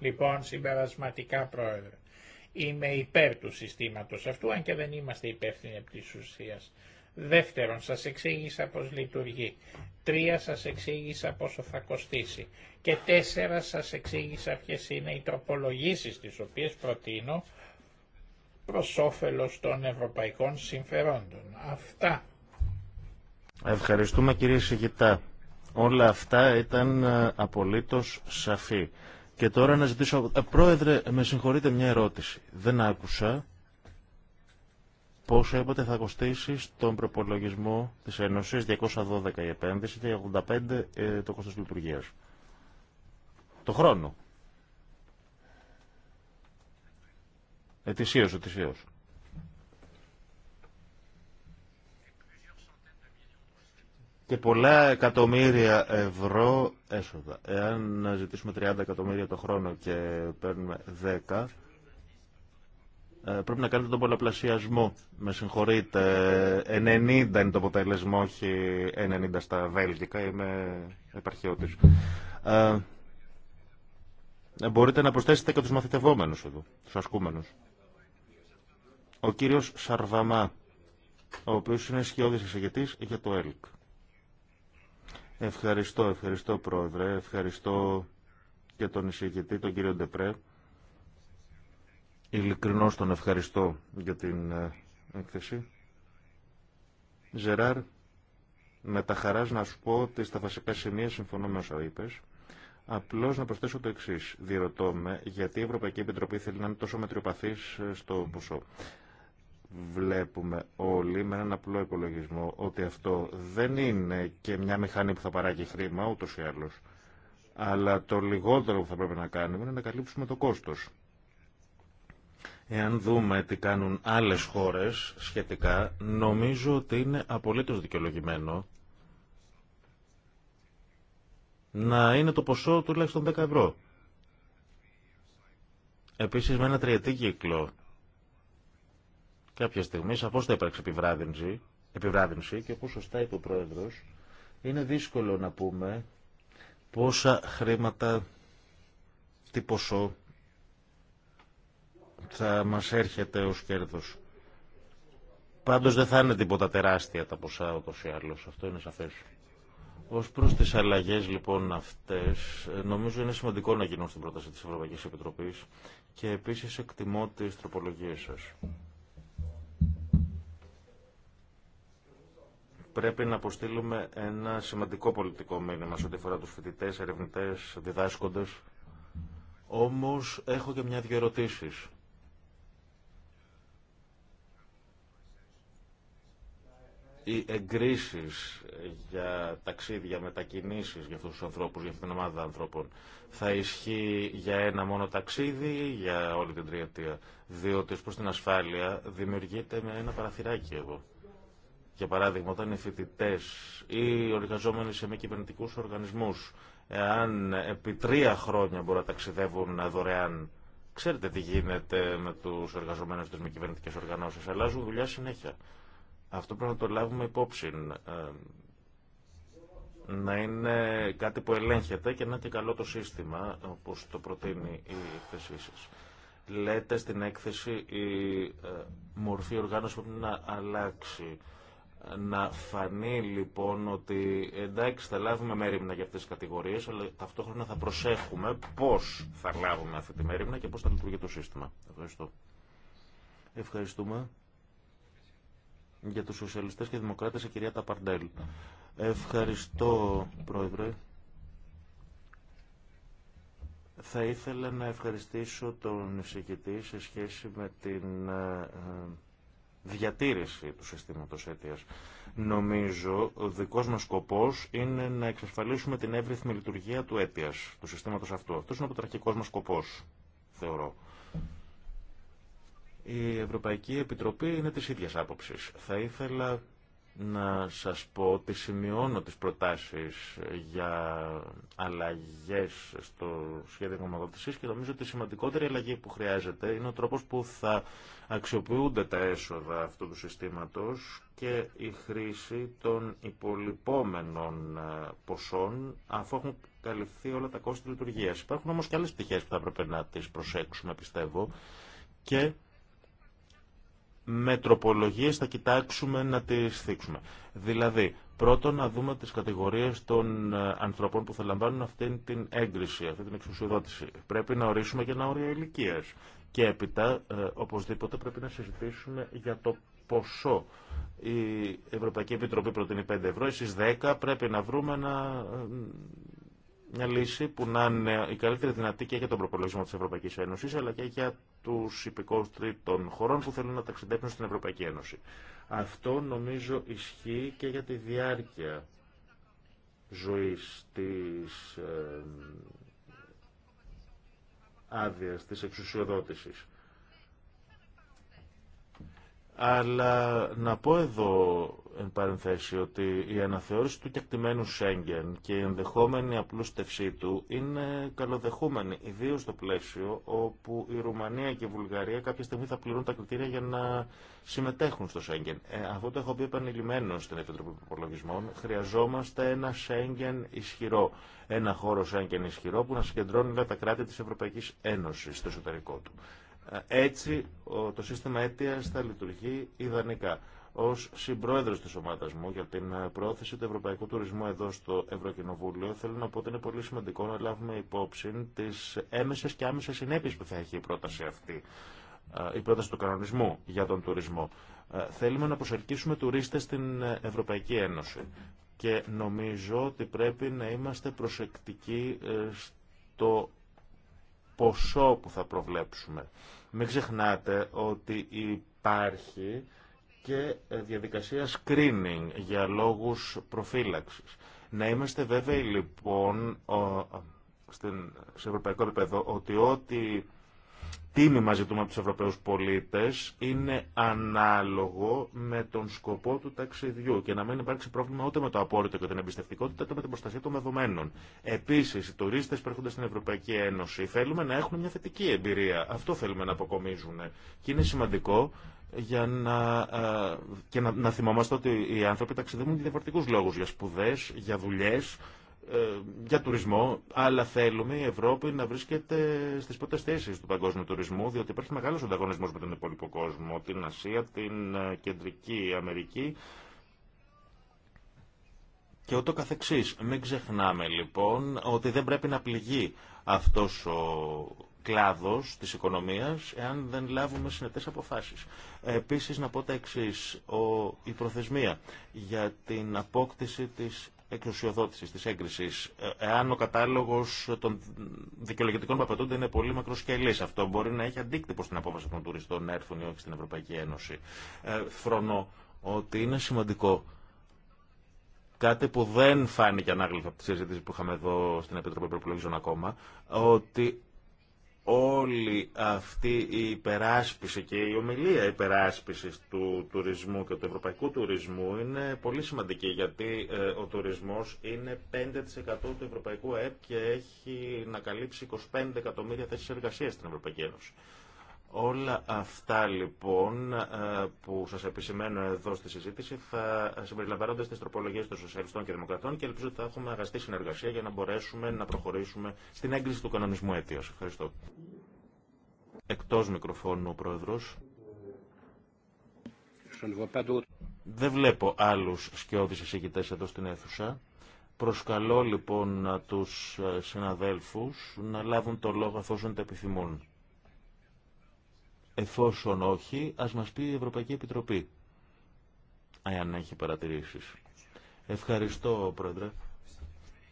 Λοιπόν, συμπερασματικά πρόεδρε, είμαι υπέρ του συστήματος αυτού, αν και δεν είμαστε υπεύθυνοι από της ουσίας. Δεύτερον, σας εξήγησα πώς λειτουργεί. Τρία, σας εξήγησα πόσο θα κοστίσει. Και τέσσερα, σας εξήγησα ποιες είναι οι τροπολογήσεις τις οποίες προτείνω προς όφελος των ευρωπαϊκών συμφερόντων. Αυτά. Ευχαριστούμε κύριε Σιγητά. Όλα αυτά ήταν ε, απολύτως σαφή. Και τώρα να ζητήσω... Ε, πρόεδρε, με συγχωρείτε μια ερώτηση. Δεν άκουσα Πόσο έποτε θα κοστίσει στον προπολογισμό τη Ένωση 212 η επένδυση και 85 ε, το κόστο λειτουργία Το χρόνο. Ετησίω, ετησίω. Και πολλά εκατομμύρια ευρώ έσοδα. Εάν ζητήσουμε 30 εκατομμύρια το χρόνο και παίρνουμε 10, ε, πρέπει να κάνετε τον πολλαπλασιασμό. Με συγχωρείτε, 90 είναι το αποτέλεσμα, όχι 90 στα βέλγικα, είμαι επαρχιώτης. Ε, ε, μπορείτε να προσθέσετε και τους μαθητευόμενους εδώ, τους ασκούμενους. Ο κύριος Σαρβαμά, ο οποίος είναι σχεδόν εισηγητής για το ΕΛΚ. Ευχαριστώ, ευχαριστώ πρόεδρε, ευχαριστώ και τον εισηγητή, τον κύριο Ντεπρέ. Ειλικρινώς τον ευχαριστώ για την ε, έκθεση. Ζεράρ, με τα χαράς να σου πω ότι στα βασικά σημεία συμφωνώ με όσα είπες. Απλώ να προσθέσω το εξή. Διερωτώ με γιατί η Ευρωπαϊκή Επιτροπή θέλει να είναι τόσο μετριοπαθή ε, στο ποσό. Βλέπουμε όλοι με έναν απλό υπολογισμό ότι αυτό δεν είναι και μια μηχανή που θα παράγει χρήμα ούτω ή άλλω. Αλλά το λιγότερο που θα πρέπει να κάνουμε είναι να καλύψουμε το κόστος. Εάν δούμε τι κάνουν άλλες χώρες σχετικά, νομίζω ότι είναι απολύτως δικαιολογημένο να είναι το ποσό τουλάχιστον 10 ευρώ. Επίσης με ένα τριετή κύκλο. Κάποια στιγμή σαφώ θα υπάρξει επιβράδυνση, επιβράδυνση και όπως σωστά είπε ο Πρόεδρος, είναι δύσκολο να πούμε πόσα χρήματα, τι ποσό θα μας έρχεται ως κέρδος. Πάντως δεν θα είναι τίποτα τεράστια τα ποσά ούτως ή άλλως, αυτό είναι σαφές. Ω προ τι αλλαγέ λοιπόν αυτές νομίζω είναι σημαντικό να γίνουν στην πρόταση της Ευρωπαϊκής Επιτροπής και επίσης εκτιμώ τι τροπολογίε σας Πρέπει να αποστείλουμε ένα σημαντικό πολιτικό μήνυμα σε ό,τι αφορά τους φοιτητέ, ερευνητέ, διδάσκοντες όμως έχω και μια-δυο οι εγκρίσει για ταξίδια, μετακινήσει για αυτού του ανθρώπου, για αυτήν την ομάδα ανθρώπων, θα ισχύει για ένα μόνο ταξίδι ή για όλη την τριετία. Διότι ω προ την ασφάλεια δημιουργείται με ένα παραθυράκι εδώ. Για παράδειγμα, όταν οι φοιτητέ ή οι εργαζόμενοι σε μη κυβερνητικού οργανισμού, εάν επί τρία χρόνια μπορούν να ταξιδεύουν δωρεάν, ξέρετε τι γίνεται με του εργαζομένου τη μη κυβερνητικέ οργανώσει. Αλλάζουν δουλειά συνέχεια. Αυτό πρέπει να το λάβουμε υπόψη. Ε, να είναι κάτι που ελέγχεται και να είναι και καλό το σύστημα, όπως το προτείνει η εκθεσή σας. Λέτε στην έκθεση η ε, μορφή οργάνωση πρέπει να αλλάξει. Να φανεί λοιπόν ότι εντάξει θα λάβουμε μέρημνα για αυτές τις κατηγορίες, αλλά ταυτόχρονα θα προσέχουμε πώς θα λάβουμε αυτή τη μέρημνα και πώς θα λειτουργεί το σύστημα. Ευχαριστώ. Ευχαριστούμε για τους σοσιαλιστές και δημοκράτες η κυρία Ταπαρντέλ. Ευχαριστώ, Πρόεδρε. Θα ήθελα να ευχαριστήσω τον εισηγητή σε σχέση με την ε, ε, διατήρηση του συστήματος αίτιας. Νομίζω ο δικός μας σκοπός είναι να εξασφαλίσουμε την εύρυθμη λειτουργία του αίτιας, του συστήματος αυτού. Αυτός είναι ο πρωταρχικός μας σκοπός, θεωρώ. Η Ευρωπαϊκή Επιτροπή είναι της ίδιας άποψης. Θα ήθελα να σας πω ότι σημειώνω τις προτάσεις για αλλαγές στο σχέδιο γνωμοδοτησής και νομίζω ότι η σημαντικότερη αλλαγή που χρειάζεται είναι ο τρόπος που θα αξιοποιούνται τα έσοδα αυτού του συστήματος και η χρήση των υπολοιπόμενων ε, ποσών αφού έχουν καλυφθεί όλα τα κόστη λειτουργίας. Υπάρχουν όμως και άλλες πτυχές που θα έπρεπε να τις προσέξουμε πιστεύω και με τροπολογίες θα κοιτάξουμε να τις θίξουμε. Δηλαδή, πρώτον να δούμε τις κατηγορίες των ε, ανθρώπων που θα λαμβάνουν αυτή την έγκριση, αυτή την εξουσιοδότηση. Πρέπει να ορίσουμε και ένα όριο ηλικία. Και έπειτα, ε, οπωσδήποτε, πρέπει να συζητήσουμε για το ποσό. Η Ευρωπαϊκή Επιτροπή προτείνει 5 ευρώ, εσείς 10, πρέπει να βρούμε ένα ε, μια λύση που να είναι η καλύτερη δυνατή και για τον προπολογισμό της Ευρωπαϊκής Ένωση, αλλά και για τους υπηκόστριτων τρίτων χωρών που θέλουν να ταξιδέψουν στην Ευρωπαϊκή Ένωση. Αυτό νομίζω ισχύει και για τη διάρκεια ζωή τη άδεια άδειας, της αλλά να πω εδώ εν παρενθέσει ότι η αναθεώρηση του κεκτημένου Σέγγεν και η ενδεχόμενη απλούστευσή του είναι καλοδεχούμενη, ιδίως στο πλαίσιο όπου η Ρουμανία και η Βουλγαρία κάποια στιγμή θα πληρούν τα κριτήρια για να συμμετέχουν στο Σέγγεν. Ε, αυτό το έχω πει επανειλημμένο στην Επιτροπή Προπολογισμών. Χρειαζόμαστε ένα Σέγγεν ισχυρό. Ένα χώρο Σέγγεν ισχυρό που να συγκεντρώνει τα κράτη της Ευρωπαϊκής Ένωσης στο εσωτερικό του. Έτσι το σύστημα αίτια θα λειτουργεί ιδανικά. Ω συμπρόεδρο τη ομάδα μου για την ε, πρόθεση του ευρωπαϊκού τουρισμού εδώ στο Ευρωκοινοβούλιο, θέλω να πω ότι είναι πολύ σημαντικό να λάβουμε υπόψη τι έμεσε και άμεσε συνέπειε που θα έχει η πρόταση αυτή, η πρόταση του κανονισμού για τον τουρισμό. Θέλουμε να προσελκύσουμε τουρίστε στην ε, Ευρωπαϊκή Ένωση και νομίζω ότι πρέπει να είμαστε προσεκτικοί ε, στο ποσό που θα προβλέψουμε. Μην ξεχνάτε ότι υπάρχει και διαδικασία screening για λόγους προφύλαξης. Να είμαστε βέβαιοι λοιπόν σε ευρωπαϊκό επίπεδο ότι ό,τι τίμημα ζητούμε από τους Ευρωπαίους πολίτες είναι ανάλογο με τον σκοπό του ταξιδιού και να μην υπάρξει πρόβλημα ούτε με το απόρριτο και την εμπιστευτικότητα ούτε με την προστασία των δεδομένων. Επίσης, οι τουρίστες που έρχονται στην Ευρωπαϊκή Ένωση θέλουμε να έχουν μια θετική εμπειρία. Αυτό θέλουμε να αποκομίζουν. Και είναι σημαντικό για να, ε, και να, να θυμόμαστε ότι οι άνθρωποι ταξιδεύουν για διαφορετικούς λόγους, για σπουδές, για δουλειές, ε, για τουρισμό, αλλά θέλουμε η Ευρώπη να βρίσκεται στι πρώτε θέσει του παγκόσμιου τουρισμού, διότι υπάρχει μεγάλο ανταγωνισμό με τον υπόλοιπο κόσμο, την Ασία, την ε, Κεντρική Αμερική και ούτω καθεξής. Μην ξεχνάμε λοιπόν ότι δεν πρέπει να πληγεί αυτός ο κλάδος της οικονομίας εάν δεν λάβουμε συνετές αποφάσει. Επίση να πω τα εξή η προθεσμία για την απόκτηση τη εξουσιοδότηση τη έγκρισης, ε, εάν ο κατάλογος των δικαιολογητικών που απαιτούνται είναι πολύ μακροσκελής. Αυτό μπορεί να έχει αντίκτυπο στην απόφαση των τουριστών να έρθουν ή όχι στην Ευρωπαϊκή Ένωση. Ε, φρονώ ότι είναι σημαντικό κάτι που δεν φάνηκε ανάγλυφα από τη συζήτηση που είχαμε εδώ στην Επιτροπή Προπολογισμών ακόμα, ότι όλη αυτή η υπεράσπιση και η ομιλία υπεράσπισης του τουρισμού και του ευρωπαϊκού τουρισμού είναι πολύ σημαντική γιατί ε, ο τουρισμός είναι 5% του ευρωπαϊκού ΕΠ και έχει να καλύψει 25 εκατομμύρια θέσεις εργασίας στην Ευρωπαϊκή Ένωση. Όλα αυτά λοιπόν ε, που σας επισημαίνω εδώ στη συζήτηση θα συμπεριλαμβάνονται στι τροπολογίε των Σοσιαλιστών και Δημοκρατών και ελπίζω ότι θα έχουμε αγαστή συνεργασία για να μπορέσουμε να προχωρήσουμε στην έγκριση του κανονισμού αίτιας. Ευχαριστώ. Εκτός μικροφώνου ο Πρόεδρος. Δεν βλέπω άλλους σκιώδει εισηγητέ εδώ στην αίθουσα. Προσκαλώ λοιπόν τους ε, συναδέλφους να λάβουν το λόγο αφού τα επιθυμούν. Εφόσον όχι, ας μας πει η Ευρωπαϊκή Επιτροπή, αν έχει παρατηρήσεις. Ευχαριστώ, Πρόεδρε.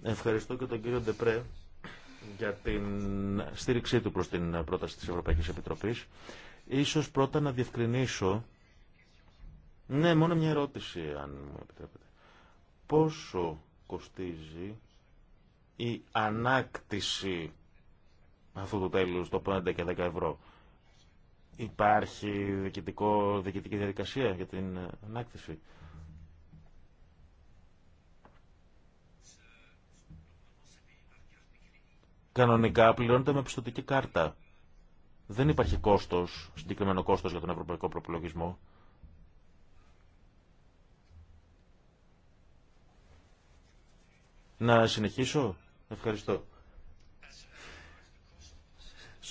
Ευχαριστώ και τον κύριο Ντεπρέ για την στήριξή του προς την πρόταση της Ευρωπαϊκής Επιτροπής. Ίσως πρώτα να διευκρινίσω... Ναι, μόνο μια ερώτηση, αν μου επιτρέπετε. Πόσο κοστίζει η ανάκτηση αυτού του τέλους, το 5 και 10 ευρώ. Υπάρχει διοικητικό, διοικητική διαδικασία για την ανάκτηση. Κανονικά πληρώνεται με πιστοτική κάρτα. Δεν υπάρχει κόστος, συγκεκριμένο κόστος για τον ευρωπαϊκό προπολογισμό. Να συνεχίσω. Ευχαριστώ.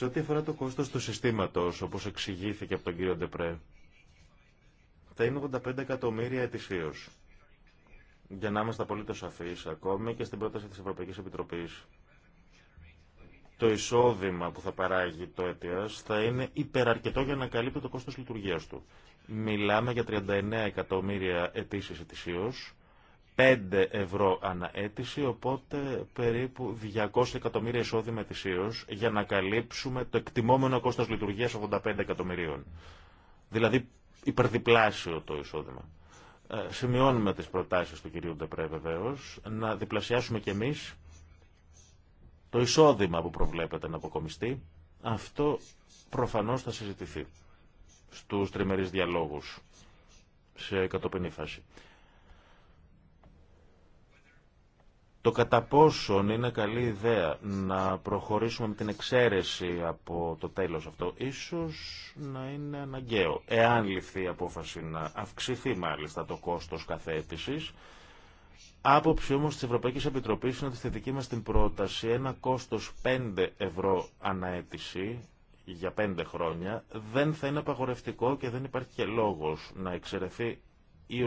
Σε ό,τι αφορά το κόστος του συστήματος, όπως εξηγήθηκε από τον κύριο Ντεπρέ, θα είναι 85 εκατομμύρια ετησίως. Για να είμαστε απολύτως σαφείς ακόμη και στην πρόταση της Ευρωπαϊκής Επιτροπής. Το εισόδημα που θα παράγει το ΕΤΙΑΣ θα είναι υπεραρκετό για να καλύπτει το κόστος λειτουργίας του. Μιλάμε για 39 εκατομμύρια ετήσεις ετησίως 5 ευρώ αναέτηση, οπότε περίπου 200 εκατομμύρια εισόδημα ετησίω για να καλύψουμε το εκτιμόμενο κόστος λειτουργίας 85 εκατομμυρίων. Δηλαδή υπερδιπλάσιο το εισόδημα. Ε, σημειώνουμε τις προτάσεις του κυρίου Ντεπρέ βεβαίω, να διπλασιάσουμε κι εμείς το εισόδημα που προβλέπεται να αποκομιστεί. Αυτό προφανώς θα συζητηθεί στους τριμερείς διαλόγους σε κατοπινή φάση. Το κατά πόσον είναι καλή ιδέα να προχωρήσουμε με την εξαίρεση από το τέλος αυτό, ίσως να είναι αναγκαίο. Εάν ληφθεί η απόφαση να αυξηθεί μάλιστα το κόστος καθέτησης, άποψη όμως της Ευρωπαϊκής Επιτροπής είναι ότι στη δική μας την πρόταση ένα κόστος 5 ευρώ αναέτηση για 5 χρόνια δεν θα είναι απαγορευτικό και δεν υπάρχει και λόγος να εξαιρεθεί ή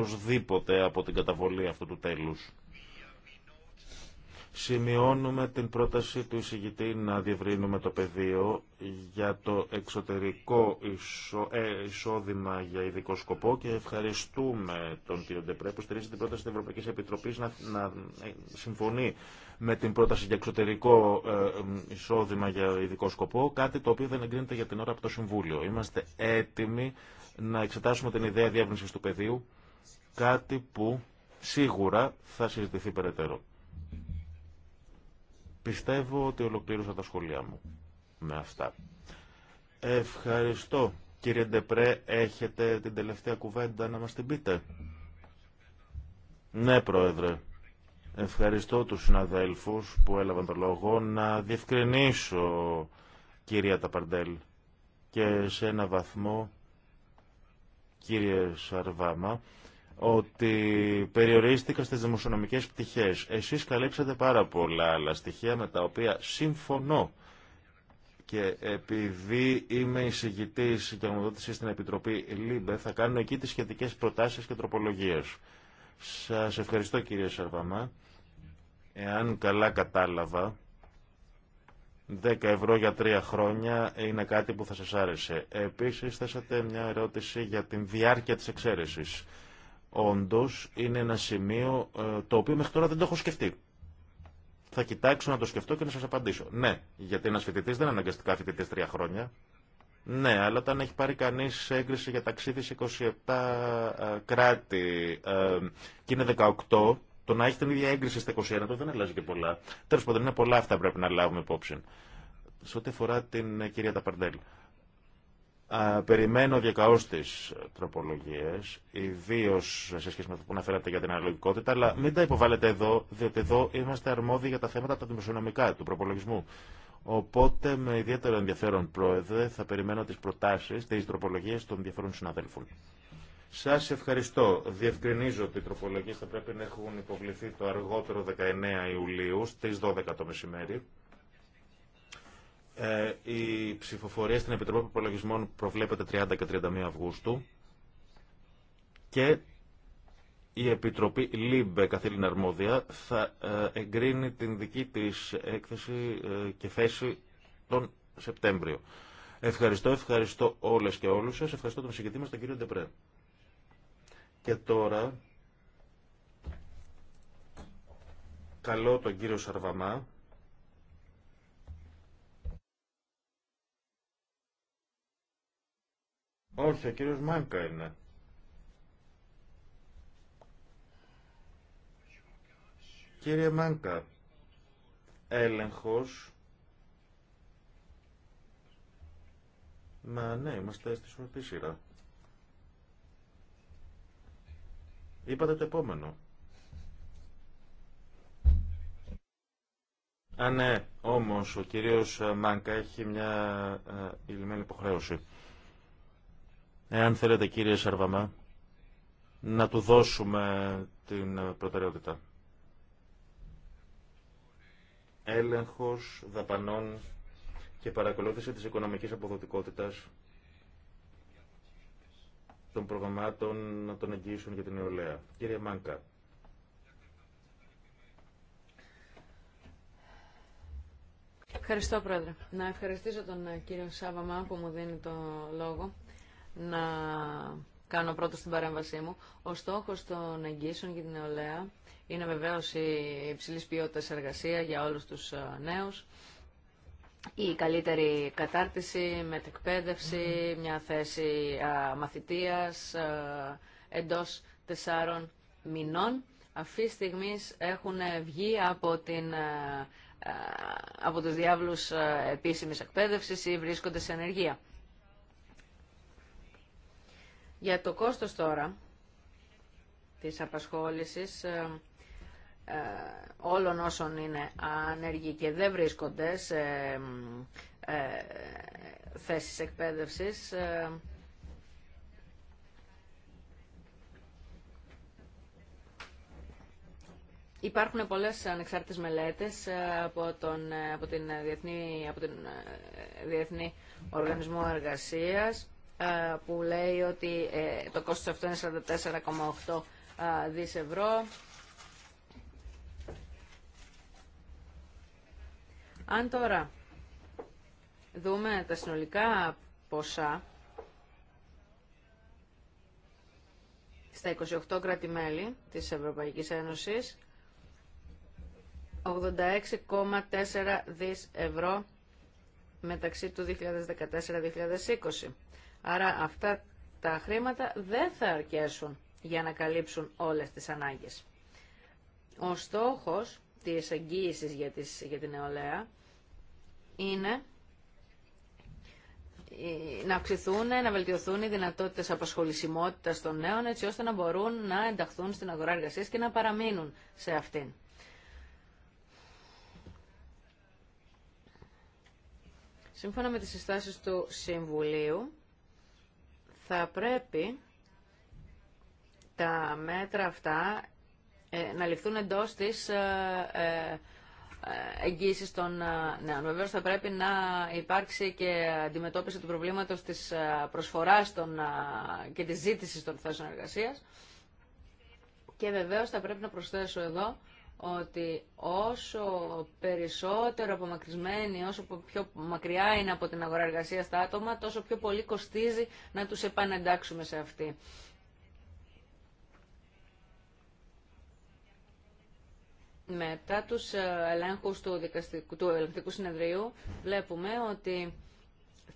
από την καταβολή αυτού του τέλους. Σημειώνουμε την πρόταση του εισηγητή να διευρύνουμε το πεδίο για το εξωτερικό ε, εισόδημα για ειδικό σκοπό και ευχαριστούμε τον κύριο Ντεπρέ που στηρίζει την πρόταση της Ευρωπαϊκής Επιτροπής να, να ε, συμφωνεί με την πρόταση για εξωτερικό ε, εισόδημα για ειδικό σκοπό, κάτι το οποίο δεν εγκρίνεται για την ώρα από το Συμβούλιο. Είμαστε έτοιμοι να εξετάσουμε την ιδέα διεύρυνσης του πεδίου, κάτι που σίγουρα θα συζητηθεί περαιτέρω. Πιστεύω ότι ολοκλήρωσα τα σχολεία μου με αυτά. Ευχαριστώ. Κύριε Ντεπρέ, έχετε την τελευταία κουβέντα να μας την πείτε. Ναι, Πρόεδρε. Ευχαριστώ τους συναδέλφους που έλαβαν το λόγο να διευκρινίσω, κυρία Ταπαρντέλ, και σε ένα βαθμό, κύριε Σαρβάμα, ότι περιορίστηκα στις δημοσιονομικές πτυχές. Εσείς καλύψατε πάρα πολλά άλλα στοιχεία με τα οποία συμφωνώ και επειδή είμαι εισηγητής και ομοδότηση στην Επιτροπή ΛΥΜΠΕ θα κάνω εκεί τις σχετικές προτάσεις και τροπολογίες. Σας ευχαριστώ κύριε Σαρβαμά. Εάν καλά κατάλαβα, 10 ευρώ για τρία χρόνια είναι κάτι που θα σας άρεσε. Επίσης θέσατε μια ερώτηση για την διάρκεια της εξαίρεσης. Όντω είναι ένα σημείο ε, το οποίο μέχρι τώρα δεν το έχω σκεφτεί. Θα κοιτάξω να το σκεφτώ και να σα απαντήσω. Ναι, γιατί ένα φοιτητή δεν είναι αναγκαστικά φοιτητή τρία χρόνια. Ναι, αλλά όταν έχει πάρει κανεί έγκριση για ταξίδι σε 27 ε, κράτη ε, και είναι 18, το να έχει την ίδια έγκριση στα 21 το δεν αλλάζει και πολλά. Τέλο πάντων, είναι πολλά αυτά που πρέπει να λάβουμε υπόψη. Σε ό,τι αφορά την κυρία Ταπαρντέλη περιμένω διακαώ τι τροπολογίε, ιδίω σε σχέση με το που αναφέρατε για την αναλογικότητα, αλλά μην τα υποβάλλετε εδώ, διότι εδώ είμαστε αρμόδιοι για τα θέματα τα δημοσιονομικά, του προπολογισμού. Οπότε, με ιδιαίτερο ενδιαφέρον, Πρόεδρε, θα περιμένω τι προτάσει, τι τροπολογίε των διαφορών συναδέλφων. Σα ευχαριστώ. Διευκρινίζω ότι οι τροπολογίε θα πρέπει να έχουν υποβληθεί το αργότερο 19 Ιουλίου στι 12 το μεσημέρι. Ε, η ψηφοφορία στην Επιτροπή Προπολογισμών προβλέπεται 30 και 31 Αυγούστου και η Επιτροπή ΛΥΜΠΕ, καθήλυνα αρμόδια, θα ε, εγκρίνει την δική της έκθεση ε, και θέση τον Σεπτέμβριο. Ευχαριστώ, ευχαριστώ όλες και όλους σας. Ευχαριστώ τον συγκεκριτή μας, τον κύριο Ντεπρέ. Και τώρα, καλώ τον κύριο Σαρβαμά Όχι, ο κύριος Μάνκα είναι. Κύριε Μάνκα, έλεγχος. Μα ναι, είμαστε στη σωστή σειρά. Είπατε το επόμενο. Α, ναι, όμως ο κύριος Μάνκα έχει μια ε, ηλυμένη υποχρέωση. Εάν θέλετε κύριε Σαρβαμά, να του δώσουμε την προτεραιότητα. Έλεγχος δαπανών και παρακολούθηση της οικονομικής αποδοτικότητας των προγραμμάτων των εγγύσουν για την νεολαία. Κύριε Μάνκα. Ευχαριστώ, Πρόεδρε. Να ευχαριστήσω τον ε, κύριο Σάβαμα που μου δίνει το λόγο να κάνω πρώτο στην παρέμβασή μου. Ο στόχο των εγγύσεων για την νεολαία είναι βεβαίω η υψηλή ποιότητα εργασία για όλους τους ε, νέου. η καλύτερη κατάρτιση, μετεκπαίδευση, μια θέση ε, μαθητείας ε, εντός τεσσάρων μηνών. Αυτή τη στιγμή έχουν βγει από την από τους διάβλους επίσημης εκπαίδευσης ή βρίσκονται σε ενεργεία. Για το κόστος τώρα της απασχόλησης ε, ε, όλων όσων είναι ανεργοί και δεν βρίσκονται σε ε, θέσεις εκπαίδευσης Υπάρχουν πολλές ανεξάρτητες μελέτες από, τον, από, την, Διεθνή, από την Διεθνή Οργανισμό Εργασίας ε, που λέει ότι ε, το κόστος αυτό είναι 44,8 ε, δις ευρώ. Αν τώρα δούμε τα συνολικά ποσά στα 28 κράτη-μέλη της Ευρωπαϊκής Ένωσης, 86,4 δις ευρώ μεταξύ του 2014-2020. Άρα αυτά τα χρήματα δεν θα αρκέσουν για να καλύψουν όλες τις ανάγκες. Ο στόχος της εγγύησης για, για την νεολαία είναι να αυξηθούν, να βελτιωθούν οι δυνατότητες απασχολησιμότητας των νέων έτσι ώστε να μπορούν να ενταχθούν στην αγορά εργασίας και να παραμείνουν σε αυτήν. Σύμφωνα με τις συστάσεις του Συμβουλίου, θα πρέπει τα μέτρα αυτά ε, να ληφθούν εντός της ε, ε, εγγύησης των νέων. Βεβαίως θα πρέπει να υπάρξει και αντιμετώπιση του προβλήματος της προσφοράς των, και της ζήτησης των θέσεων εργασίας. Και βεβαίως θα πρέπει να προσθέσω εδώ ότι όσο περισσότερο απομακρυσμένοι, όσο πιο μακριά είναι από την αγορά εργασία τα άτομα, τόσο πιο πολύ κοστίζει να τους επανεντάξουμε σε αυτή. Μετά τους ε, ελέγχους του, δικαστικού, του συνεδρίου βλέπουμε ότι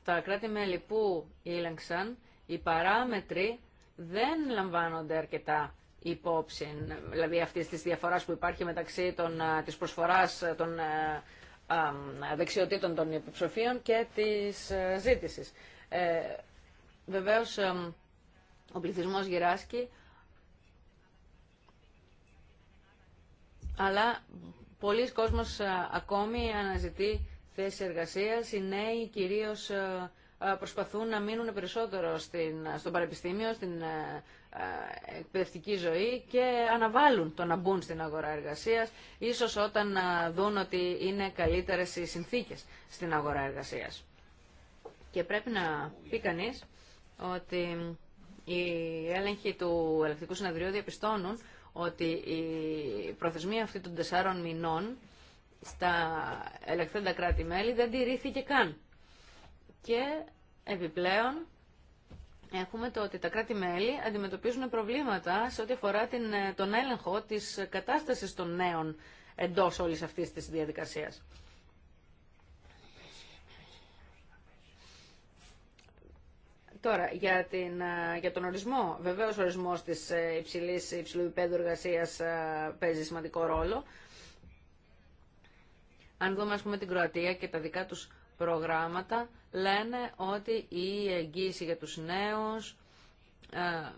τα κράτη-μέλη που ήλεγξαν, οι παράμετροι δεν λαμβάνονται αρκετά υπόψη. Δηλαδή αυτή τη διαφορά που υπάρχει μεταξύ των, της προσφοράς των δεξιοτήτων των υποψηφίων και της ζήτησης. Ε, βεβαίως ο πληθυσμός γυράσκει, αλλά πολλοί κόσμος ακόμη αναζητεί θέσεις εργασίας, οι νέοι κυρίως ε, προσπαθούν να μείνουν περισσότερο στην, στο πανεπιστήμιο, στην ε, ε, εκπαιδευτική ζωή και αναβάλουν το να μπουν στην αγορά εργασίας, ίσως όταν δουν ότι είναι καλύτερες οι συνθήκες στην αγορά εργασίας. Και πρέπει να πει κανεί ότι οι έλεγχοι του Ελεκτικού Συνεδρίου διαπιστώνουν ότι η προθεσμία αυτή των τεσσάρων μηνών στα ελεγχθέντα κράτη-μέλη δεν τηρήθηκε καν. Και επιπλέον έχουμε το ότι τα κράτη-μέλη αντιμετωπίζουν προβλήματα σε ό,τι αφορά την, ε, τον έλεγχο της κατάστασης των νέων εντός όλης αυτής της διαδικασίας. Τώρα, για, την, ε, για τον ορισμό. Βεβαίως ο ορισμός της ε, υψηλής, υψηλού επίπεδου εργασία παίζει σημαντικό ρόλο. Αν δούμε, ας πούμε, την Κροατία και τα δικά τους προγράμματα, λένε ότι η εγγύηση για τους νέους ε,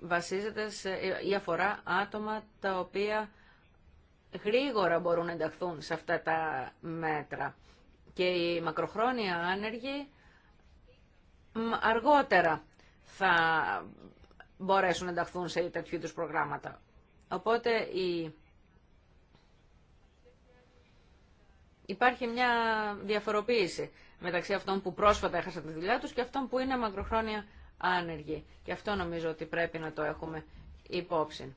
βασίζεται σε, ή αφορά άτομα τα οποία γρήγορα μπορούν να ενταχθούν σε αυτά τα μέτρα. Και οι μακροχρόνια άνεργοι αργότερα θα μπορέσουν να ενταχθούν σε τέτοιου είδους προγράμματα. Οπότε η... υπάρχει μια διαφοροποίηση μεταξύ αυτών που πρόσφατα έχασαν τη δουλειά τους και αυτών που είναι μακροχρόνια άνεργοι. Και αυτό νομίζω ότι πρέπει να το έχουμε υπόψη.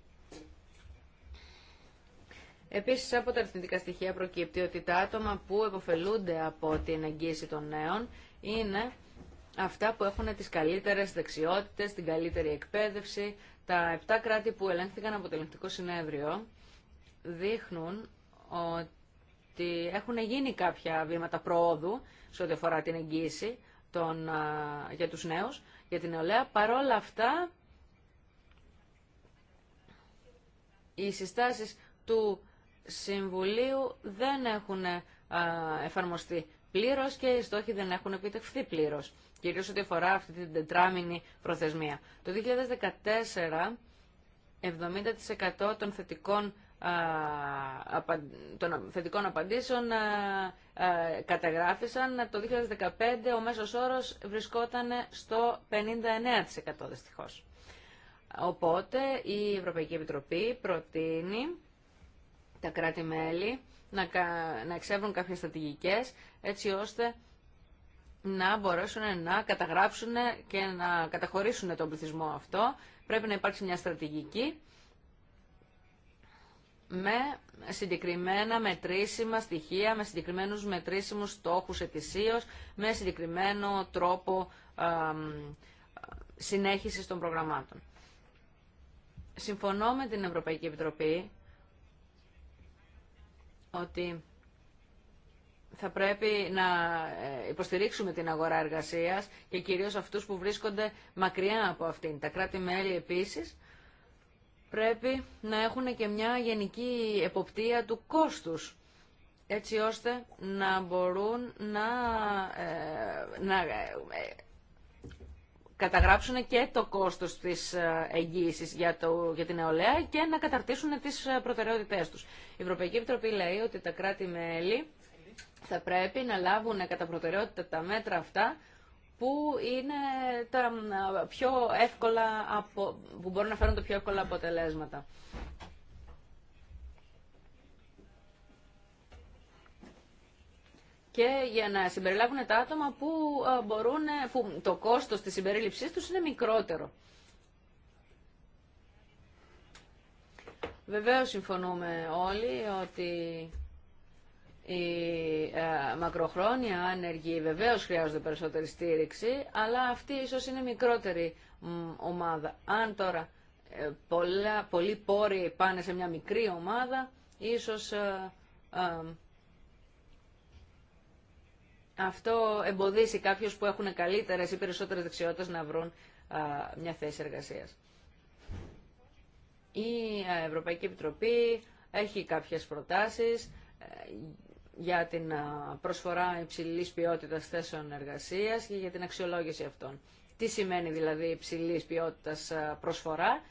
Επίσης από τα αριθμητικά στοιχεία προκύπτει ότι τα άτομα που εποφελούνται από την εγγύηση των νέων είναι αυτά που έχουν τις καλύτερες δεξιότητες, την καλύτερη εκπαίδευση. Τα 7 κράτη που ελέγχθηκαν από το ελεγκτικό συνέδριο δείχνουν ότι έχουν γίνει κάποια βήματα προόδου σε ό,τι αφορά την εγγύηση των, για τους νέους, για την νεολαία. Παρόλα αυτά, οι συστάσεις του Συμβουλίου δεν έχουν εφαρμοστεί πλήρως και οι στόχοι δεν έχουν επιτευχθεί πλήρως, κυρίως ό,τι αφορά αυτή την τετράμινη προθεσμία. Το 2014, 70% των θετικών των θετικών απαντήσεων καταγράφησαν. Το 2015 ο μέσος όρος βρισκόταν στο 59% δυστυχώς. Οπότε η Ευρωπαϊκή Επιτροπή προτείνει τα κράτη-μέλη να, να εξεύρουν κάποιες στρατηγικές έτσι ώστε να μπορέσουν να καταγράψουν και να καταχωρήσουν τον πληθυσμό αυτό. Πρέπει να υπάρξει μια στρατηγική με συγκεκριμένα μετρήσιμα στοιχεία, με συγκεκριμένους μετρήσιμους στόχους ετησίως, με συγκεκριμένο τρόπο ε, συνέχισης των προγραμμάτων. Συμφωνώ με την Ευρωπαϊκή Επιτροπή ότι θα πρέπει να ε, υποστηρίξουμε την αγορά εργασίας και κυρίως αυτούς που βρίσκονται μακριά από αυτήν. Τα κράτη-μέλη επίσης πρέπει να έχουν και μια γενική εποπτεία του κόστους έτσι ώστε να μπορούν να, ε, να ε, καταγράψουν και το κόστος της ε, εγγύησης για, το, για την νεολαία και να καταρτήσουν τις προτεραιότητές τους. Η Ευρωπαϊκή Επιτροπή λέει ότι τα κράτη-μέλη θα πρέπει να λάβουν κατά προτεραιότητα τα μέτρα αυτά που είναι τα πιο εύκολα, απο... που μπορούν να φέρουν τα πιο εύκολα αποτελέσματα. και για να συμπεριλάβουν τα άτομα που, μπορούν, ε, που το κόστος της συμπερίληψής τους είναι μικρότερο. Βεβαίως συμφωνούμε όλοι ότι η ε, μακροχρόνια άνεργοι βεβαίω χρειάζονται περισσότερη στήριξη, αλλά αυτή ίσω είναι μικρότερη ομάδα. Αν τώρα ε, πολλά, πολλοί πόροι πάνε σε μια μικρή ομάδα, ίσως ε, αυτό εμποδίσει κάποιους που έχουν καλύτερε ή περισσότερε δεξιότητε να βρουν μια θέση εργασία. Η Ευρωπαϊκή Επιτροπή έχει κάποιες προτάσεις για την προσφορά υψηλής ποιότητας θέσεων εργασίας και για την αξιολόγηση αυτών. Τι σημαίνει δηλαδή υψηλής ποιότητας προσφορά?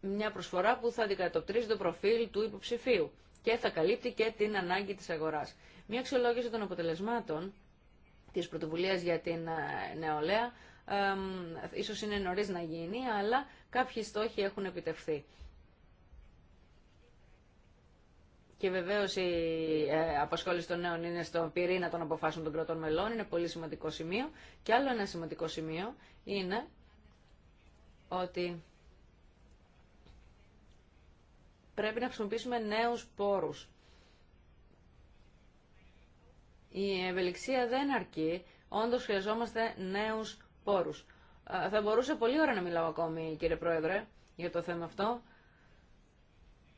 Μια προσφορά που θα αντικατοπτρίζει το προφίλ του υποψηφίου και θα καλύπτει και την ανάγκη της αγοράς. Μια αξιολόγηση των αποτελεσμάτων της πρωτοβουλίας για την νεολαία ίσως είναι νωρίς να γίνει, αλλά κάποιοι στόχοι έχουν επιτευχθεί. Και βεβαίω η ε, απασχόληση των νέων είναι στον πυρήνα των αποφάσεων των κρατών μελών. Είναι πολύ σημαντικό σημείο. Και άλλο ένα σημαντικό σημείο είναι ότι πρέπει να χρησιμοποιήσουμε νέους πόρους. Η ευελιξία δεν αρκεί. Όντως χρειαζόμαστε νέους πόρους. Ε, θα μπορούσε πολύ ώρα να μιλάω ακόμη, κύριε Πρόεδρε, για το θέμα αυτό.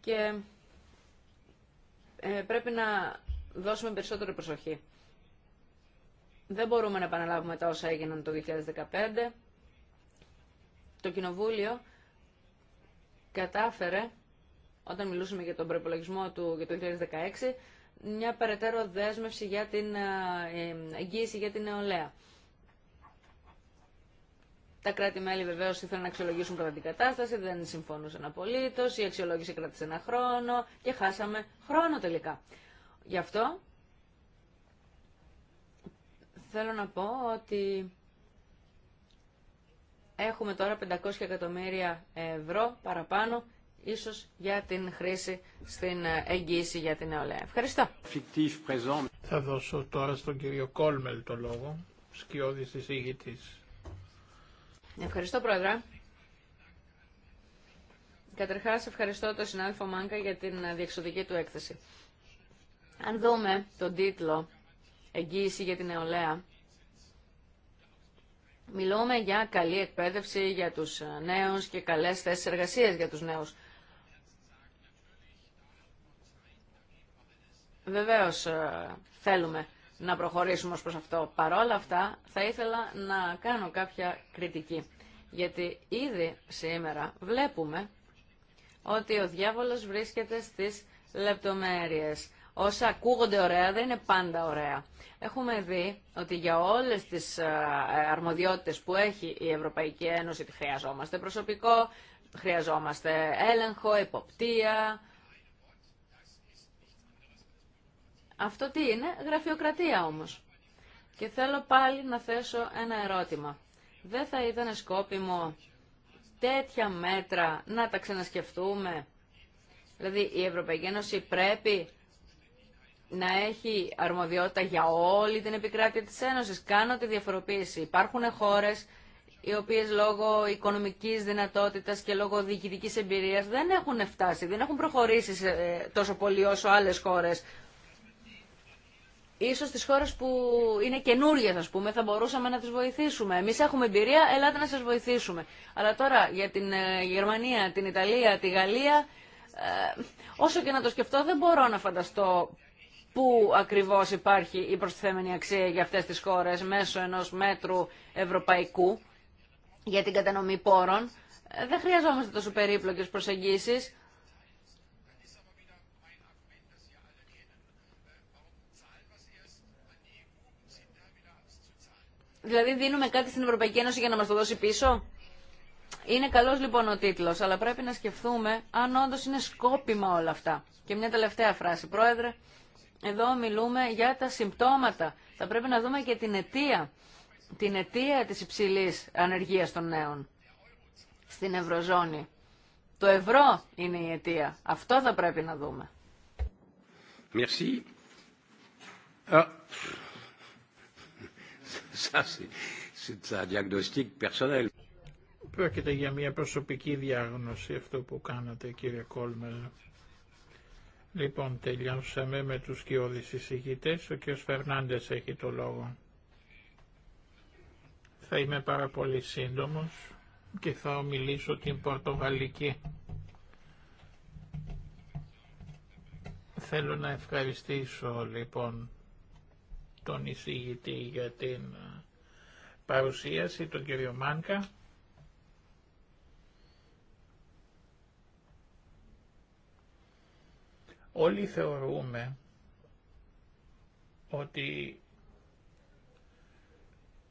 Και ε, πρέπει να δώσουμε περισσότερη προσοχή. Δεν μπορούμε να επαναλάβουμε τα όσα έγιναν το 2015. Το Κοινοβούλιο κατάφερε, όταν μιλούσαμε για τον προπολογισμό του για το 2016, μια περαιτέρω δέσμευση για την ε, ε, εγγύηση για την νεολαία. Τα κράτη-μέλη βεβαίω ήθελαν να αξιολογήσουν κατά την κατάσταση, δεν συμφωνούσαν απολύτω, η αξιολόγηση κράτησε ένα χρόνο και χάσαμε χρόνο τελικά. Γι' αυτό θέλω να πω ότι έχουμε τώρα 500 εκατομμύρια ευρώ παραπάνω ίσως για την χρήση στην εγγύηση για την νεολαία. Ευχαριστώ. Θα δώσω τώρα στον κύριο Κόλμελ το λόγο, σκιώδης εισηγητής. Ευχαριστώ, Πρόεδρε. Καταρχά, ευχαριστώ τον συνάδελφο Μάνκα για την διεξοδική του έκθεση. Αν δούμε τον τίτλο «Εγγύηση για την νεολαία», μιλούμε για καλή εκπαίδευση για τους νέους και καλές θέσει εργασία για τους νέους. Βεβαίω ε, θέλουμε να προχωρήσουμε ως προς αυτό. Παρόλα αυτά θα ήθελα να κάνω κάποια κριτική. Γιατί ήδη σήμερα βλέπουμε ότι ο διάβολος βρίσκεται στις λεπτομέρειες. Όσα ακούγονται ωραία δεν είναι πάντα ωραία. Έχουμε δει ότι για όλες τις αρμοδιότητες που έχει η Ευρωπαϊκή Ένωση χρειαζόμαστε προσωπικό, χρειαζόμαστε έλεγχο, εποπτεία, Αυτό τι είναι, γραφειοκρατία όμως. Και θέλω πάλι να θέσω ένα ερώτημα. Δεν θα ήταν σκόπιμο τέτοια μέτρα να τα ξανασκεφτούμε. Δηλαδή η Ευρωπαϊκή Ένωση πρέπει να έχει αρμοδιότητα για όλη την επικράτεια της Ένωσης. Κάνω τη διαφοροποίηση. Υπάρχουν χώρες οι οποίες λόγω οικονομικής δυνατότητας και λόγω διοικητικής εμπειρίας δεν έχουν φτάσει, δεν έχουν προχωρήσει ε, τόσο πολύ όσο άλλες χώρες ίσως τις χώρες που είναι καινούριε, ας πούμε, θα μπορούσαμε να τις βοηθήσουμε. Εμείς έχουμε εμπειρία, ελάτε να σας βοηθήσουμε. Αλλά τώρα για την ε, Γερμανία, την Ιταλία, τη Γαλλία, ε, όσο και να το σκεφτώ δεν μπορώ να φανταστώ πού ακριβώς υπάρχει η προστιθέμενη αξία για αυτές τις χώρες μέσω ενός μέτρου ευρωπαϊκού για την κατανομή πόρων. Ε, δεν χρειαζόμαστε τόσο περίπλοκες προσεγγίσεις. Δηλαδή δίνουμε κάτι στην Ευρωπαϊκή Ένωση για να μας το δώσει πίσω. Είναι καλός λοιπόν ο τίτλος, αλλά πρέπει να σκεφτούμε αν όντως είναι σκόπιμα όλα αυτά. Και μια τελευταία φράση, Πρόεδρε, εδώ μιλούμε για τα συμπτώματα. Θα πρέπει να δούμε και την αιτία, την αιτία της υψηλής ανεργίας των νέων στην Ευρωζώνη. Το ευρώ είναι η αιτία. Αυτό θα πρέπει να δούμε. Ça, c'est un diagnostic personnel. Πρόκειται για μια προσωπική διάγνωση αυτό που κάνατε κύριε Κόλμερ; Λοιπόν, τελειώσαμε με τους κοιόδης εισηγητές. Ο κύριος Φερνάντες έχει το λόγο. Θα είμαι πάρα πολύ σύντομος και θα ομιλήσω την Πορτογαλική. Θέλω να ευχαριστήσω λοιπόν τον εισηγητή για την ε, παρουσίαση, τον κύριο Μάνκα. Όλοι θεωρούμε ότι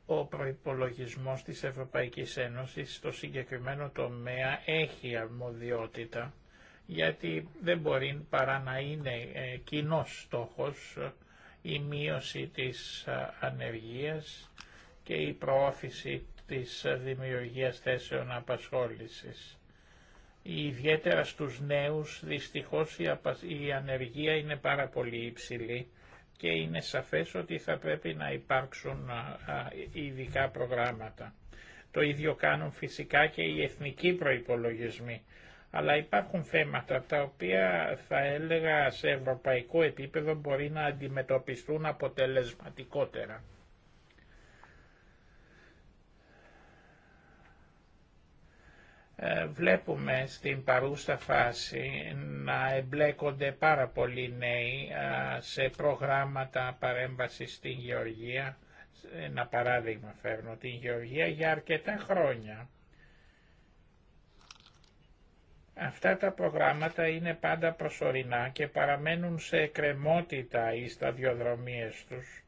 ο προϋπολογισμός της Ευρωπαϊκής Ένωσης στο συγκεκριμένο τομέα έχει αρμοδιότητα γιατί δεν μπορεί παρά να είναι ε, κοινός στόχος η μείωση της ανεργίας και η προώθηση της δημιουργίας θέσεων απασχόλησης. Ιδιαίτερα στους νέους δυστυχώς η ανεργία είναι πάρα πολύ υψηλή και είναι σαφές ότι θα πρέπει να υπάρξουν ειδικά προγράμματα. Το ίδιο κάνουν φυσικά και οι εθνικοί προϋπολογισμοί αλλά υπάρχουν θέματα τα οποία θα έλεγα σε ευρωπαϊκό επίπεδο μπορεί να αντιμετωπιστούν αποτελεσματικότερα. Ε, βλέπουμε στην παρούσα φάση να εμπλέκονται πάρα πολλοί νέοι ε, σε προγράμματα παρέμβασης στην Γεωργία, ένα παράδειγμα φέρνω την Γεωργία, για αρκετά χρόνια. Αυτά τα προγράμματα είναι πάντα προσωρινά και παραμένουν σε εκκρεμότητα οι σταδιοδρομίες τους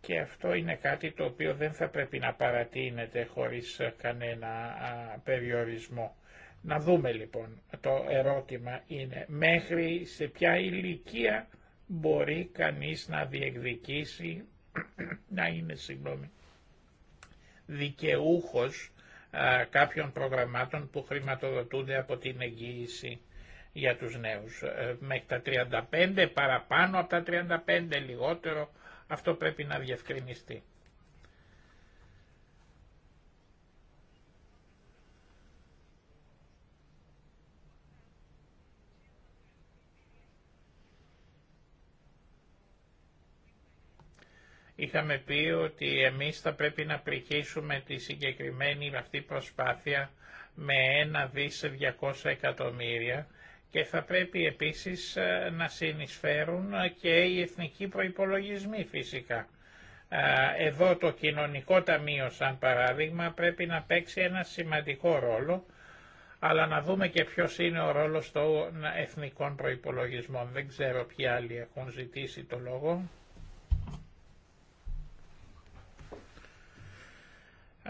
και αυτό είναι κάτι το οποίο δεν θα πρέπει να παρατείνεται χωρίς κανένα περιορισμό. Να δούμε λοιπόν, το ερώτημα είναι μέχρι σε ποια ηλικία μπορεί κανείς να διεκδικήσει, να είναι συγγνώμη, δικαιούχος κάποιων προγραμμάτων που χρηματοδοτούνται από την εγγύηση για τους νέους. Ε, Μέχρι τα 35, παραπάνω από τα 35, λιγότερο, αυτό πρέπει να διευκρινιστεί. είχαμε πει ότι εμείς θα πρέπει να πληκήσουμε τη συγκεκριμένη αυτή προσπάθεια με ένα δις 200 εκατομμύρια και θα πρέπει επίσης ε, να συνεισφέρουν και οι εθνικοί προϋπολογισμοί φυσικά. Εδώ το κοινωνικό ταμείο σαν παράδειγμα πρέπει να παίξει ένα σημαντικό ρόλο αλλά να δούμε και ποιος είναι ο ρόλος των εθνικών προϋπολογισμών. Δεν ξέρω ποιοι άλλοι έχουν ζητήσει το λόγο.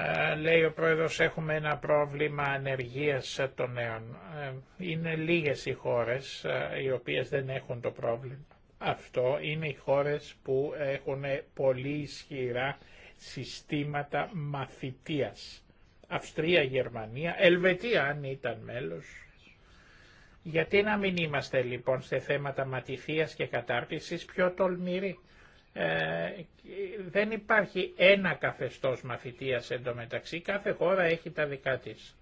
Ε, λέει ο πρόεδρος έχουμε ένα πρόβλημα ανεργίας των νέων. Ε, είναι λίγες οι χώρες ε, οι οποίες δεν έχουν το πρόβλημα. Αυτό είναι οι χώρες που έχουν πολύ ισχυρά συστήματα μαθητείας. Αυστρία, Γερμανία, Ελβετία αν ήταν μέλος. Γιατί να μην είμαστε λοιπόν σε θέματα μαθητείας και κατάρτισης πιο τολμηροί. Ε, δεν υπάρχει ένα καθεστώς μαθητείας εντωμεταξύ, κάθε χώρα έχει τα δικά της.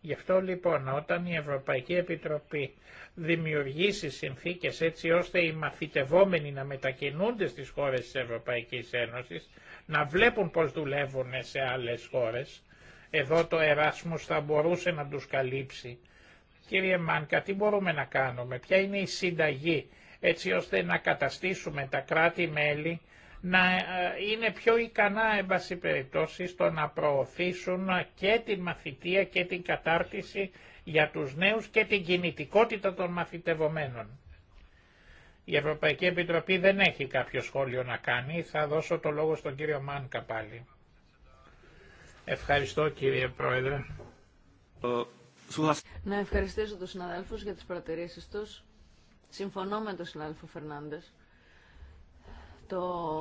Γι' αυτό λοιπόν όταν η Ευρωπαϊκή Επιτροπή δημιουργήσει συνθήκες έτσι ώστε οι μαθητευόμενοι να μετακινούνται στις χώρες της Ευρωπαϊκής Ένωσης, να βλέπουν πώς δουλεύουν σε άλλες χώρες, εδώ το Εράσμος θα μπορούσε να τους καλύψει. Κύριε Μάνκα, τι μπορούμε να κάνουμε, ποια είναι η συνταγή έτσι ώστε να καταστήσουμε τα κράτη-μέλη να ε, είναι πιο ικανά, εν πάση περιπτώσει, στο να προωθήσουν και την μαθητεία και την κατάρτιση για τους νέους και την κινητικότητα των μαθητευομένων. Η Ευρωπαϊκή Επιτροπή δεν έχει κάποιο σχόλιο να κάνει. Θα δώσω το λόγο στον κύριο Μάνκα πάλι. Ευχαριστώ κύριε Πρόεδρε. Ε, να ευχαριστήσω τους συναδέλφους για τις παρατηρήσεις τους. Συμφωνώ με τον συνάδελφο Φερνάντε. Το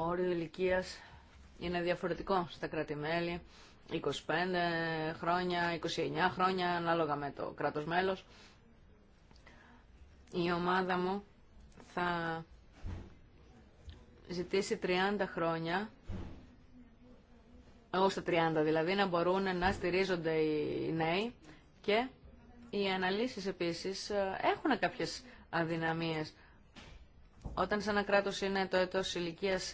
όριο ηλικία είναι διαφορετικό στα κράτη-μέλη. 25 χρόνια, 29 χρόνια, ανάλογα με το κράτος μέλος. Η ομάδα μου θα ζητήσει 30 χρόνια, εγώ στα 30 δηλαδή, να μπορούν να στηρίζονται οι νέοι και οι αναλύσεις επίσης ε, έχουν κάποιες αδυναμίες. Όταν σε ένα κράτος είναι το έτος ηλικίας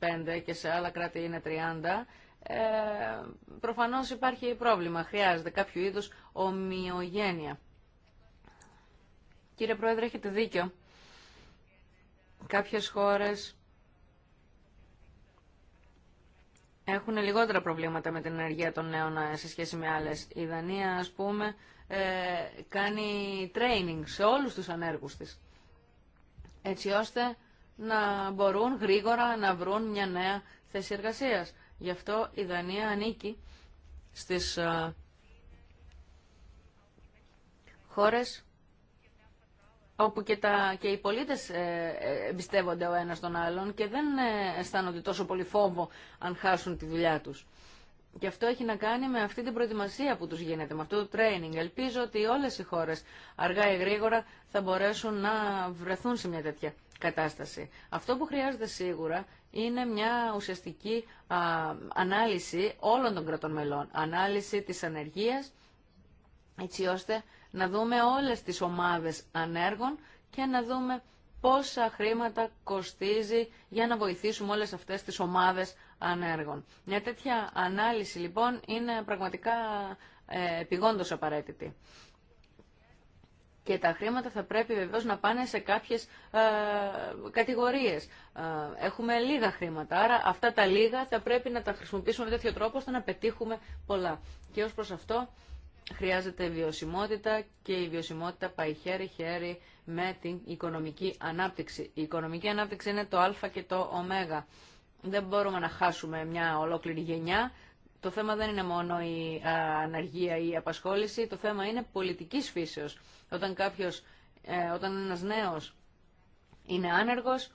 25 ε, και σε άλλα κράτη είναι 30, ε, προφανώς υπάρχει πρόβλημα. Χρειάζεται κάποιο είδους ομοιογένεια. Κύριε Πρόεδρε, έχετε δίκιο. Κάποιες χώρες έχουν λιγότερα προβλήματα με την ενεργεία των νέων ε, σε σχέση με άλλες. Η Δανία, ας πούμε, ε, κάνει training σε όλους τους ανέργους της, έτσι ώστε να μπορούν γρήγορα να βρουν μια νέα θέση εργασίας. Γι' αυτό η Δανία ανήκει στις ε, χώρες όπου και, και οι πολίτες ε, εμπιστεύονται ο ένας τον άλλον και δεν αισθάνονται τόσο πολύ φόβο αν χάσουν τη δουλειά τους. Και αυτό έχει να κάνει με αυτή την προετοιμασία που τους γίνεται, με αυτό το training. Ελπίζω ότι όλες οι χώρες αργά ή γρήγορα θα μπορέσουν να βρεθούν σε μια τέτοια κατάσταση. Αυτό που χρειάζεται σίγουρα είναι μια ουσιαστική ανάλυση όλων των κρατών μελών. Ανάλυση της ανεργίας, έτσι ώστε να δούμε όλες τις ομάδες ανέργων και να δούμε πόσα χρήματα κοστίζει για να βοηθήσουμε όλες αυτές τις ομάδες ανέργων. Μια τέτοια ανάλυση λοιπόν είναι πραγματικά ε, επιγόντως απαραίτητη. Και τα χρήματα θα πρέπει βεβαίως να πάνε σε κάποιες ε, κατηγορίες. Ε, έχουμε λίγα χρήματα, άρα αυτά τα λίγα θα πρέπει να τα χρησιμοποιήσουμε με τέτοιο τρόπο ώστε να πετύχουμε πολλά. Και ως προς αυτό χρειάζεται βιωσιμότητα και η βιωσιμότητα πάει χέρι-χέρι με την οικονομική ανάπτυξη. Η οικονομική ανάπτυξη είναι το α και το ω δεν μπορούμε να χάσουμε μια ολόκληρη γενιά. Το θέμα δεν είναι μόνο η αναργία ή η απασχόληση, το θέμα είναι πολιτικής φύσεως. Όταν κάποιος, ε, όταν ένας νέος είναι άνεργος,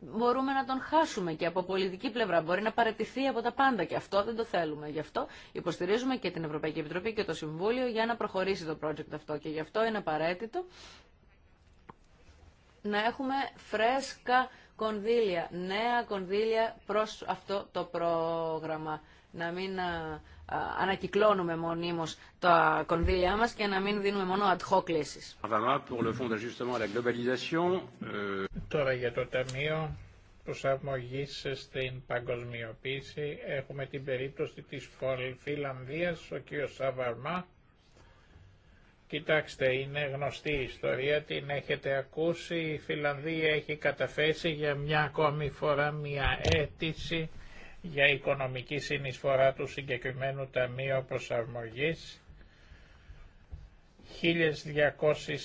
μπορούμε να τον χάσουμε και από πολιτική πλευρά. Μπορεί να παρατηθεί από τα πάντα και αυτό δεν το θέλουμε. Γι' αυτό υποστηρίζουμε και την Ευρωπαϊκή Επιτροπή και το Συμβούλιο για να προχωρήσει το project αυτό. Και γι' αυτό είναι απαραίτητο να έχουμε φρέσκα κονδύλια, νέα κονδύλια προς αυτό το πρόγραμμα. Να μην ανακυκλώνουμε μονίμως τα κονδύλια μας και να μην δίνουμε μόνο ad hoc λύσεις. Euh, Τώρα για το Ταμείο προσαρμογή στην παγκοσμιοποίηση έχουμε την περίπτωση της Φιλανδίας, ο κ. Σαβαρμά, Κοιτάξτε, είναι γνωστή η ιστορία, την έχετε ακούσει. Η Φιλανδία έχει καταθέσει για μια ακόμη φορά μια αίτηση για οικονομική συνεισφορά του συγκεκριμένου Ταμείου Προσαρμογής.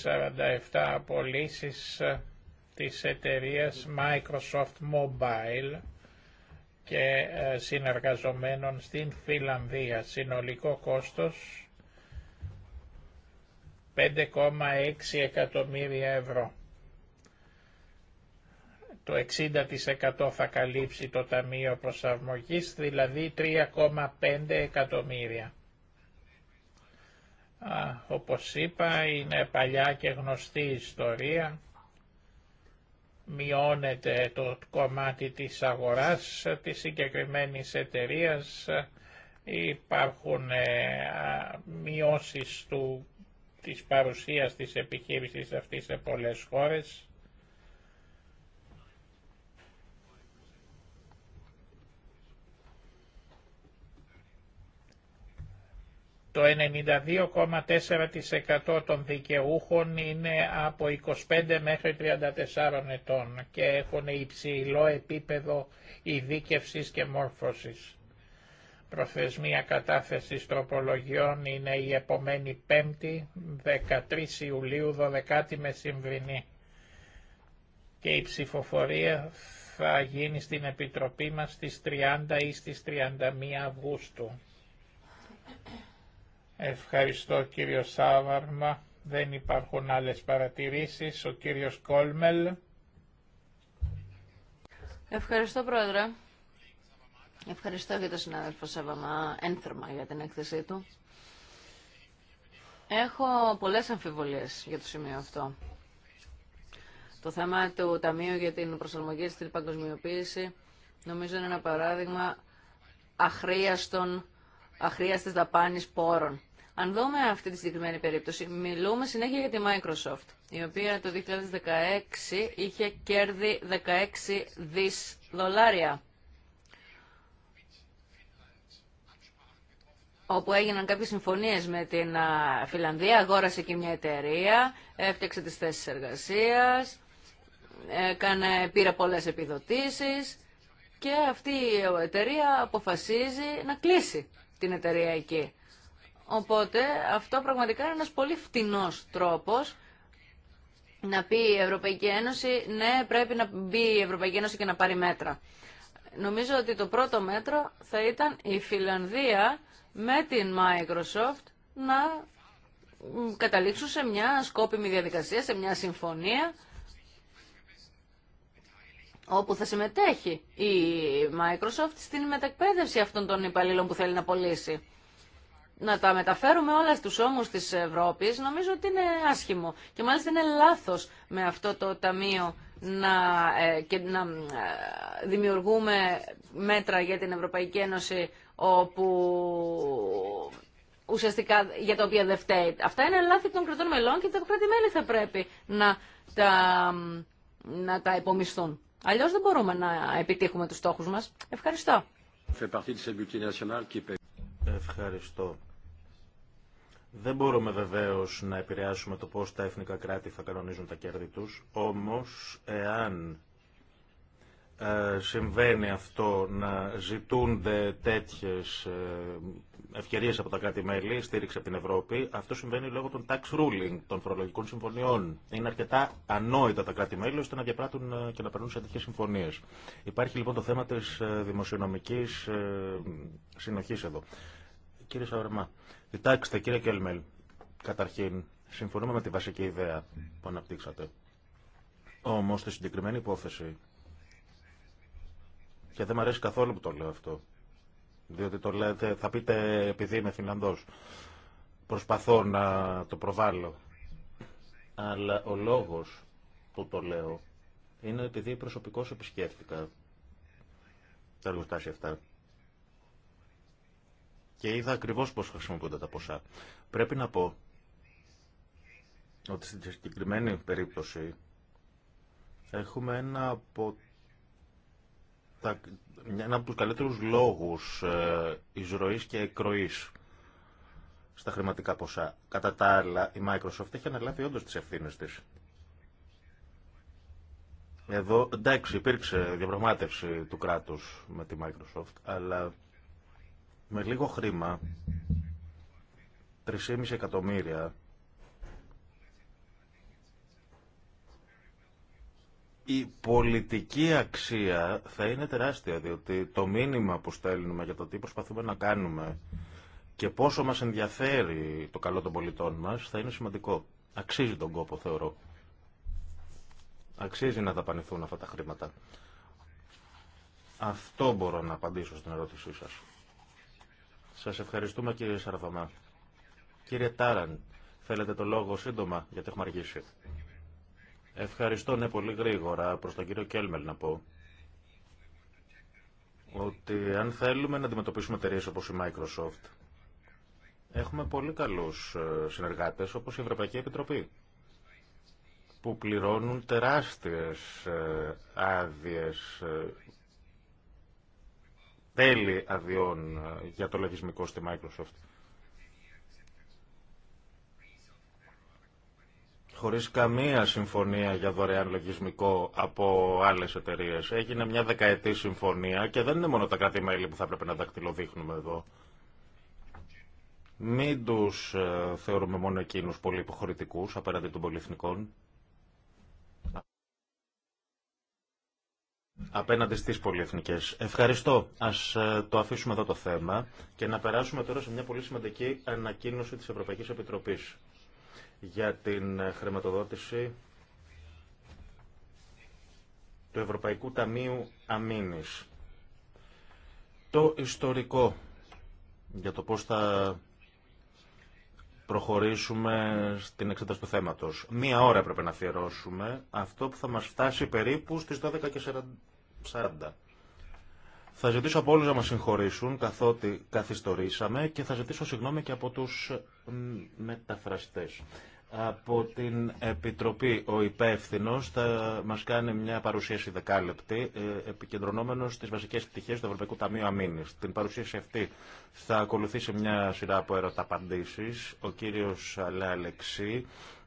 1247 απολύσεις της εταιρείας Microsoft Mobile και ε, συνεργαζομένων στην Φιλανδία. Συνολικό κόστος 5,6 εκατομμύρια ευρώ. Το 60% θα καλύψει το Ταμείο Προσαρμογής, δηλαδή 3,5 εκατομμύρια. Α, όπως είπα είναι παλιά και γνωστή ιστορία. Μειώνεται το κομμάτι της αγοράς της συγκεκριμένη εταιρεία. Υπάρχουν ε, μειώσεις του της παρουσίας της επιχείρησης αυτής σε πολλές χώρες. Το 92,4% των δικαιούχων είναι από 25 μέχρι 34 ετών και έχουν υψηλό επίπεδο ειδίκευσης και μόρφωσης. Προθεσμία κατάθεσης τροπολογιών είναι η επόμενη Πέμπτη, 13 Ιουλίου, 12η Μεσημβρινή. Και η ψηφοφορία θα γίνει στην Επιτροπή μας στις 30 ή στις 31 Αυγούστου. Ευχαριστώ κύριο Σάβαρμα. Δεν υπάρχουν άλλες παρατηρήσεις. Ο κύριος Κόλμελ. Ευχαριστώ πρόεδρε. Ευχαριστώ για τον συνάδελφο Σέβαμα ένθρωμα για την έκθεσή του. Έχω πολλές αμφιβολίες για το σημείο αυτό. Το θέμα του Ταμείου για την προσαρμογή στην παγκοσμιοποίηση νομίζω είναι ένα παράδειγμα αχρίαστων, αχρίαστης δαπάνης πόρων. Αν δούμε αυτή τη συγκεκριμένη περίπτωση, μιλούμε συνέχεια για τη Microsoft, η οποία το 2016 είχε κέρδη 16 δις δολάρια. όπου έγιναν κάποιες συμφωνίες με την Φιλανδία, αγόρασε και μια εταιρεία, έφτιαξε τις θέσεις εργασίας, έκανε, πήρε πολλές επιδοτήσεις και αυτή η εταιρεία αποφασίζει να κλείσει την εταιρεία εκεί. Οπότε αυτό πραγματικά είναι ένας πολύ φτηνός τρόπος να πει η Ευρωπαϊκή Ένωση, ναι πρέπει να μπει η Ευρωπαϊκή Ένωση και να πάρει μέτρα. Νομίζω ότι το πρώτο μέτρο θα ήταν η Φιλανδία με την Microsoft να καταλήξουν σε μια σκόπιμη διαδικασία, σε μια συμφωνία όπου θα συμμετέχει η Microsoft στην μετακπαίδευση αυτών των υπαλλήλων που θέλει να πωλήσει. Να τα μεταφέρουμε όλα στους ώμους της Ευρώπης νομίζω ότι είναι άσχημο και μάλιστα είναι λάθος με αυτό το ταμείο να, ε, και να ε, δημιουργούμε μέτρα για την Ευρωπαϊκή Ένωση όπου ουσιαστικά για τα οποία δεν φταίει. Αυτά είναι λάθη των κρατών μελών και τα κρατημένη θα πρέπει να τα, να τα υπομισθούν. Αλλιώς δεν μπορούμε να επιτύχουμε τους στόχους μας. Ευχαριστώ. Ευχαριστώ. Δεν μπορούμε βεβαίω να επηρεάσουμε το πώ τα εθνικά κράτη θα κανονίζουν τα κέρδη του. Όμω, εάν ε, συμβαίνει αυτό να ζητούνται τέτοιες ε, ευκαιρίες από τα κράτη-μέλη, στήριξη από την Ευρώπη. Αυτό συμβαίνει λόγω των tax ruling, των φορολογικών συμφωνιών. Είναι αρκετά ανόητα τα κράτη-μέλη ώστε να διαπράττουν ε, και να περνούν σε τέτοιες συμφωνίες. Υπάρχει λοιπόν το θέμα της δημοσιονομικής συνοχής εδώ. Κύριε Σαβερμά, κοιτάξτε κύριε Κέλμελ, καταρχήν συμφωνούμε με τη βασική ιδέα που αναπτύξατε. Όμω στη συγκεκριμένη υπόθεση και δεν μου αρέσει καθόλου που το λέω αυτό. Διότι το λέτε, θα πείτε επειδή είμαι Φινλανδός. Προσπαθώ να το προβάλλω. Αλλά ο λόγος που το λέω είναι επειδή προσωπικώς επισκέφτηκα τα εργοστάσια αυτά. Και είδα ακριβώς πώς χρησιμοποιούνται τα ποσά. Πρέπει να πω ότι στην συγκεκριμένη περίπτωση έχουμε ένα από τα, ένα από τους καλύτερους λόγους ε, και εκροής στα χρηματικά ποσά. Κατά τα άλλα, η Microsoft έχει αναλάβει όντως τις ευθύνες της. Εδώ, εντάξει, υπήρξε διαπραγμάτευση του κράτους με τη Microsoft, αλλά με λίγο χρήμα, 3,5 εκατομμύρια η πολιτική αξία θα είναι τεράστια, διότι το μήνυμα που στέλνουμε για το τι προσπαθούμε να κάνουμε και πόσο μας ενδιαφέρει το καλό των πολιτών μας θα είναι σημαντικό. Αξίζει τον κόπο, θεωρώ. Αξίζει να δαπανηθούν αυτά τα χρήματα. Αυτό μπορώ να απαντήσω στην ερώτησή σας. Σας ευχαριστούμε κύριε Σαρβαμά, Κύριε Τάραν, θέλετε το λόγο σύντομα, γιατί έχουμε αργήσει. Ευχαριστώ, ναι, πολύ γρήγορα προς τον κύριο Κέλμελ να πω ότι αν θέλουμε να αντιμετωπίσουμε εταιρείε όπως η Microsoft έχουμε πολύ καλούς ε, συνεργάτες όπως η Ευρωπαϊκή Επιτροπή που πληρώνουν τεράστιες ε, άδειες ε, τέλη αδειών για το λογισμικό στη Microsoft. χωρίς καμία συμφωνία για δωρεάν λογισμικό από άλλες εταιρείες. Έγινε μια δεκαετή συμφωνία και δεν είναι μόνο τα κράτη-μέλη που θα έπρεπε να δακτυλοδείχνουμε εδώ. Μην τους ε, θεωρούμε μόνο εκείνους πολύ υποχωρητικούς απέναντι των πολυεθνικών. απέναντι στις πολυεθνικές. Ευχαριστώ. Ας ε, το αφήσουμε εδώ το θέμα και να περάσουμε τώρα σε μια πολύ σημαντική ανακοίνωση της Ευρωπαϊκής Επιτροπής για την χρηματοδότηση του Ευρωπαϊκού Ταμείου Αμήνης. Το ιστορικό για το πώς θα προχωρήσουμε στην εξέταση του θέματος. Μία ώρα πρέπει να αφιερώσουμε αυτό που θα μας φτάσει περίπου στις 12.40. Θα ζητήσω από όλους να μας συγχωρήσουν καθότι καθιστορήσαμε και θα ζητήσω συγγνώμη και από τους μεταφραστές. Από την Επιτροπή ο υπεύθυνο θα μας κάνει μια παρουσίαση δεκάλεπτη ε, επικεντρωνόμενος στις βασικές πτυχές του Ευρωπαϊκού Ταμείου Αμήνης. Την παρουσίαση αυτή θα ακολουθήσει μια σειρά από ερωταπαντήσεις. Ο κύριος Αλέξη,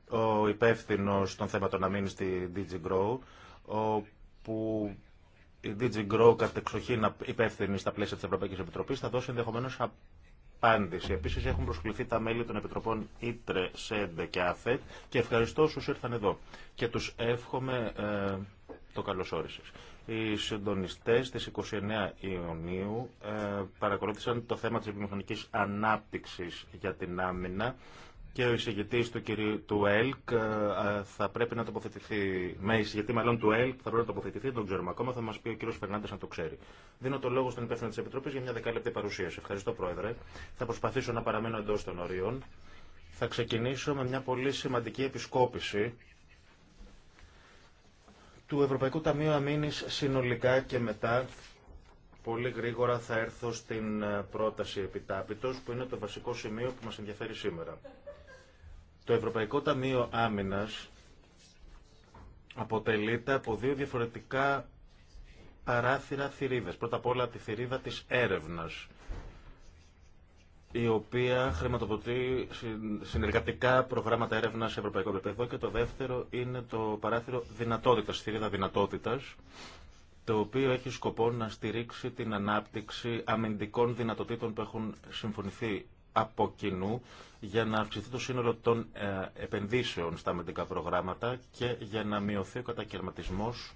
ο υπεύθυνο των θέματων αμήνης στη DigiGrow, που η DG Grow να υπεύθυνη στα πλαίσια τη Ευρωπαϊκή Επιτροπής θα δώσει ενδεχομένω απάντηση. Επίσης έχουν προσκληθεί τα μέλη των Επιτροπών Ήτρε, ΣΕΝΤΕ και ΑΦΕΤ και ευχαριστώ όσου ήρθαν εδώ και τους εύχομαι ε, το καλώ όρισε. Οι συντονιστέ τη 29 Ιουνίου ε, παρακολούθησαν το θέμα τη επιμηχανική ανάπτυξη για την άμυνα και ο εισηγητή του, του ΕΛΚ ε, θα πρέπει να τοποθετηθεί. Με εισηγητή μάλλον του ΕΛΚ θα πρέπει να τοποθετηθεί, δεν τον ξέρουμε ακόμα, θα μα πει ο κύριο Φερνάντε να το ξέρει. Δίνω το λόγο στον υπεύθυνο τη Επιτροπή για μια δεκάλεπτη παρουσίαση. Ευχαριστώ, Πρόεδρε. Θα προσπαθήσω να παραμείνω εντό των ορίων. Θα ξεκινήσω με μια πολύ σημαντική επισκόπηση του Ευρωπαϊκού Ταμείου Αμήνη συνολικά και μετά πολύ γρήγορα θα έρθω στην ε, πρόταση επιτάπητος που είναι το βασικό σημείο που μας ενδιαφέρει σήμερα. Το Ευρωπαϊκό Ταμείο Άμυνας αποτελείται από δύο διαφορετικά παράθυρα θηρίδες. Πρώτα απ' όλα τη θηρίδα της έρευνας, η οποία χρηματοδοτεί συνεργατικά προγράμματα έρευνας σε ευρωπαϊκό επίπεδο και το δεύτερο είναι το παράθυρο δυνατότητας, θηρίδα δυνατότητας, το οποίο έχει σκοπό να στηρίξει την ανάπτυξη αμυντικών δυνατοτήτων που έχουν συμφωνηθεί από κοινού για να αυξηθεί το σύνολο των ε, επενδύσεων στα αμυντικά προγράμματα και για να μειωθεί ο κατακαιρματισμός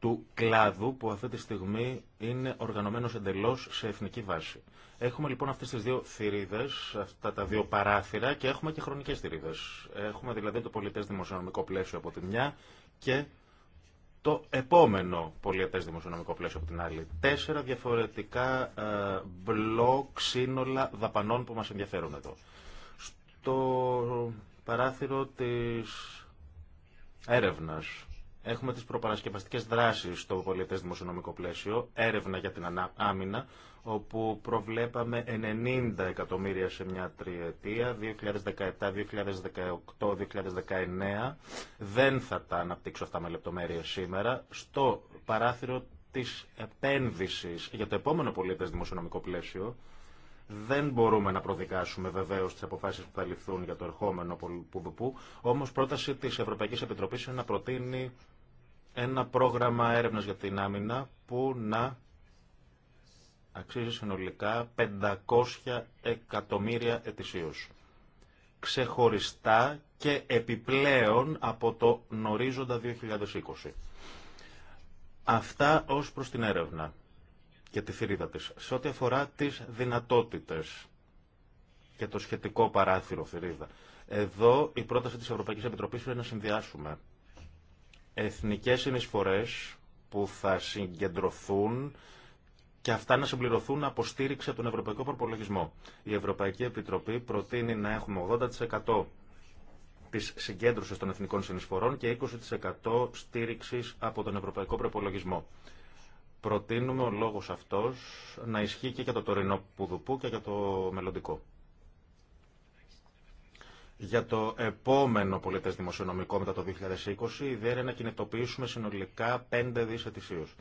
του κλάδου που αυτή τη στιγμή είναι οργανωμένος εντελώς σε εθνική βάση. Έχουμε λοιπόν αυτές τις δύο θηρίδες, αυτά τα δύο παράθυρα και έχουμε και χρονικές θηρίδες. Έχουμε δηλαδή το πολιτές δημοσιονομικό πλαίσιο από τη μια και το επόμενο πολιετές δημοσιονομικό πλαίσιο από την άλλη. Τέσσερα διαφορετικά ε, μπλοκ σύνολα δαπανών που μας ενδιαφέρουν εδώ. Στο παράθυρο της έρευνας έχουμε τις προπαρασκευαστικές δράσεις στο πολιετές δημοσιονομικό πλαίσιο, έρευνα για την άμυνα, όπου προβλέπαμε 90 εκατομμύρια σε μια τριετία, 2017, 2018, 2019. Δεν θα τα αναπτύξω αυτά με λεπτομέρειες σήμερα. Στο παράθυρο της επένδυσης για το επόμενο πολίτες δημοσιονομικό πλαίσιο, δεν μπορούμε να προδικάσουμε βεβαίω τι αποφάσει που θα ληφθούν για το ερχόμενο που Όμω, πρόταση τη Ευρωπαϊκή Επιτροπή είναι να προτείνει ένα πρόγραμμα έρευνα για την άμυνα που να αξίζει συνολικά 500 εκατομμύρια ετησίως. Ξεχωριστά και επιπλέον από το νορίζοντα 2020. Αυτά ως προς την έρευνα και τη θηρίδα της. Σε ό,τι αφορά τις δυνατότητες και το σχετικό παράθυρο θηρίδα. Εδώ η πρόταση της Ευρωπαϊκής Επιτροπής είναι να συνδυάσουμε εθνικές συνεισφορές που θα συγκεντρωθούν και αυτά να συμπληρωθούν από στήριξη από τον Ευρωπαϊκό Προπολογισμό. Η Ευρωπαϊκή Επιτροπή προτείνει να έχουμε 80% της συγκέντρωσης των εθνικών συνεισφορών και 20% στήριξης από τον Ευρωπαϊκό Προπολογισμό. Προτείνουμε ο λόγος αυτός να ισχύει και για το τωρινό πουδουπού και για το μελλοντικό. Για το επόμενο πολιτές δημοσιονομικό μετά το 2020, η ιδέα είναι να κινητοποιήσουμε συνολικά 5 δις ετησίως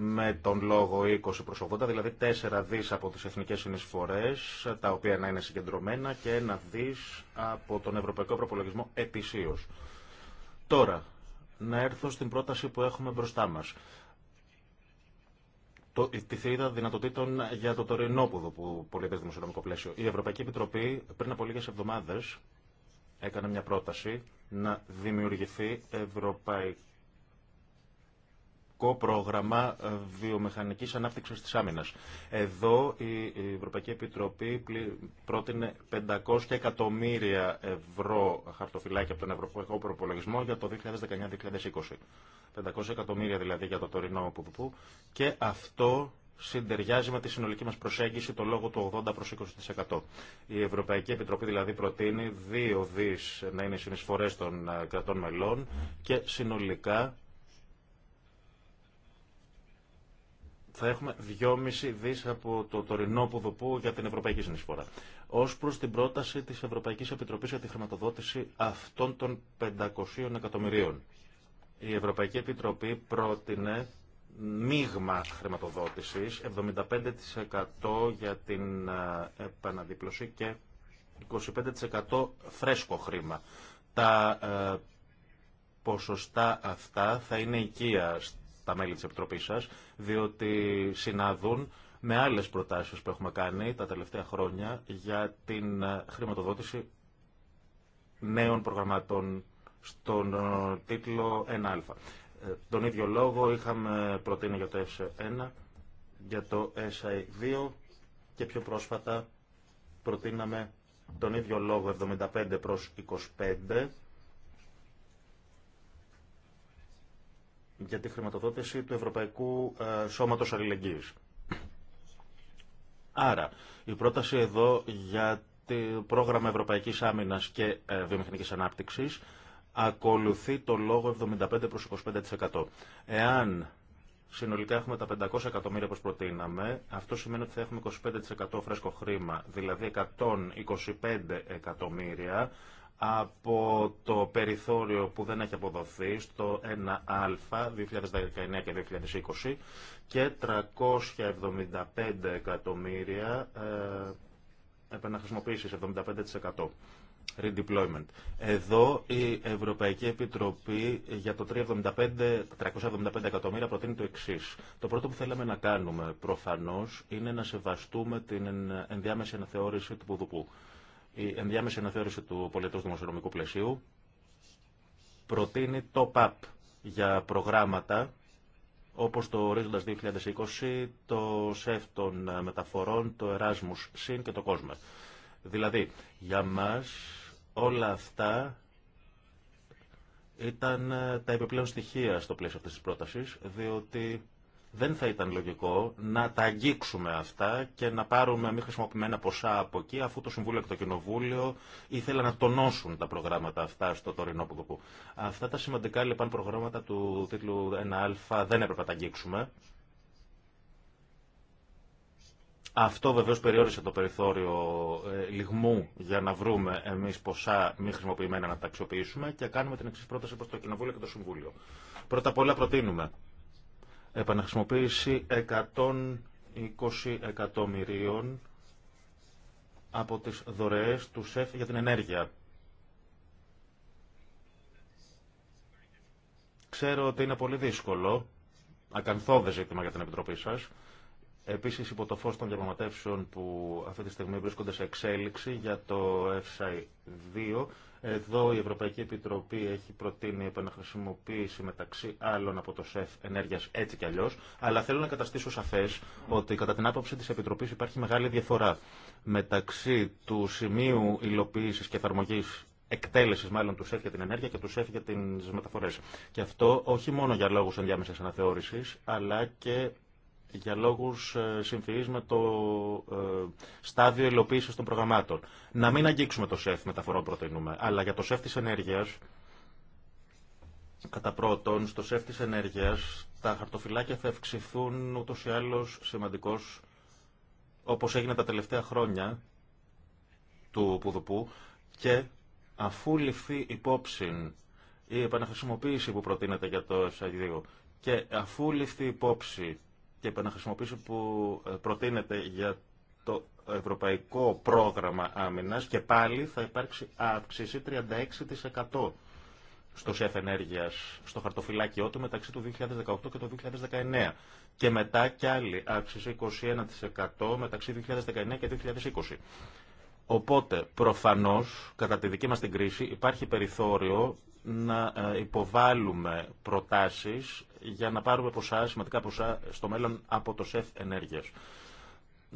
με τον λόγο 20 προς 80, δηλαδή 4 δις από τις εθνικές συνεισφορές, τα οποία να είναι συγκεντρωμένα, και 1 δις από τον Ευρωπαϊκό Προπολογισμό ετησίως. Τώρα, να έρθω στην πρόταση που έχουμε μπροστά μας. Το, τη θηρίδα δυνατοτήτων για το τωρινόπουδο που το δημοσιονομικό πλαίσιο. Η Ευρωπαϊκή Επιτροπή πριν από λίγες εβδομάδες έκανε μια πρόταση να δημιουργηθεί ευρωπαϊκή κό πρόγραμμα ε, βιομηχανικής ανάπτυξης της άμυνας. Εδώ η Ευρωπαϊκή Επιτροπή πρότεινε 500 εκατομμύρια ευρώ χαρτοφυλάκια από τον Ευρωπαϊκό Προπολογισμό για το 2019-2020. 500 εκατομμύρια δηλαδή για το τωρινό που και αυτό συντεριάζει με τη συνολική μας προσέγγιση το λόγο του 80 προ 20%. Η Ευρωπαϊκή Επιτροπή δηλαδή προτείνει 2 δις να είναι οι συνεισφορές των ε, κρατών μελών και συνολικά θα έχουμε 2,5 δις από το τωρινό ποδοπό για την Ευρωπαϊκή Συνεισφορά. Ως προς την πρόταση της Ευρωπαϊκής Επιτροπής για τη χρηματοδότηση αυτών των 500 εκατομμυρίων. Η Ευρωπαϊκή Επιτροπή πρότεινε μείγμα χρηματοδότησης, 75% για την ε, επαναδίπλωση και 25% φρέσκο χρήμα. Τα ε, ποσοστά αυτά θα είναι οικία τα μέλη της Επιτροπής σας, διότι συνάδουν με άλλες προτάσεις που έχουμε κάνει τα τελευταία χρόνια για την ε, χρηματοδότηση νέων προγραμμάτων στον ε, τίτλο 1α. Ε, τον ίδιο λόγο είχαμε προτείνει για το S1, για το SI2 και πιο πρόσφατα προτείναμε τον ίδιο λόγο 75 προς 25 για τη χρηματοδότηση του Ευρωπαϊκού ε, Σώματος Αλληλεγγύης. Άρα, η πρόταση εδώ για το πρόγραμμα Ευρωπαϊκής Άμυνας και ε, Βιομηχανικής Ανάπτυξης ακολουθεί το λόγο 75 προς 25%. Εάν συνολικά έχουμε τα 500 εκατομμύρια όπως προτείναμε, αυτό σημαίνει ότι θα έχουμε 25% φρέσκο χρήμα, δηλαδή 125 εκατομμύρια από το περιθώριο που δεν έχει αποδοθεί στο 1α 2019 και 2020 και 375 εκατομμύρια ε, 75%. Redeployment. Εδώ η Ευρωπαϊκή Επιτροπή για το 375, 375 εκατομμύρια προτείνει το εξή. Το πρώτο που θέλαμε να κάνουμε προφανώς, είναι να σεβαστούμε την ενδιάμεση αναθεώρηση του Πουδουπού. Η ενδιάμεση αναθεώρηση του πολιτικού δημοσιονομικού πλαισίου προτείνει top-up για προγράμματα όπως το Ορίζοντας 2020, το ΣΕΦ των μεταφορών, το Erasmus ΣΥΝ και το κόσμο. Δηλαδή, για μας όλα αυτά ήταν τα επιπλέον στοιχεία στο πλαίσιο αυτής της πρότασης, διότι δεν θα ήταν λογικό να τα αγγίξουμε αυτά και να πάρουμε μη χρησιμοποιημένα ποσά από εκεί, αφού το Συμβούλιο και το Κοινοβούλιο ήθελαν να τονώσουν τα προγράμματα αυτά στο τωρινό ποδοπού. Αυτά τα σημαντικά λοιπόν προγράμματα του τίτλου 1α δεν έπρεπε να τα αγγίξουμε. Αυτό βεβαίω περιόρισε το περιθώριο ε, λιγμού για να βρούμε εμεί ποσά μη χρησιμοποιημένα να τα αξιοποιήσουμε και κάνουμε την εξή πρόταση προ το Κοινοβούλιο και το Συμβούλιο. Πρώτα απ' όλα προτείνουμε επαναχρησιμοποίηση 120 εκατομμυρίων από τις δωρεές του ΣΕΦ για την ενέργεια. Ξέρω ότι είναι πολύ δύσκολο, ακαθόδε ζήτημα για την Επιτροπή σας. Επίσης υπό το φως των διαπραγματεύσεων που αυτή τη στιγμή βρίσκονται σε εξέλιξη για το FSI 2 εδώ η Ευρωπαϊκή Επιτροπή έχει προτείνει επαναχρησιμοποίηση μεταξύ άλλων από το ΣΕΦ ενέργειας έτσι κι αλλιώ, αλλά θέλω να καταστήσω σαφές ότι κατά την άποψη της Επιτροπής υπάρχει μεγάλη διαφορά μεταξύ του σημείου υλοποίηση και εφαρμογή εκτέλεση μάλλον του ΣΕΦ για την ενέργεια και του ΣΕΦ για τι μεταφορέ. Και αυτό όχι μόνο για λόγου ενδιάμεση αναθεώρηση, αλλά και για λόγους ε, συμφυής με το ε, στάδιο υλοποίηση των προγραμμάτων. Να μην αγγίξουμε το ΣΕΦ μεταφορών προτείνουμε, αλλά για το ΣΕΦ της ενέργειας, κατά πρώτον, στο ΣΕΦ της ενέργειας, τα χαρτοφυλάκια θα ευξηθούν ούτως ή άλλως σημαντικώς, όπως έγινε τα τελευταία χρόνια του Πουδουπού, και αφού ληφθεί υπόψη η επαναχρησιμοποίηση που προτείνεται για το σαι και αφού ληφθεί υπόψη και επαναχρησιμοποίηση που ε, προτείνεται για το Ευρωπαϊκό Πρόγραμμα Άμυνας και πάλι θα υπάρξει αύξηση 36% στο ΣΕΦ στο χαρτοφυλάκιό του μεταξύ του 2018 και του 2019 και μετά κι άλλη αύξηση 21% μεταξύ 2019 και 2020. Οπότε, προφανώς, κατά τη δική μας την κρίση, υπάρχει περιθώριο να ε, υποβάλουμε προτάσεις για να πάρουμε ποσά, σημαντικά ποσά στο μέλλον από το ΣΕΦ ενέργειας.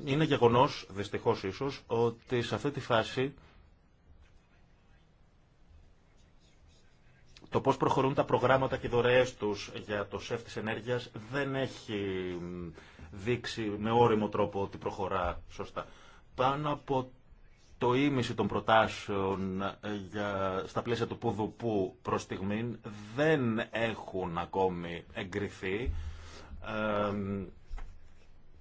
Είναι γεγονός, Δυστυχώ ίσως, ότι σε αυτή τη φάση το πώς προχωρούν τα προγράμματα και οι δωρεές τους για το ΣΕΦ της ενέργειας δεν έχει δείξει με όριμο τρόπο ότι προχωρά σωστά. Πάνω από το ίμιση των προτάσεων ε, για, στα πλαίσια του πουδου που προ στιγμή δεν έχουν ακόμη εγκριθεί. Ε,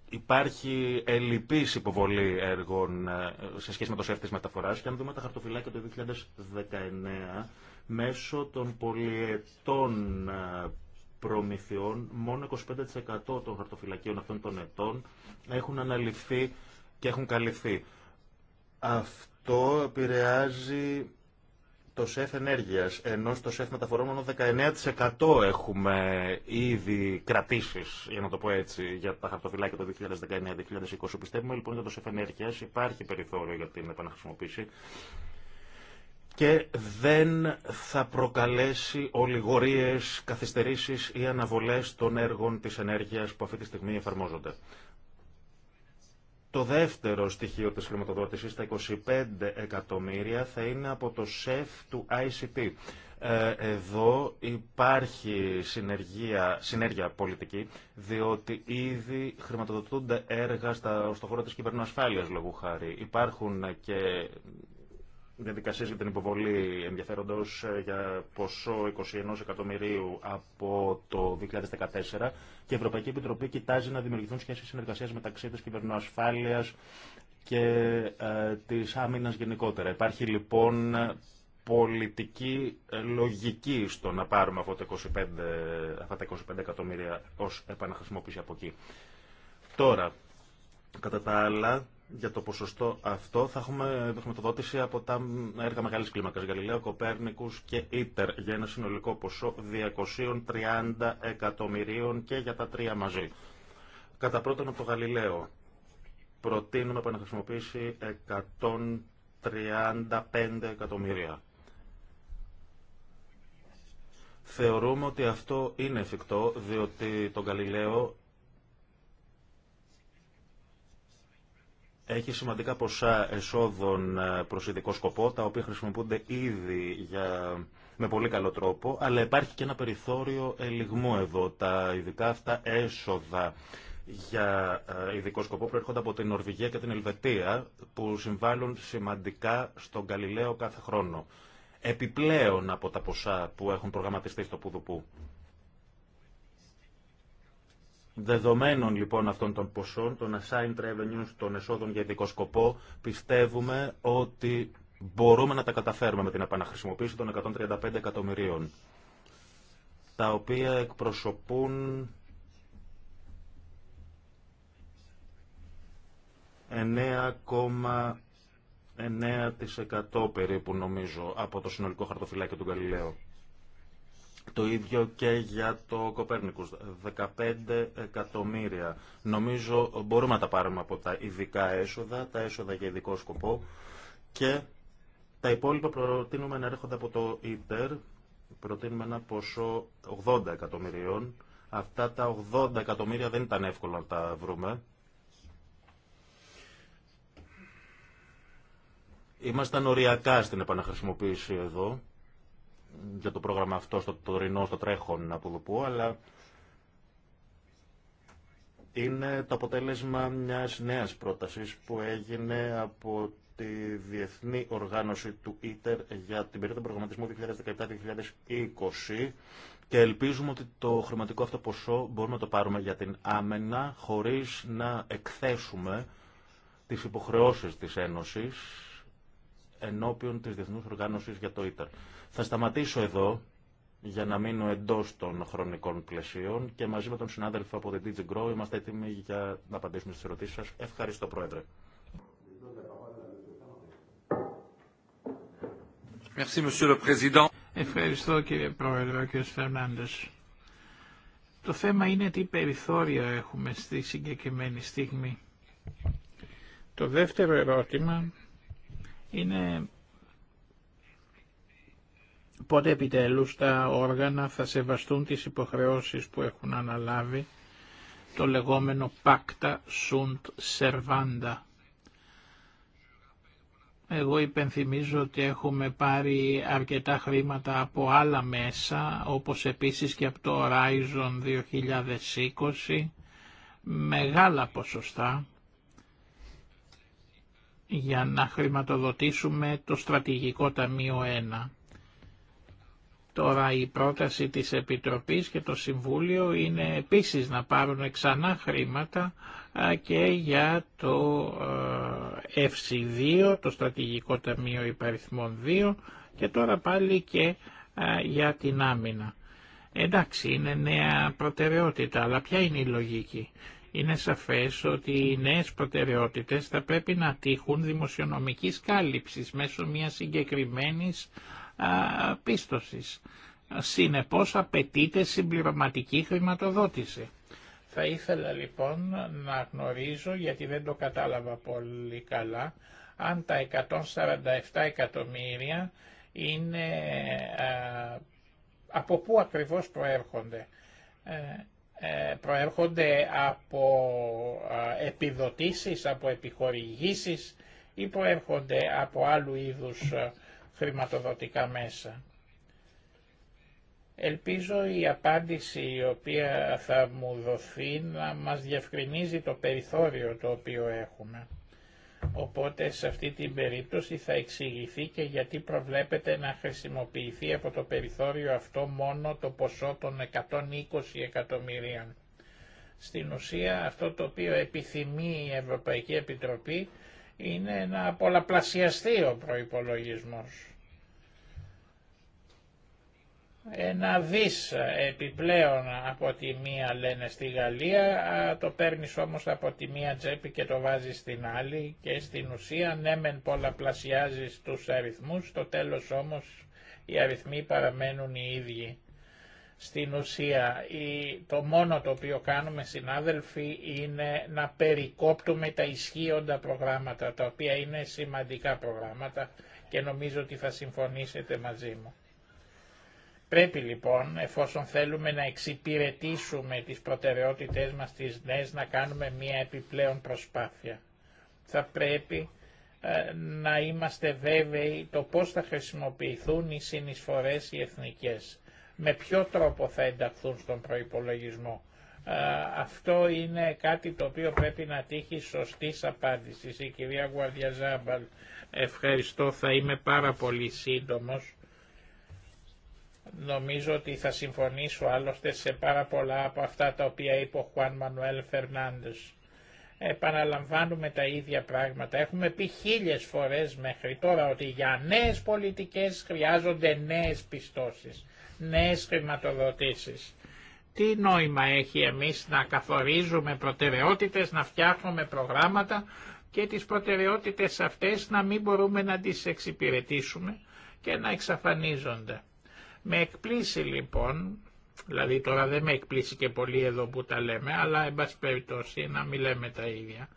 υπάρχει ελλειπή υποβολή έργων ε, σε σχέση με το σεφ τη μεταφοράς και αν δούμε τα χαρτοφυλάκια του 2019 μέσω των πολυετών ε, προμηθειών μόνο 25% των χαρτοφυλακίων αυτών των ετών έχουν αναλυφθεί και έχουν καλυφθεί. Αυτό επηρεάζει το ΣΕΦ ενέργειας, ενώ στο ΣΕΦ μεταφορών μόνο 19% έχουμε ήδη κρατήσεις, για να το πω έτσι, για τα χαρτοφυλάκια το 2019-2020. Πιστεύουμε λοιπόν ότι το ΣΕΦ ενέργειας υπάρχει περιθώριο για την επαναχρησιμοποίηση και δεν θα προκαλέσει ολιγορίες, καθυστερήσεις ή αναβολές των έργων της ενέργειας που αυτή τη στιγμή εφαρμόζονται. Το δεύτερο στοιχείο της χρηματοδότησης, τα 25 εκατομμύρια, θα είναι από το ΣΕΦ του ICP. Ε, εδώ υπάρχει συνέργεια πολιτική, διότι ήδη χρηματοδοτούνται έργα στα, στο χώρο της κυβερνοασφάλειας λόγου χάρη. Υπάρχουν και διαδικασίε για την υποβολή ενδιαφέροντο ε, για ποσό 21 εκατομμυρίου από το 2014 και η Ευρωπαϊκή Επιτροπή κοιτάζει να δημιουργηθούν σχέσει συνεργασία μεταξύ τη κυβερνοασφάλεια και ε, τη άμυνα γενικότερα. Υπάρχει λοιπόν πολιτική ε, λογική στο να πάρουμε αυτά τα 25, αυτά τα 25 εκατομμύρια ως επαναχρησιμοποίηση από εκεί. Τώρα, κατά τα άλλα, για το ποσοστό αυτό θα έχουμε χρηματοδότηση από τα έργα μεγάλη κλίμακας Γαλιλαίο, Κοπέρνικους και Ίτερ για ένα συνολικό ποσό 230 εκατομμυρίων και για τα τρία μαζί. Κατά πρώτον από το Γαλιλαίο προτείνουμε να χρησιμοποιήσει 135 εκατομμύρια. Θεωρούμε ότι αυτό είναι εφικτό, διότι τον Γαλιλαίο έχει σημαντικά ποσά εσόδων ε, προ ειδικό σκοπό, τα οποία χρησιμοποιούνται ήδη για... με πολύ καλό τρόπο, αλλά υπάρχει και ένα περιθώριο ελιγμού εδώ. Τα ειδικά αυτά έσοδα για ε, ειδικό σκοπό προέρχονται από την Νορβηγία και την Ελβετία, που συμβάλλουν σημαντικά στον Καλιλαίο κάθε χρόνο. Επιπλέον από τα ποσά που έχουν προγραμματιστεί στο Πουδουπού. Δεδομένων λοιπόν αυτών των ποσών, των assigned revenues, των εσόδων για ειδικό σκοπό, πιστεύουμε ότι μπορούμε να τα καταφέρουμε με την επαναχρησιμοποίηση των 135 εκατομμυρίων, τα οποία εκπροσωπούν 9,9% περίπου νομίζω από το συνολικό χαρτοφυλάκιο του Γαλιλαίου. Το ίδιο και για το Κοπέρνικους, 15 εκατομμύρια. Νομίζω μπορούμε να τα πάρουμε από τα ειδικά έσοδα, τα έσοδα για ειδικό σκοπό και τα υπόλοιπα προτείνουμε να έρχονται από το ΙΤΕΡ, προτείνουμε ένα ποσό 80 εκατομμυρίων. Αυτά τα 80 εκατομμύρια δεν ήταν εύκολο να τα βρούμε. είμαστε οριακά στην επαναχρησιμοποίηση εδώ για το πρόγραμμα αυτό στο τωρινό, στο τρέχον από το που, αλλά είναι το αποτέλεσμα μιας νέας πρότασης που έγινε από τη διεθνή οργάνωση του ΙΤΕΡ για την περίοδο προγραμματισμού 2017-2020 και ελπίζουμε ότι το χρηματικό αυτό ποσό μπορούμε να το πάρουμε για την άμενα χωρίς να εκθέσουμε τις υποχρεώσεις της Ένωσης ενώπιον της Διεθνούς Οργάνωσης για το ΙΤΕΡ. Θα σταματήσω εδώ για να μείνω εντό των χρονικών πλαισίων και μαζί με τον συνάδελφο από την DG Grow είμαστε έτοιμοι για να απαντήσουμε στι ερωτήσει σα. Ευχαριστώ, Πρόεδρε. Ευχαριστώ κύριε Πρόεδρε, ο κύριος Φερνάντες. Το θέμα είναι τι περιθώρια έχουμε στη συγκεκριμένη στιγμή. Το δεύτερο ερώτημα είναι πότε επιτέλους τα όργανα θα σεβαστούν τις υποχρεώσεις που έχουν αναλάβει το λεγόμενο «Pacta sunt servanda». Εγώ υπενθυμίζω ότι έχουμε πάρει αρκετά χρήματα από άλλα μέσα, όπως επίσης και από το Horizon 2020, μεγάλα ποσοστά, για να χρηματοδοτήσουμε το Στρατηγικό Ταμείο 1. Τώρα η πρόταση της Επιτροπής και το Συμβούλιο είναι επίσης να πάρουν ξανά χρήματα και για το ε, FC2, το Στρατηγικό Ταμείο Υπαριθμών 2 και τώρα πάλι και για την άμυνα. Εντάξει, είναι νέα προτεραιότητα, αλλά ποια είναι η λογική. Είναι σαφές ότι οι νέες προτεραιότητες θα πρέπει να τύχουν δημοσιονομικής κάλυψης μέσω μιας συγκεκριμένης πίστοσης. Συνεπώς απαιτείται συμπληρωματική χρηματοδότηση. Θα ήθελα λοιπόν να γνωρίζω, γιατί δεν το κατάλαβα πολύ καλά, αν τα 147 εκατομμύρια είναι, από πού ακριβώς προέρχονται. Ε, ε, προέρχονται από επιδοτήσεις, από επιχορηγήσεις ή προέρχονται από άλλου είδους χρηματοδοτικά μέσα. Ελπίζω η απάντηση η οποία θα μου δοθεί να μας διευκρινίζει το περιθώριο το οποίο έχουμε. Οπότε σε αυτή την περίπτωση θα εξηγηθεί και γιατί προβλέπεται να χρησιμοποιηθεί από το περιθώριο αυτό μόνο το ποσό των 120 εκατομμυρίων. Στην ουσία αυτό το οποίο επιθυμεί η Ευρωπαϊκή Επιτροπή είναι να πολλαπλασιαστεί ο προϋπολογισμός ένα δις επιπλέον από τη μία λένε στη Γαλλία, το παίρνεις όμως από τη μία τσέπη και το βάζεις στην άλλη και στην ουσία ναι μεν πολλαπλασιάζεις τους αριθμούς, στο τέλος όμως οι αριθμοί παραμένουν οι ίδιοι. Στην ουσία το μόνο το οποίο κάνουμε συνάδελφοι είναι να περικόπτουμε τα ισχύοντα προγράμματα, τα οποία είναι σημαντικά προγράμματα και νομίζω ότι θα συμφωνήσετε μαζί μου. Πρέπει λοιπόν, εφόσον θέλουμε να εξυπηρετήσουμε τις προτεραιότητές μας τις νέες, να κάνουμε μία επιπλέον προσπάθεια. Θα πρέπει ε, να είμαστε βέβαιοι το πώς θα χρησιμοποιηθούν οι συνεισφορές οι εθνικές. Με ποιο τρόπο θα ενταχθούν στον προϋπολογισμό. Ε, αυτό είναι κάτι το οποίο πρέπει να τύχει σωστής απάντηση. Η κυρία Γουαρδιαζάμπαλ, ευχαριστώ, θα είμαι πάρα πολύ σύντομος Νομίζω ότι θα συμφωνήσω άλλωστε σε πάρα πολλά από αυτά τα οποία είπε ο Χουάν Μανουέλ Φερνάντες. Επαναλαμβάνουμε τα ίδια πράγματα. Έχουμε πει χίλιες φορές μέχρι τώρα ότι για νέες πολιτικές χρειάζονται νέες πιστώσεις, νέες χρηματοδοτήσεις. Τι νόημα έχει εμείς να καθορίζουμε προτεραιότητες, να φτιάχνουμε προγράμματα και τις προτεραιότητες αυτές να μην μπορούμε να τις εξυπηρετήσουμε και να εξαφανίζονται. Με εκπλήσει λοιπόν, δηλαδή τώρα δεν με εκπλήσει και πολύ εδώ που τα λέμε, αλλά εν πάση περιπτώσει να μην λέμε τα ίδια.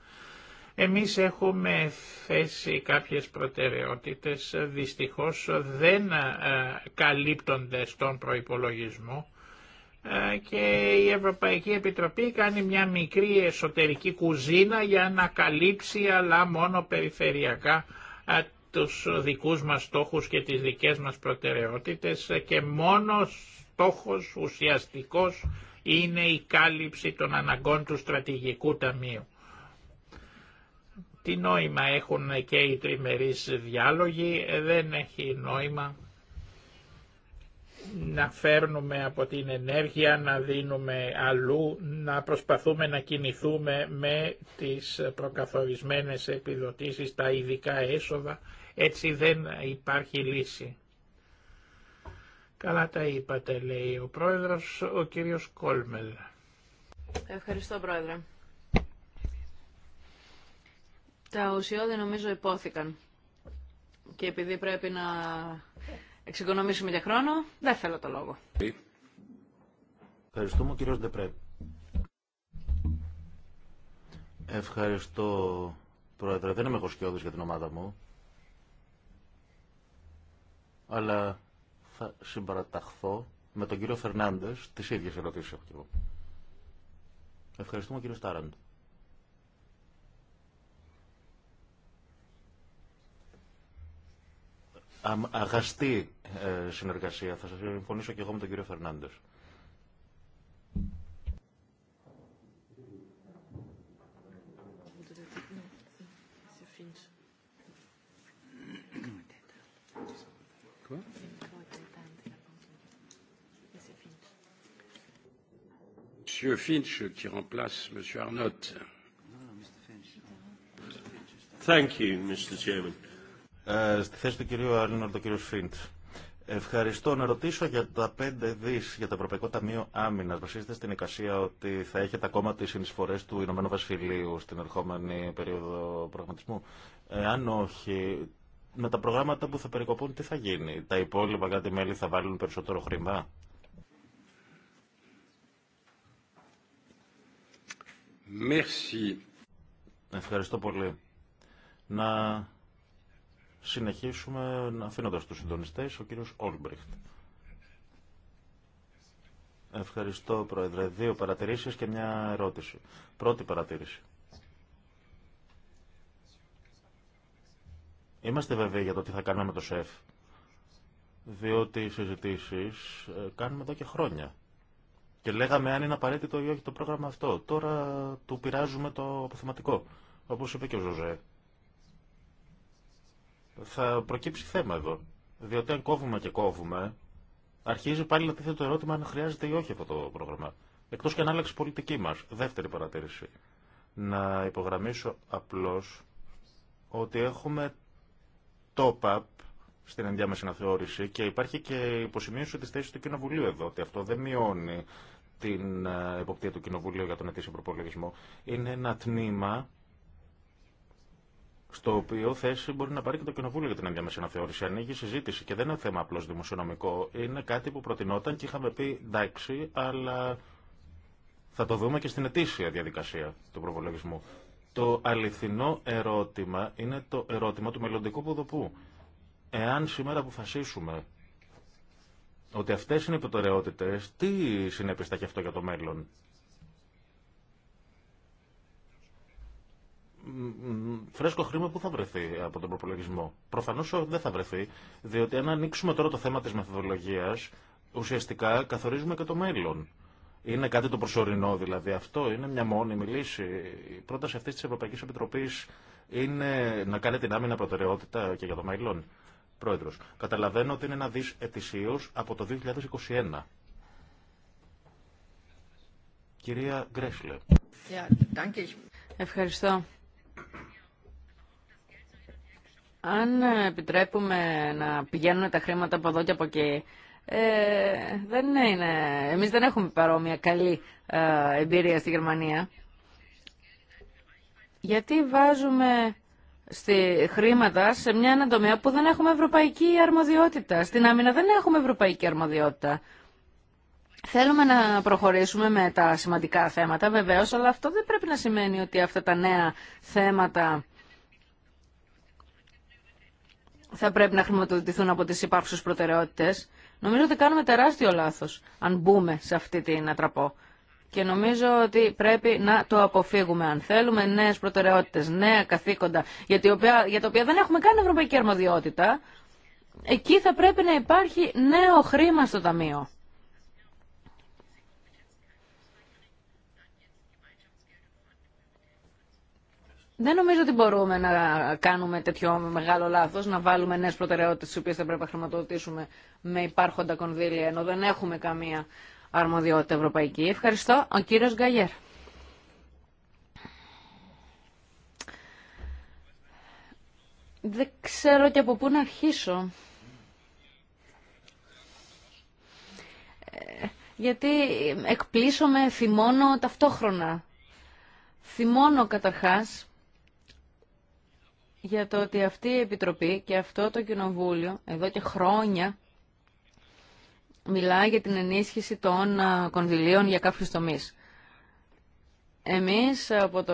Εμείς έχουμε θέσει κάποιες προτεραιότητες, δυστυχώς δεν ε, καλύπτονται στον προϋπολογισμό ε, και η Ευρωπαϊκή Επιτροπή κάνει μια μικρή εσωτερική κουζίνα για να καλύψει αλλά μόνο περιφερειακά ε, τους δικούς μας στόχους και τις δικές μας προτεραιότητες και μόνο στόχος ουσιαστικός είναι η κάλυψη των αναγκών του στρατηγικού ταμείου. Τι νόημα έχουν και οι τριμερείς διάλογοι, δεν έχει νόημα να φέρνουμε από την ενέργεια, να δίνουμε αλλού, να προσπαθούμε να κινηθούμε με τις προκαθορισμένες επιδοτήσεις, τα ειδικά έσοδα έτσι δεν υπάρχει λύση. Καλά τα είπατε, λέει ο πρόεδρος, ο κύριος Κόλμελ. Ευχαριστώ, πρόεδρε. Τα ουσιώδη νομίζω υπόθηκαν. Και επειδή πρέπει να εξοικονομήσουμε για χρόνο, δεν θέλω το λόγο. Ευχαριστούμε, κύριος Ντεπρέ. Ευχαριστώ, πρόεδρε. Δεν είμαι εγώ για την ομάδα μου αλλά θα συμπαραταχθώ με τον κύριο Φερνάντε τι ίδιε ερωτήσει έχω και εγώ. Ευχαριστούμε κύριο Στάραντ. Αγαστή ε, συνεργασία. Θα σα συμφωνήσω και εγώ με τον κύριο Φερνάντε. Monsieur Finch qui remplace Monsieur Arnott. Thank you, Mr. Chairman. Ε, στη θέση του κυρίου κύριο Φίντ. Ευχαριστώ. Να ρωτήσω για τα 5 δι για το Ευρωπαϊκό Ταμείο Άμυνα. Βασίζεται στην εικασία ότι θα έχετε ακόμα τι συνεισφορέ του Ηνωμένου Βασιλείου στην ερχόμενη περίοδο προγραμματισμού. Ε, αν όχι, με τα προγράμματα που θα περικοπούν, τι θα γίνει. Τα υπόλοιπα κάτι μέλη θα βάλουν περισσότερο χρήμα Merci. Ευχαριστώ πολύ. Να συνεχίσουμε αφήνοντα τους συντονιστέ ο κύριος Όλμπριχτ. Ευχαριστώ, Πρόεδρε. Δύο παρατηρήσει και μια ερώτηση. Πρώτη παρατήρηση. Είμαστε βέβαιοι για το τι θα κάνουμε με το ΣΕΦ, διότι οι συζητήσεις ε, κάνουμε εδώ και χρόνια. Και λέγαμε αν είναι απαραίτητο ή όχι το πρόγραμμα αυτό. Τώρα του πειράζουμε το αποθεματικό, όπως είπε και ο Ζωζέ. Θα προκύψει θέμα εδώ. Διότι αν κόβουμε και κόβουμε, αρχίζει πάλι να τίθεται το ερώτημα αν χρειάζεται ή όχι αυτό το πρόγραμμα. Εκτό και αν πολιτική μα. Δεύτερη παρατήρηση. Να υπογραμμίσω απλώ ότι έχουμε top-up στην ενδιάμεση αναθεώρηση και υπάρχει και υποσημείωση τη θέση του Κοινοβουλίου εδώ, ότι αυτό δεν μειώνει την ε, εποπτεία του Κοινοβουλίου για τον ετήσιο προπολογισμό, είναι ένα τμήμα στο οποίο θέση μπορεί να πάρει και το Κοινοβούλιο για την ενδιάμεση αναθεώρηση. Ανοίγει συζήτηση και δεν είναι θέμα απλώ δημοσιονομικό. Είναι κάτι που προτινόταν και είχαμε πει εντάξει, αλλά θα το δούμε και στην ετήσια διαδικασία του προπολογισμού. Το αληθινό ερώτημα είναι το ερώτημα του μελλοντικού ποδοπού. Εάν σήμερα αποφασίσουμε ότι αυτές είναι οι προτεραιότητες, τι συνέπειες θα έχει αυτό για το μέλλον. φρέσκο χρήμα που θα βρεθεί από τον προπολογισμό. Προφανώ δεν θα βρεθεί, διότι αν ανοίξουμε τώρα το θέμα τη μεθοδολογία, ουσιαστικά καθορίζουμε και το μέλλον. Είναι κάτι το προσωρινό δηλαδή αυτό, είναι μια μόνιμη λύση. Η πρόταση αυτή τη Ευρωπαϊκή Επιτροπή είναι να κάνει την άμυνα προτεραιότητα και για το μέλλον καταλαβαίνω ότι είναι ένα δι ετησίω από το 2021. Κυρία Γκρέσλε. Ευχαριστώ. Αν επιτρέπουμε να πηγαίνουν τα χρήματα από εδώ και από εκεί, ε, δεν είναι. Εμείς δεν έχουμε παρόμοια καλή ε, εμπειρία στη Γερμανία. Γιατί βάζουμε στη χρήματα σε μια ανατομία που δεν έχουμε ευρωπαϊκή αρμοδιότητα. Στην άμυνα δεν έχουμε ευρωπαϊκή αρμοδιότητα. Θέλουμε να προχωρήσουμε με τα σημαντικά θέματα βεβαίως, αλλά αυτό δεν πρέπει να σημαίνει ότι αυτά τα νέα θέματα θα πρέπει να χρηματοδοτηθούν από τις υπάρχουσες προτεραιότητες. Νομίζω ότι κάνουμε τεράστιο λάθος αν μπούμε σε αυτή την ατραπό. Και νομίζω ότι πρέπει να το αποφύγουμε. Αν θέλουμε νέε προτεραιότητε, νέα καθήκοντα, για τα οποία δεν έχουμε καν ευρωπαϊκή αρμοδιότητα, εκεί θα πρέπει να υπάρχει νέο χρήμα στο Ταμείο. Δεν νομίζω ότι μπορούμε να κάνουμε τέτοιο μεγάλο λάθο, να βάλουμε νέε προτεραιότητε, τι οποίε θα πρέπει να χρηματοδοτήσουμε με υπάρχοντα κονδύλια, ενώ δεν έχουμε καμία αρμοδιότητα ευρωπαϊκή. Ευχαριστώ. Ο κύριος Γκαγιέρ. Δεν ξέρω και από πού να αρχίσω. Ε, γιατί εκπλήσωμαι, θυμώνω ταυτόχρονα. Θυμώνω καταρχάς για το ότι αυτή η Επιτροπή και αυτό το Κοινοβούλιο εδώ και χρόνια Μιλάει για την ενίσχυση των κονδυλίων για κάποιους τομείς. Εμείς από το,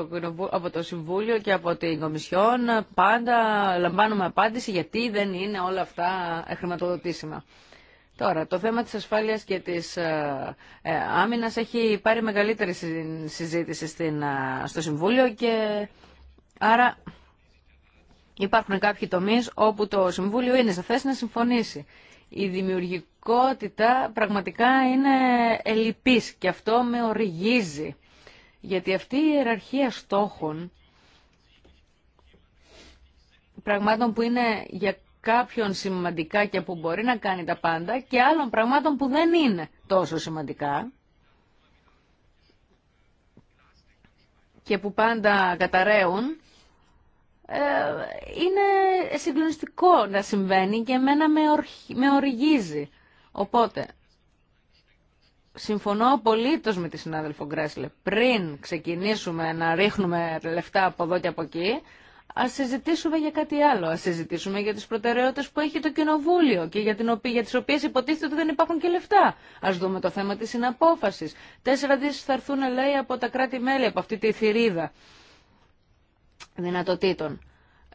από το Συμβούλιο και από την Κομισιόν πάντα λαμβάνουμε απάντηση γιατί δεν είναι όλα αυτά χρηματοδοτήσιμα. Τώρα, το θέμα της ασφάλειας και της ε, άμυνας έχει πάρει μεγαλύτερη συζήτηση στην, στο Συμβούλιο και άρα υπάρχουν κάποιοι τομείς όπου το Συμβούλιο είναι σε θέση να συμφωνήσει. Η πραγματικότητα πραγματικά είναι ελλειπής και αυτό με οργίζει. Γιατί αυτή η ιεραρχία στόχων, πραγμάτων που είναι για κάποιον σημαντικά και που μπορεί να κάνει τα πάντα και άλλων πραγμάτων που δεν είναι τόσο σημαντικά και που πάντα καταραίουν, ε, είναι συγκλονιστικό να συμβαίνει και εμένα με οργίζει. Οπότε, συμφωνώ απολύτως με τη συνάδελφο Γκρέσλε. Πριν ξεκινήσουμε να ρίχνουμε λεφτά από εδώ και από εκεί, Α συζητήσουμε για κάτι άλλο. Α συζητήσουμε για τι προτεραιότητε που έχει το Κοινοβούλιο και για, την για τι οποίε υποτίθεται ότι δεν υπάρχουν και λεφτά. Α δούμε το θέμα τη συναπόφαση. Τέσσερα δι θα έρθουν, λέει, από τα κράτη-μέλη, από αυτή τη θηρίδα δυνατοτήτων.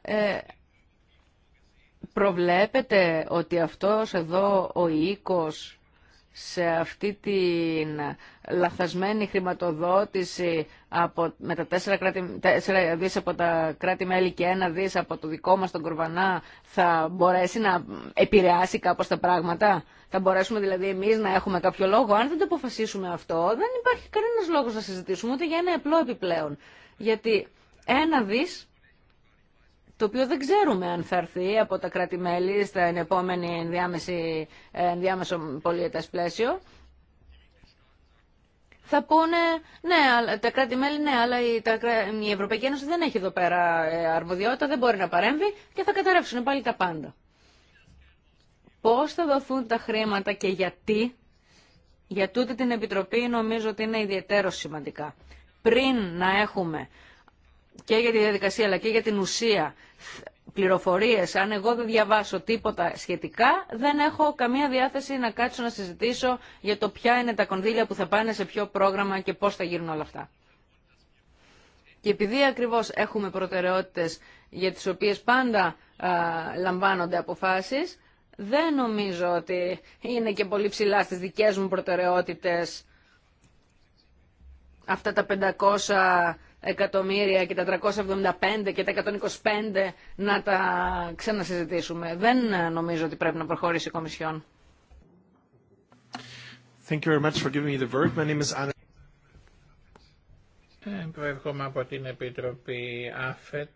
Ε, Προβλέπετε ότι αυτός εδώ ο οίκος σε αυτή την λαθασμένη χρηματοδότηση από, με τα 4, κράτη, δις από τα κράτη-μέλη και 1 δις από το δικό μας τον Κορβανά θα μπορέσει να επηρεάσει κάπως τα πράγματα. Θα μπορέσουμε δηλαδή εμείς να έχουμε κάποιο λόγο. Αν δεν το αποφασίσουμε αυτό δεν υπάρχει κανένας λόγος να συζητήσουμε ούτε για ένα απλό επιπλέον. Γιατί ένα δις το οποίο δεν ξέρουμε αν θα έρθει από τα κράτη-μέλη στα επόμενη ενδιάμεσο πολιετές πλαίσιο, θα πούνε, ναι, τα κράτη-μέλη, ναι, αλλά η, Ευρωπαϊκή Ένωση δεν έχει εδώ πέρα ε, αρμοδιότητα, δεν μπορεί να παρέμβει και θα καταρρεύσουν πάλι τα πάντα. Πώς θα δοθούν τα χρήματα και γιατί, για τούτη την Επιτροπή νομίζω ότι είναι ιδιαίτερο σημαντικά. Πριν να έχουμε και για τη διαδικασία αλλά και για την ουσία πληροφορίες, αν εγώ δεν διαβάσω τίποτα σχετικά, δεν έχω καμία διάθεση να κάτσω να συζητήσω για το ποια είναι τα κονδύλια που θα πάνε σε ποιο πρόγραμμα και πώς θα γίνουν όλα αυτά. Και επειδή ακριβώς έχουμε προτεραιότητες για τις οποίες πάντα λαμβάνονται αποφάσεις, δεν νομίζω ότι είναι και πολύ ψηλά στις δικές μου προτεραιότητες αυτά τα 500 εκατομμύρια και τα 375 και τα 125 να τα ξανασυζητήσουμε. Δεν νομίζω ότι πρέπει να προχωρήσει η Κομισιόν. Thank you very much for giving me the word. My name is Anna. Ε, προέρχομαι από την Επιτροπή ΑΦΕΤ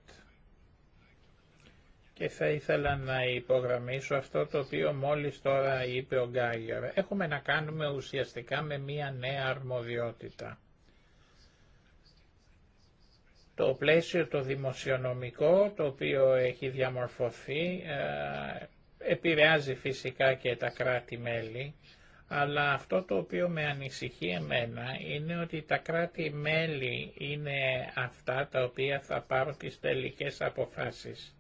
και θα ήθελα να υπογραμμίσω αυτό το οποίο μόλις τώρα είπε ο Γκάγερ. Έχουμε να κάνουμε ουσιαστικά με μία νέα αρμοδιότητα. Το πλαίσιο το δημοσιονομικό το οποίο έχει διαμορφωθεί ε, επηρεάζει φυσικά και τα κράτη-μέλη, αλλά αυτό το οποίο με ανησυχεί εμένα είναι ότι τα κράτη-μέλη είναι αυτά τα οποία θα πάρουν τις τελικές αποφάσεις.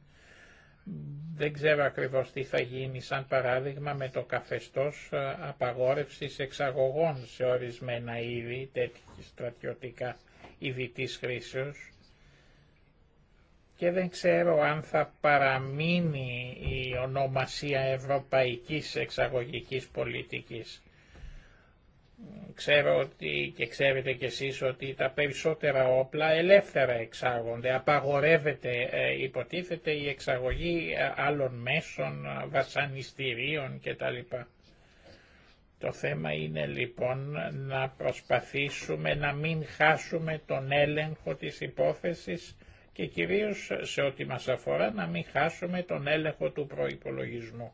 Δεν ξέρω ακριβώς τι θα γίνει σαν παράδειγμα με το καθεστώς ε, απαγόρευσης εξαγωγών σε ορισμένα είδη τέτοιες στρατιωτικά ειδητής χρήσεως και δεν ξέρω αν θα παραμείνει η ονομασία ευρωπαϊκής εξαγωγικής πολιτικής. Ξέρω ότι και ξέρετε κι εσείς ότι τα περισσότερα όπλα ελεύθερα εξάγονται, απαγορεύεται ε, υποτίθεται η εξαγωγή ε, άλλων μέσων, ε, βασανιστήριων κτλ. Το θέμα είναι λοιπόν να προσπαθήσουμε να μην χάσουμε τον έλεγχο της υπόθεσης και κυρίως σε ό,τι μας αφορά να μην χάσουμε τον έλεγχο του προϋπολογισμού.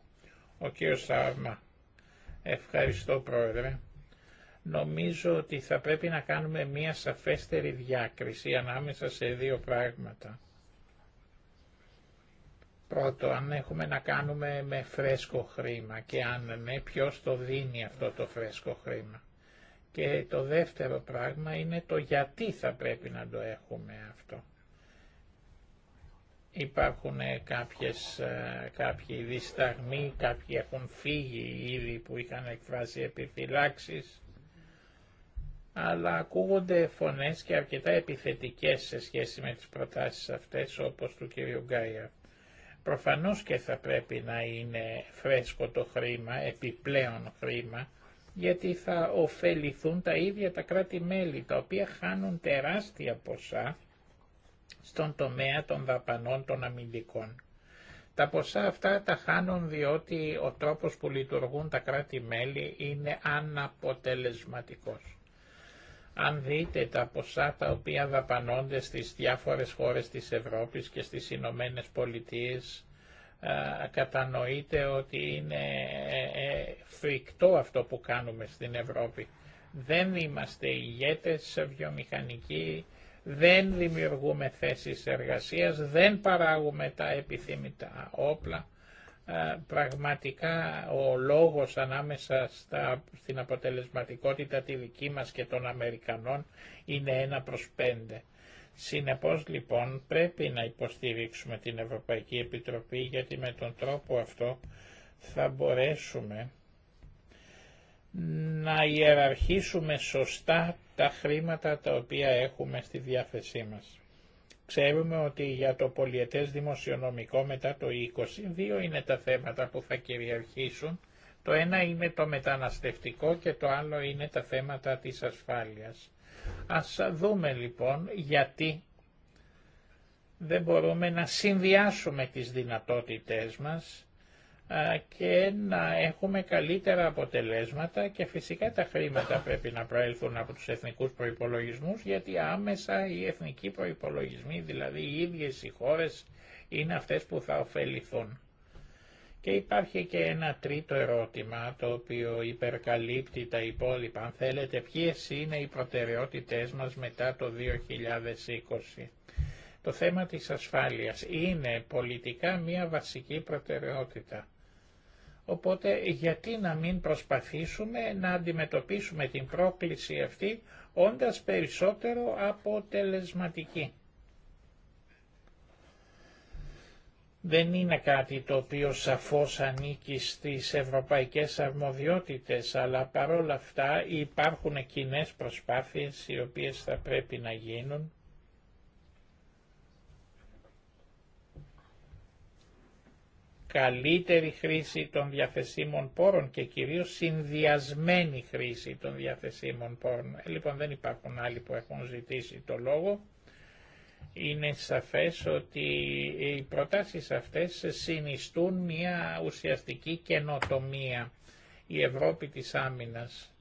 Ο κύριος Σάρμα. Ευχαριστώ πρόεδρε. Νομίζω ότι θα πρέπει να κάνουμε μία σαφέστερη διάκριση ανάμεσα σε δύο πράγματα. Πρώτο, αν έχουμε να κάνουμε με φρέσκο χρήμα και αν ναι, ποιος το δίνει αυτό το φρέσκο χρήμα. Και το δεύτερο πράγμα είναι το γιατί θα πρέπει να το έχουμε αυτό. Υπάρχουν ε, κάποιες, ε, κάποιοι δισταγμοί, κάποιοι έχουν φύγει ήδη που είχαν εκφράσει επιφυλάξεις, αλλά ακούγονται φωνές και αρκετά επιθετικές σε σχέση με τις προτάσεις αυτές όπως του κ. Γκάια. Προφανώς και θα πρέπει να είναι φρέσκο το χρήμα, επιπλέον χρήμα, γιατί θα ωφεληθούν τα ίδια τα κράτη-μέλη, τα οποία χάνουν τεράστια ποσά στον τομέα των δαπανών των αμυντικών. Τα ποσά αυτά τα χάνουν διότι ο τρόπος που λειτουργούν τα κράτη-μέλη είναι αναποτελεσματικός. Αν δείτε τα ποσά τα οποία δαπανώνται στις διάφορες χώρες της Ευρώπης και στις Ηνωμένε Πολιτείες, κατανοείτε ότι είναι ε, ε, φρικτό αυτό που κάνουμε στην Ευρώπη. Δεν είμαστε ηγέτες βιομηχανική δεν δημιουργούμε θέσεις εργασίας, δεν παράγουμε τα επιθυμητά όπλα. Πραγματικά ο λόγος ανάμεσα στα, στην αποτελεσματικότητα τη δική μας και των Αμερικανών είναι ένα προς πέντε. Συνεπώς λοιπόν πρέπει να υποστηρίξουμε την Ευρωπαϊκή Επιτροπή γιατί με τον τρόπο αυτό θα μπορέσουμε να ιεραρχήσουμε σωστά τα χρήματα τα οποία έχουμε στη διάθεσή μας. Ξέρουμε ότι για το πολιετές δημοσιονομικό μετά το 20, δύο είναι τα θέματα που θα κυριαρχήσουν. Το ένα είναι το μεταναστευτικό και το άλλο είναι τα θέματα της ασφάλειας. Ας δούμε λοιπόν γιατί δεν μπορούμε να συνδυάσουμε τις δυνατότητές μας και να έχουμε καλύτερα αποτελέσματα και φυσικά τα χρήματα πρέπει να προέλθουν από τους εθνικούς προϋπολογισμούς γιατί άμεσα οι εθνικοί προϋπολογισμοί, δηλαδή οι ίδιες οι χώρες είναι αυτές που θα ωφεληθούν. Και υπάρχει και ένα τρίτο ερώτημα το οποίο υπερκαλύπτει τα υπόλοιπα. Αν θέλετε ποιες είναι οι προτεραιότητές μας μετά το 2020. Το θέμα της ασφάλειας είναι πολιτικά μια βασική προτεραιότητα. Οπότε γιατί να μην προσπαθήσουμε να αντιμετωπίσουμε την πρόκληση αυτή όντας περισσότερο αποτελεσματική. δεν είναι κάτι το οποίο σαφώς ανήκει στις ευρωπαϊκές αρμοδιότητες, αλλά παρόλα αυτά υπάρχουν κοινέ προσπάθειες οι οποίες θα πρέπει να γίνουν καλύτερη χρήση των διαθεσίμων πόρων και κυρίως συνδυασμένη χρήση των διαθεσίμων πόρων. Ε, λοιπόν δεν υπάρχουν άλλοι που έχουν ζητήσει το λόγο. Είναι σαφές ότι οι προτάσεις αυτές συνιστούν μια ουσιαστική καινοτομία η Ευρώπη της άμυνας.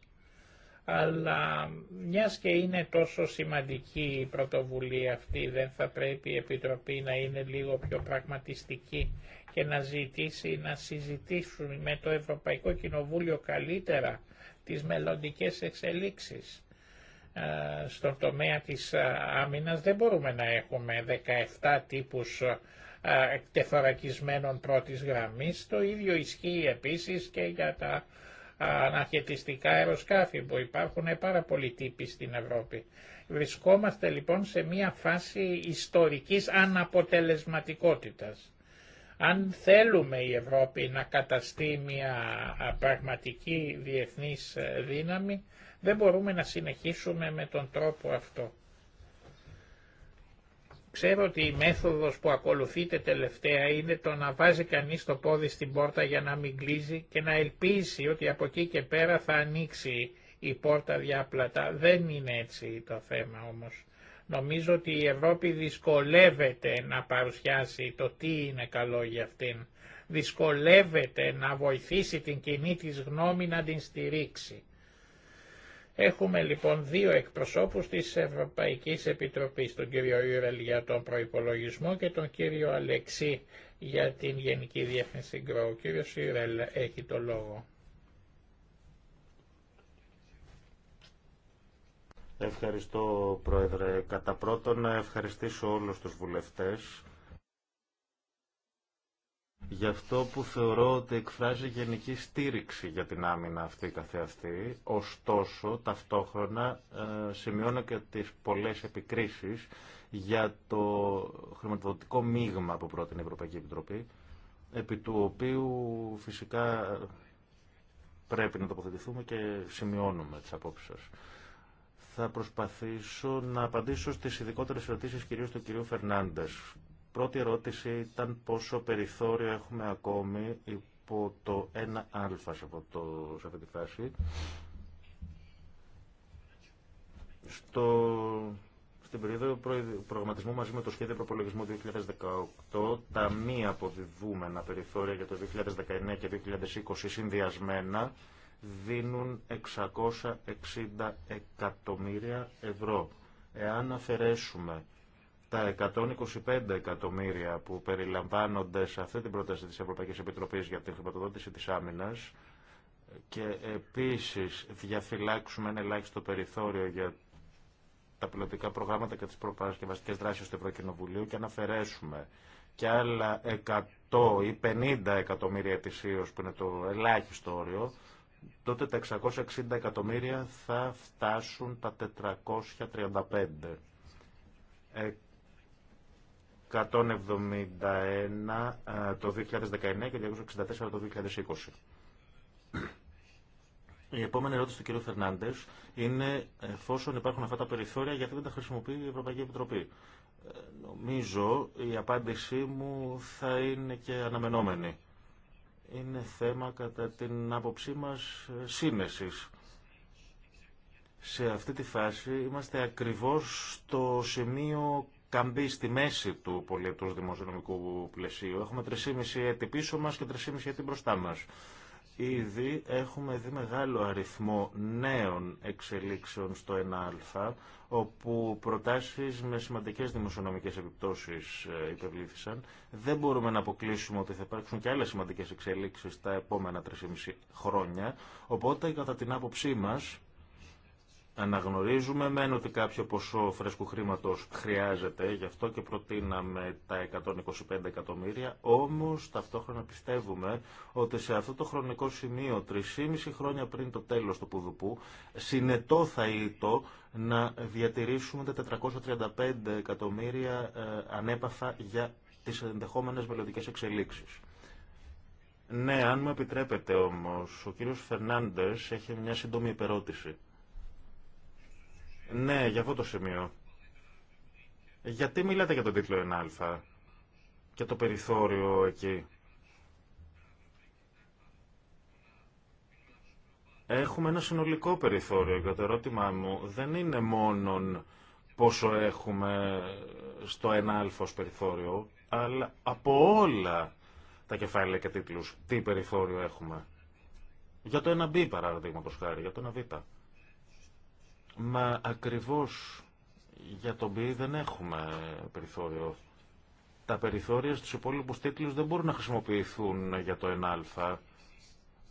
Αλλά μιας και είναι τόσο σημαντική η πρωτοβουλία αυτή, δεν θα πρέπει η Επιτροπή να είναι λίγο πιο πραγματιστική και να ζητήσει να συζητήσουμε με το Ευρωπαϊκό Κοινοβούλιο καλύτερα τις μελλοντικές εξελίξεις ε, στον τομέα της ε, άμυνας δεν μπορούμε να έχουμε 17 τύπους ε, τεθωρακισμένων πρώτης γραμμής. Το ίδιο ισχύει επίσης και για τα αναχαιτιστικά αεροσκάφη που υπάρχουν πάρα πολλοί τύποι στην Ευρώπη. Βρισκόμαστε λοιπόν σε μια φάση ιστορικής αναποτελεσματικότητας. Αν θέλουμε η Ευρώπη να καταστεί μια πραγματική διεθνής ε, δύναμη, δεν μπορούμε να συνεχίσουμε με τον τρόπο αυτό. Ξέρω ότι η μέθοδος που ακολουθείτε τελευταία είναι το να βάζει κανείς το πόδι στην πόρτα για να μην κλείζει και να ελπίζει ότι από εκεί και πέρα θα ανοίξει η πόρτα διάπλατα. Δεν είναι έτσι το θέμα όμως. Νομίζω ότι η Ευρώπη δυσκολεύεται να παρουσιάσει το τι είναι καλό για αυτήν. Δυσκολεύεται να βοηθήσει την κοινή της γνώμη να την στηρίξει. Έχουμε λοιπόν δύο εκπροσώπους της Ευρωπαϊκής Επιτροπής, τον κύριο Ιουρελ για τον προϋπολογισμό και τον κύριο Αλεξή για την Γενική Διεύθυνση Γκρό. Ο κύριος Ιουρελ έχει το λόγο. Ευχαριστώ, Πρόεδρε. Κατά πρώτον, να ευχαριστήσω όλους τους βουλευτές για αυτό που θεωρώ ότι εκφράζει γενική στήριξη για την άμυνα αυτή καθεαυτή. Ωστόσο, ταυτόχρονα ε, σημειώνω και τις πολλές επικρίσεις για το χρηματοδοτικό μείγμα που πρότεινε η Ευρωπαϊκή Επιτροπή, επί του οποίου φυσικά πρέπει να τοποθετηθούμε και σημειώνουμε τις απόψεις θα προσπαθήσω να απαντήσω στις ειδικότερε ερωτήσεις κυρίως του κυρίου Φερνάντες. Πρώτη ερώτηση ήταν πόσο περιθώριο έχουμε ακόμη υπό το 1α σε αυτή τη φάση. Στο στην περίοδο προγραμματισμού μαζί με το σχέδιο προπολογισμού 2018, τα μη αποδιδούμενα περιθώρια για το 2019 και 2020 συνδυασμένα δίνουν 660 εκατομμύρια ευρώ. Εάν αφαιρέσουμε τα 125 εκατομμύρια που περιλαμβάνονται σε αυτή την πρόταση της Ευρωπαϊκής Επιτροπής για την χρηματοδότηση της άμυνας και επίσης διαφυλάξουμε ένα ελάχιστο περιθώριο για τα πιλωτικά προγράμματα και τις προπαρασκευαστικές δράσεις του Ευρωκοινοβουλίου και αναφερέσουμε και άλλα 100 ή 50 εκατομμύρια ετησίως που είναι το ελάχιστο όριο, τότε τα 660 εκατομμύρια θα φτάσουν τα 435. 171 ε, το 2019 και 264 το 2020. Η επόμενη ερώτηση του κ. Φερνάντε είναι εφόσον υπάρχουν αυτά τα περιθώρια, γιατί δεν τα χρησιμοποιεί η Ευρωπαϊκή Επιτροπή. Ε, νομίζω η απάντησή μου θα είναι και αναμενόμενη είναι θέμα κατά την άποψή μας σύνεσης. Σε αυτή τη φάση είμαστε ακριβώς στο σημείο καμπή στη μέση του πολιτικού δημοσιονομικού πλαισίου. Έχουμε 3,5 έτη πίσω μας και 3,5 έτη μπροστά μας. Ήδη έχουμε δει μεγάλο αριθμό νέων εξελίξεων στο 1α, όπου προτάσεις με σημαντικές δημοσιονομικές επιπτώσεις ε, υπευλήθησαν. Δεν μπορούμε να αποκλείσουμε ότι θα υπάρξουν και άλλες σημαντικές εξελίξεις τα επόμενα 3,5 χρόνια, οπότε κατά την άποψή μας Αναγνωρίζουμε μεν ότι κάποιο ποσό φρέσκου χρήματος χρειάζεται, γι' αυτό και προτείναμε τα 125 εκατομμύρια, όμως ταυτόχρονα πιστεύουμε ότι σε αυτό το χρονικό σημείο, 3,5 χρόνια πριν το τέλος του Πουδουπού, συνετό θα ήτο να διατηρήσουμε τα 435 εκατομμύρια ε, ανέπαθα για τις ενδεχόμενες μελλοντικές εξελίξεις. Ναι, αν μου επιτρέπετε όμως, ο κύριος Φερνάντες έχει μια σύντομη υπερώτηση. Ναι, για αυτό το σημείο. Γιατί μιλάτε για τον τίτλο 1α και το περιθώριο εκεί. Έχουμε ένα συνολικό περιθώριο και το ερώτημά μου δεν είναι μόνον πόσο έχουμε στο 1α περιθώριο, αλλά από όλα τα κεφάλαια και τίτλους τι περιθώριο έχουμε. Για το 1B παραδείγματος χάρη, για το 1β. Μα ακριβώς για τον ΠΗ δεν έχουμε περιθώριο. Τα περιθώρια στους υπόλοιπους τίτλους δεν μπορούν να χρησιμοποιηθούν για το 1α.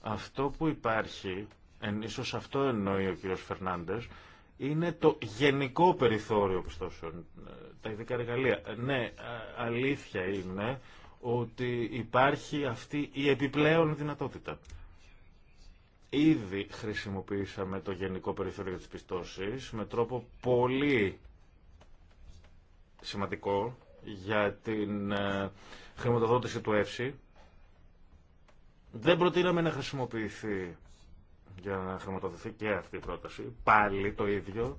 Αυτό που υπάρχει, εν, ίσως αυτό εννοεί ο κύριος Φερνάντες, είναι το γενικό περιθώριο πιστώσεων, τα ειδικά εργαλεία. Ναι, αλήθεια είναι ότι υπάρχει αυτή η επιπλέον δυνατότητα. Ήδη χρησιμοποιήσαμε το γενικό περιθώριο της πιστώσης με τρόπο πολύ σημαντικό για την ε, χρηματοδότηση του ΕΦΣΥ. Δεν προτείναμε να χρησιμοποιηθεί για να χρηματοδοτηθεί και αυτή η πρόταση. Πάλι το ίδιο.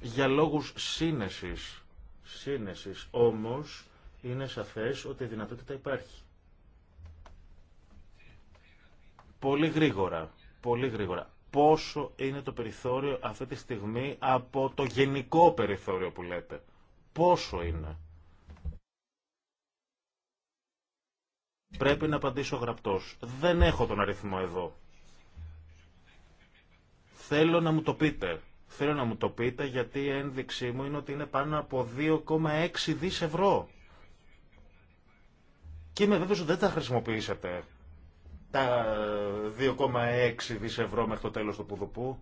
Για λόγους σύνεσης. Σύνεσης. Όμως είναι σαφές ότι η δυνατότητα υπάρχει. Πολύ γρήγορα, πολύ γρήγορα. Πόσο είναι το περιθώριο αυτή τη στιγμή από το γενικό περιθώριο που λέτε. Πόσο είναι. Πρέπει να απαντήσω γραπτός. Δεν έχω τον αριθμό εδώ. Θέλω να μου το πείτε. Θέλω να μου το πείτε γιατί η ένδειξή μου είναι ότι είναι πάνω από 2,6 δις ευρώ. Και είμαι βέβαιος ότι δεν τα χρησιμοποιήσατε τα 2,6 δις ευρώ μέχρι το τέλος του Πουδοπού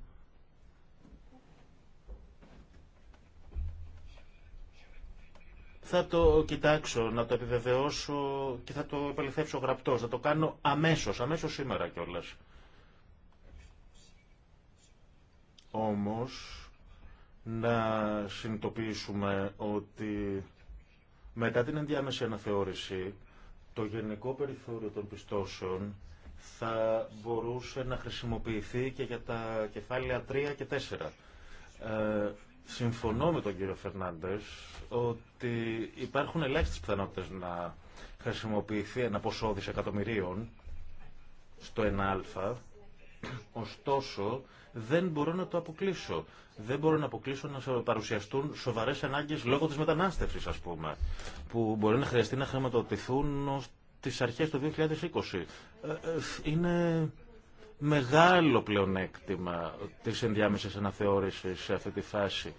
Θα το κοιτάξω, να το επιβεβαιώσω και θα το επαληθεύσω γραπτός. Θα το κάνω αμέσως, αμέσως σήμερα κιόλας. Όμως, να συνειδητοποιήσουμε ότι μετά την ενδιάμεση αναθεώρηση, το γενικό περιθώριο των πιστώσεων θα μπορούσε να χρησιμοποιηθεί και για τα κεφάλαια 3 και 4. Ε, συμφωνώ με τον κύριο Φερνάντες ότι υπάρχουν ελάχιστες πιθανότητες να χρησιμοποιηθεί ένα ποσό δισεκατομμυρίων στο 1α, ωστόσο δεν μπορώ να το αποκλείσω. Δεν μπορώ να αποκλείσω να παρουσιαστούν σοβαρές ανάγκες λόγω της μετανάστευσης, ας πούμε, που μπορεί να χρειαστεί να χρηματοδοτηθούν ώστε τις αρχές του 2020. Ε, ε, είναι μεγάλο πλεονέκτημα της ενδιάμεσης αναθεώρησης σε αυτή τη φάση.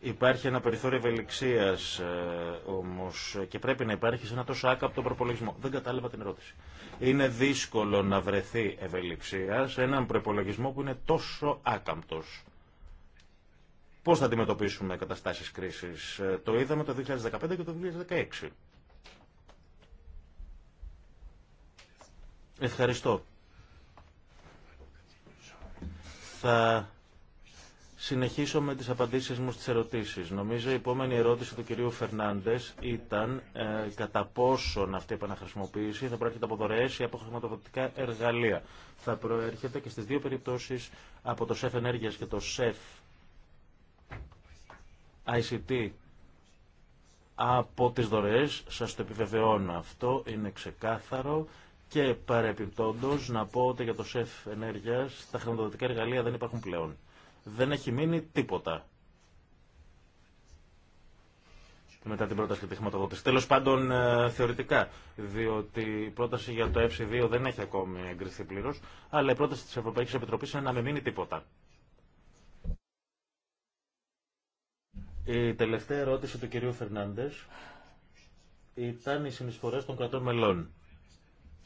Υπάρχει ένα περιθώριο ευελιξία ε, όμω και πρέπει να υπάρχει σε ένα τόσο άκαπτο προπολογισμό. Δεν κατάλαβα την ερώτηση. Είναι δύσκολο να βρεθεί ευελιξία σε έναν προπολογισμό που είναι τόσο άκαμπτο. Πώ θα αντιμετωπίσουμε καταστάσει κρίση. Το είδαμε το 2015 και το 2016. Ευχαριστώ. Θα συνεχίσω με τις απαντήσεις μου στις ερωτήσεις. Νομίζω η επόμενη ερώτηση του κυρίου Φερνάντες ήταν ε, κατά πόσον αυτή η επαναχρησιμοποίηση θα προέρχεται από δωρεές ή από χρηματοδοτικά εργαλεία. Θα προέρχεται και στις δύο περιπτώσεις από το ΣΕΦ Ενέργειας και το ΣΕΦ ICT από τις δωρεές. Σας το επιβεβαιώνω αυτό, είναι ξεκάθαρο. Και παρεπιπτόντω να πω ότι για το σεφ ενέργεια τα χρηματοδοτικά εργαλεία δεν υπάρχουν πλέον. Δεν έχει μείνει τίποτα. Μετά την πρόταση τη χρηματοδότηση. Τέλο πάντων, ε, θεωρητικά. Διότι η πρόταση για το ΕΦΣΙ2 δεν έχει ακόμη εγκριθεί πλήρω. Αλλά η πρόταση τη Ευρωπαϊκή Επιτροπή είναι να μην μείνει τίποτα. Η τελευταία ερώτηση του κυρίου Φερνάντε ήταν οι συνεισφορέ των κρατών μελών.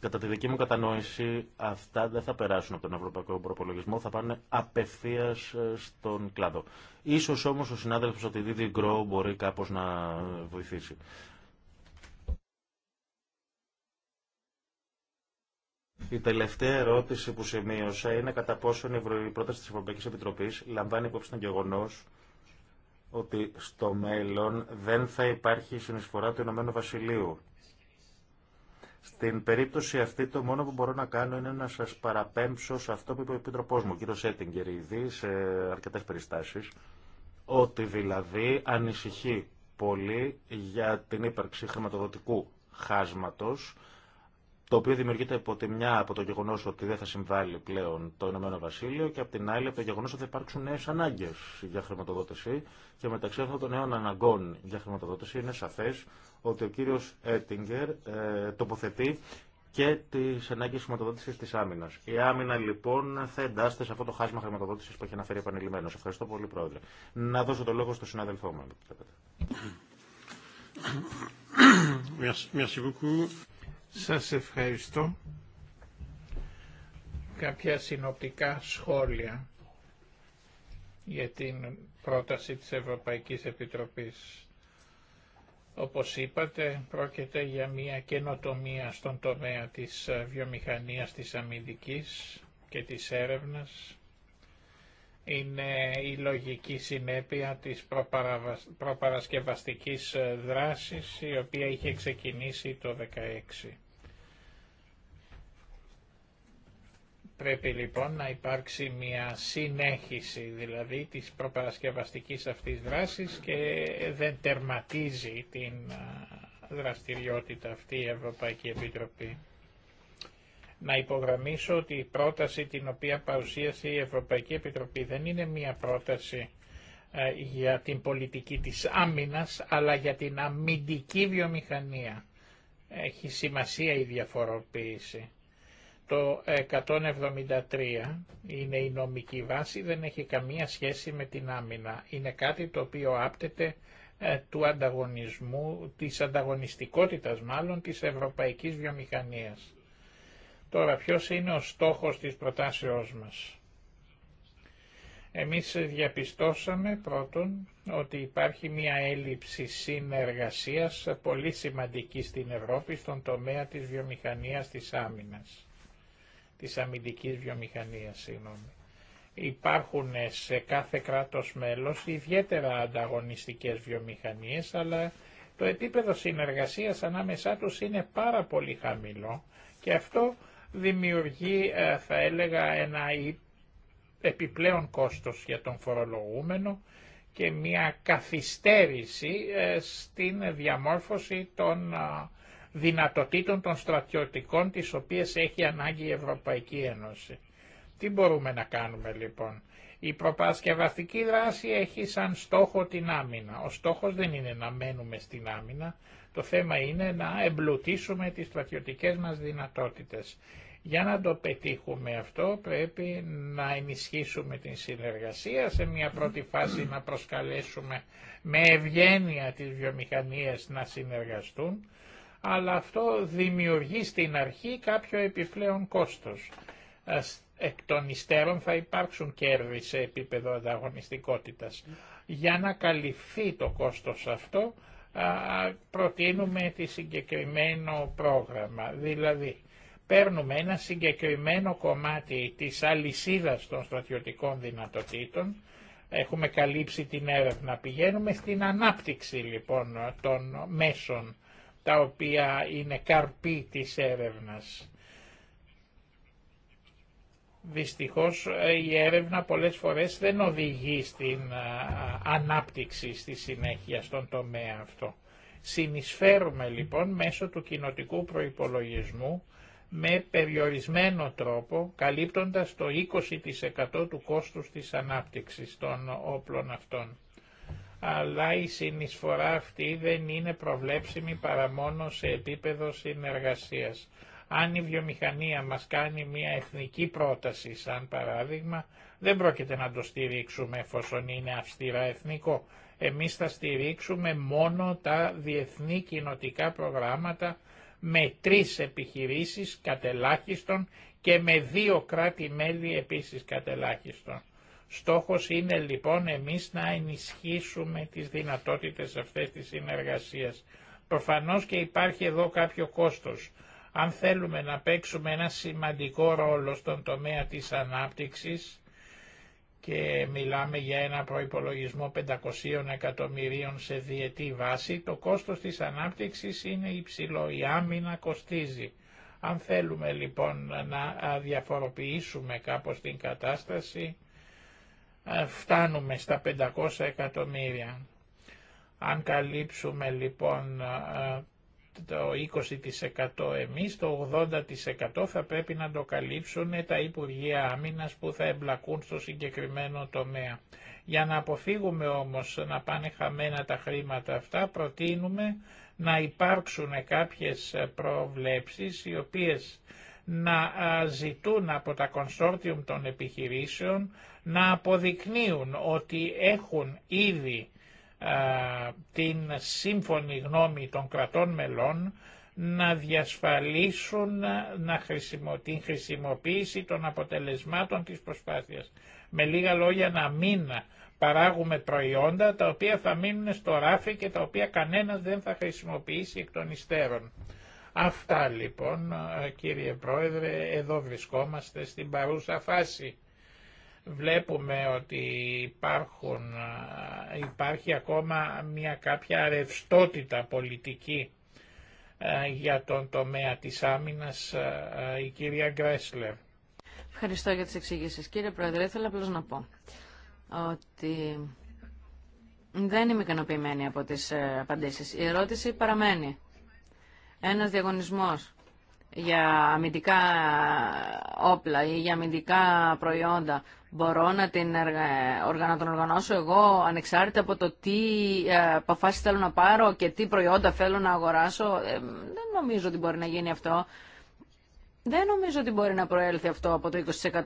Κατά τη δική μου κατανόηση, αυτά δεν θα περάσουν από τον Ευρωπαϊκό Προπολογισμό, θα πάνε απευθεία ε, στον κλάδο. Ίσως όμω ο συνάδελφος ότι δίδει Γκρό μπορεί κάπω να βοηθήσει. Η τελευταία ερώτηση που σημείωσα είναι κατά πόσο η πρόταση τη Ευρωπαϊκή Επιτροπή λαμβάνει υπόψη τον γεγονός ότι στο μέλλον δεν θα υπάρχει συνεισφορά του Ηνωμένου Βασιλείου στην περίπτωση αυτή το μόνο που μπορώ να κάνω είναι να σας παραπέμψω σε αυτό που είπε ο Επίτροπός μου, ο κύριος ήδη, σε αρκετές περιστάσεις, ότι δηλαδή ανησυχεί πολύ για την ύπαρξη χρηματοδοτικού χάσματος, το οποίο δημιουργείται από τη μια από το γεγονό ότι δεν θα συμβάλλει πλέον το Ηνωμένο Βασίλειο και από την άλλη από το γεγονό ότι θα υπάρξουν νέε ανάγκε για χρηματοδότηση. Και μεταξύ αυτών των νέων αναγκών για χρηματοδότηση είναι σαφέ ότι ο κύριος Έτιγκερ ε, τοποθετεί και τις ανάγκες χρηματοδότησης της άμυνας. Η άμυνα λοιπόν θα εντάσσεται σε αυτό το χάσμα χρηματοδότησης που έχει αναφέρει επανειλημμένος. Ευχαριστώ πολύ Πρόεδρε. Να δώσω το λόγο στο συνάδελφό μου. Σας ευχαριστώ. Κάποια συνοπτικά σχόλια για την πρόταση της Ευρωπαϊκής Επιτροπής. Όπως είπατε, πρόκειται για μια καινοτομία στον τομέα της βιομηχανίας της αμυντικής και της έρευνας. Είναι η λογική συνέπεια της προπαρασκευαστικής δράσης, η οποία είχε ξεκινήσει το 2016. Πρέπει λοιπόν να υπάρξει μια συνέχιση δηλαδή της προπαρασκευαστικής αυτής δράσης και δεν τερματίζει την δραστηριότητα αυτή η Ευρωπαϊκή Επιτροπή. Να υπογραμμίσω ότι η πρόταση την οποία παρουσίασε η Ευρωπαϊκή Επιτροπή δεν είναι μια πρόταση για την πολιτική της άμυνας αλλά για την αμυντική βιομηχανία. Έχει σημασία η διαφοροποίηση. Το 173 είναι η νομική βάση, δεν έχει καμία σχέση με την άμυνα. Είναι κάτι το οποίο άπτεται ε, του ανταγωνισμού, της ανταγωνιστικότητας μάλλον της ευρωπαϊκής βιομηχανίας. Τώρα ποιος είναι ο στόχος της προτάσεώς μας. Εμείς διαπιστώσαμε πρώτον ότι υπάρχει μια έλλειψη συνεργασίας πολύ σημαντική στην Ευρώπη στον τομέα της βιομηχανίας της άμυνας της αμυντικής βιομηχανίας. Συγγνώμη. Υπάρχουν ε, σε κάθε κράτος μέλος ιδιαίτερα ανταγωνιστικές βιομηχανίες, αλλά το επίπεδο συνεργασίας ανάμεσά τους είναι πάρα πολύ χαμηλό και αυτό δημιουργεί, ε, θα έλεγα, ένα επιπλέον κόστος για τον φορολογούμενο και μια καθυστέρηση ε, στην διαμόρφωση των δυνατοτήτων των στρατιωτικών τις οποίες έχει ανάγκη η Ευρωπαϊκή Ένωση. Τι μπορούμε να κάνουμε λοιπόν. Η προπασκευαστική δράση έχει σαν στόχο την άμυνα. Ο στόχος δεν είναι να μένουμε στην άμυνα, το θέμα είναι να εμπλουτίσουμε τις στρατιωτικές μας δυνατότητες. Για να το πετύχουμε αυτό πρέπει να ενισχύσουμε την συνεργασία σε μια πρώτη φάση να προσκαλέσουμε με ευγένεια τις βιομηχανίες να συνεργαστούν αλλά αυτό δημιουργεί στην αρχή κάποιο επιπλέον κόστος. Ε, εκ των υστέρων θα υπάρξουν κέρδη σε επίπεδο ανταγωνιστικότητας. Για να καλυφθεί το κόστος αυτό προτείνουμε τη συγκεκριμένο πρόγραμμα. Δηλαδή παίρνουμε ένα συγκεκριμένο κομμάτι της αλυσίδας των στρατιωτικών δυνατοτήτων, έχουμε καλύψει την έρευνα, πηγαίνουμε στην ανάπτυξη λοιπόν των μέσων τα οποία είναι καρπή της έρευνας. Δυστυχώς η έρευνα πολλές φορές δεν οδηγεί στην ανάπτυξη στη συνέχεια στον τομέα αυτό. Συνεισφέρουμε λοιπόν μέσω του κοινοτικού προϋπολογισμού με περιορισμένο τρόπο, καλύπτοντας το 20% του κόστους της ανάπτυξης των όπλων αυτών αλλά η συνεισφορά αυτή δεν είναι προβλέψιμη παρά μόνο σε επίπεδο συνεργασίας. Αν η βιομηχανία μας κάνει μια εθνική πρόταση, σαν παράδειγμα, δεν πρόκειται να το στηρίξουμε εφόσον είναι αυστηρά εθνικό. Εμείς θα στηρίξουμε μόνο τα διεθνή κοινοτικά προγράμματα με τρεις επιχειρήσεις κατελάχιστον και με δύο κράτη-μέλη επίσης κατελάχιστον. Στόχος είναι λοιπόν εμείς να ενισχύσουμε τις δυνατότητες αυτές της συνεργασίας. Προφανώς και υπάρχει εδώ κάποιο κόστος. Αν θέλουμε να παίξουμε ένα σημαντικό ρόλο στον τομέα της ανάπτυξης και μιλάμε για ένα προϋπολογισμό 500 εκατομμυρίων σε διετή βάση, το κόστος της ανάπτυξης είναι υψηλό, η άμυνα κοστίζει. Αν θέλουμε λοιπόν να διαφοροποιήσουμε κάπως την κατάσταση, φτάνουμε στα 500 εκατομμύρια. Αν καλύψουμε λοιπόν το 20% εμείς, το 80% θα πρέπει να το καλύψουν τα Υπουργεία Άμυνας που θα εμπλακούν στο συγκεκριμένο τομέα. Για να αποφύγουμε όμως να πάνε χαμένα τα χρήματα αυτά, προτείνουμε να υπάρξουν κάποιες προβλέψεις οι οποίες να ε, ζητούν από τα κονσόρτιουμ των επιχειρήσεων να αποδεικνύουν ότι έχουν ήδη ε, την σύμφωνη γνώμη των κρατών μελών να διασφαλίσουν ε, να χρησιμο, την χρησιμοποίηση των αποτελεσμάτων της προσπάθειας. Με λίγα λόγια να μην παράγουμε προϊόντα τα οποία θα μείνουν στο ράφι και τα οποία κανένας δεν θα χρησιμοποιήσει εκ των υστέρων. Αυτά λοιπόν κύριε Πρόεδρε, εδώ βρισκόμαστε στην παρούσα φάση. Βλέπουμε ότι υπάρχουν, υπάρχει ακόμα μια κάποια ρευστότητα πολιτική ε, για τον τομέα της άμυνας ε, ε, η κυρία Γκρέσλερ. Ευχαριστώ για τις εξηγήσεις. Κύριε Πρόεδρε, ήθελα απλώς να πω ότι δεν είμαι ικανοποιημένη από τις απαντήσεις. Η ερώτηση παραμένει ένας διαγωνισμό για αμυντικά όπλα ή για αμυντικά προϊόντα μπορώ να, την να τον οργανώσω εγώ ανεξάρτητα από το τι ε, αποφάσεις θέλω να πάρω και τι προϊόντα θέλω να αγοράσω. Ε, δεν νομίζω ότι μπορεί να γίνει αυτό. Δεν νομίζω ότι μπορεί να προέλθει αυτό από το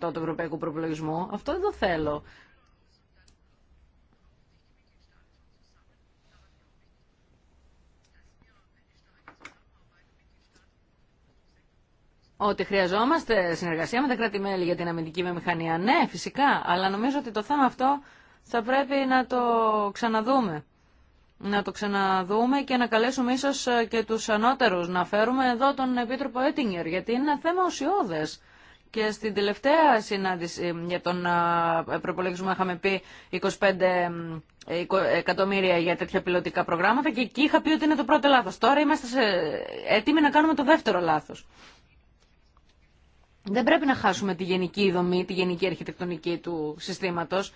20% του ευρωπαϊκού προπολογισμού. Αυτό δεν το θέλω. Ότι χρειαζόμαστε συνεργασία με τα κράτη-μέλη για την αμυντική βιομηχανία. Ναι, φυσικά, αλλά νομίζω ότι το θέμα αυτό θα πρέπει να το ξαναδούμε. Να το ξαναδούμε και να καλέσουμε ίσω ε, και του ανώτερου να φέρουμε εδώ τον Επίτροπο Έτινγκερ, γιατί είναι ένα θέμα ουσιώδε. Και στην τελευταία συνάντηση ε, για τον προπολογισμό είχαμε πει 25 εκατομμύρια για τέτοια πιλωτικά προγράμματα και εκεί είχα πει ότι είναι το πρώτο λάθος. Τώρα είμαστε ε, έτοιμοι να κάνουμε το δεύτερο λάθος. Δεν πρέπει να χάσουμε τη γενική δομή, τη γενική αρχιτεκτονική του συστήματος.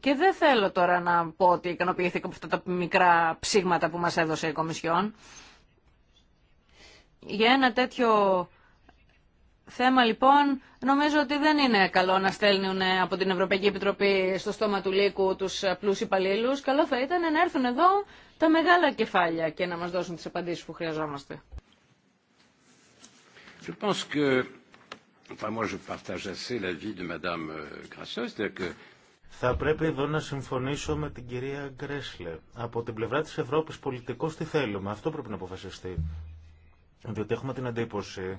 Και δεν θέλω τώρα να πω ότι ικανοποιήθηκα από αυτά τα μικρά ψήγματα που μας έδωσε η Κομισιόν. Για ένα τέτοιο θέμα λοιπόν νομίζω ότι δεν είναι καλό να στέλνουν από την Ευρωπαϊκή Επιτροπή στο στόμα του λύκου τους απλούς υπαλλήλους. Καλό θα ήταν να έρθουν εδώ τα μεγάλα κεφάλια και να μας δώσουν τις απαντήσεις που χρειαζόμαστε θα πρέπει εδώ να συμφωνήσω με την κυρία Γκρέσλε. Από την πλευρά της Ευρώπης πολιτικώς τι θέλουμε. Αυτό πρέπει να αποφασιστεί. Διότι έχουμε την εντύπωση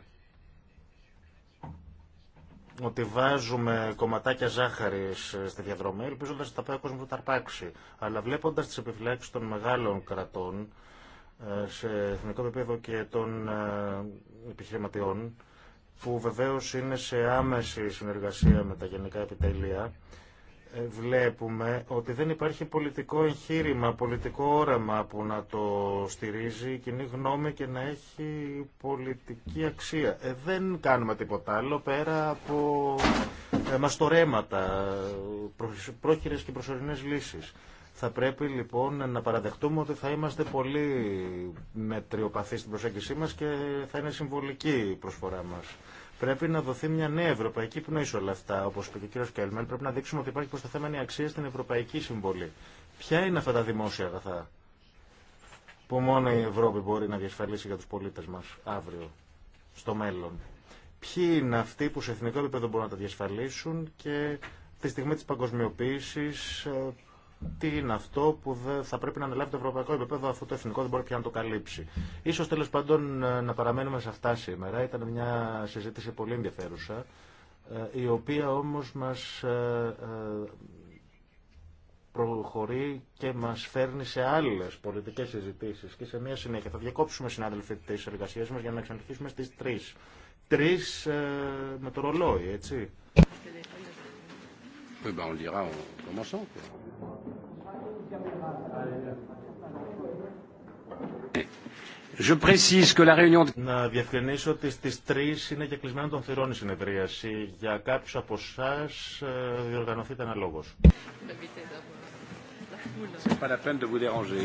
ότι βάζουμε κομματάκια ζάχαρης ε, στη διαδρομή, ελπίζοντας ότι τα πάει ο κόσμο να τα αρπάξει. Αλλά βλέποντα τι επιφυλάξεις των μεγάλων κρατών, σε εθνικό επίπεδο και των ε, επιχειρηματιών, που βεβαίως είναι σε άμεση συνεργασία με τα γενικά επιτελεία, ε, βλέπουμε ότι δεν υπάρχει πολιτικό εγχείρημα, πολιτικό όραμα που να το στηρίζει η κοινή γνώμη και να έχει πολιτική αξία. Ε, δεν κάνουμε τίποτα άλλο πέρα από μαστορέματα, πρόχειρες και προσωρινές λύσεις. Θα πρέπει λοιπόν να παραδεχτούμε ότι θα είμαστε πολύ μετριοπαθείς στην προσέγγιση μας και θα είναι συμβολική η προσφορά μας. Πρέπει να δοθεί μια νέα ευρωπαϊκή πνοή σε όλα αυτά, Όπως είπε και ο κ. Κέλμεν. Πρέπει να δείξουμε ότι υπάρχει προσταθέμενη αξία στην ευρωπαϊκή συμβολή. Ποια είναι αυτά τα δημόσια αγαθά που μόνο η Ευρώπη μπορεί να διασφαλίσει για τους πολίτες μας αύριο, στο μέλλον. Ποιοι είναι αυτοί που σε εθνικό επίπεδο μπορούν να τα διασφαλίσουν και τη στιγμή της παγκοσμιοποίησης τι είναι αυτό που θα πρέπει να αναλάβει το ευρωπαϊκό επίπεδο αφού το εθνικό δεν μπορεί πια να το καλύψει. Ίσως τέλο πάντων ε, να παραμένουμε σε αυτά σήμερα. Ήταν μια συζήτηση πολύ ενδιαφέρουσα, ε, η οποία όμως μας ε, προχωρεί και μας φέρνει σε άλλες πολιτικές συζητήσεις και σε μια συνέχεια. Θα διακόψουμε συνάδελφοι τις εργασίες μας για να ξαναρχίσουμε στις τρεις. Τρεις με το ρολόι, έτσι. Oui, ben on dira να διευκρινίσω ότι στι 3 είναι και κλεισμένο των θυρών η συνεδρίαση. Για κάποιου από εσά ε, διοργανωθείτε αναλόγω. C'est pas vous déranger.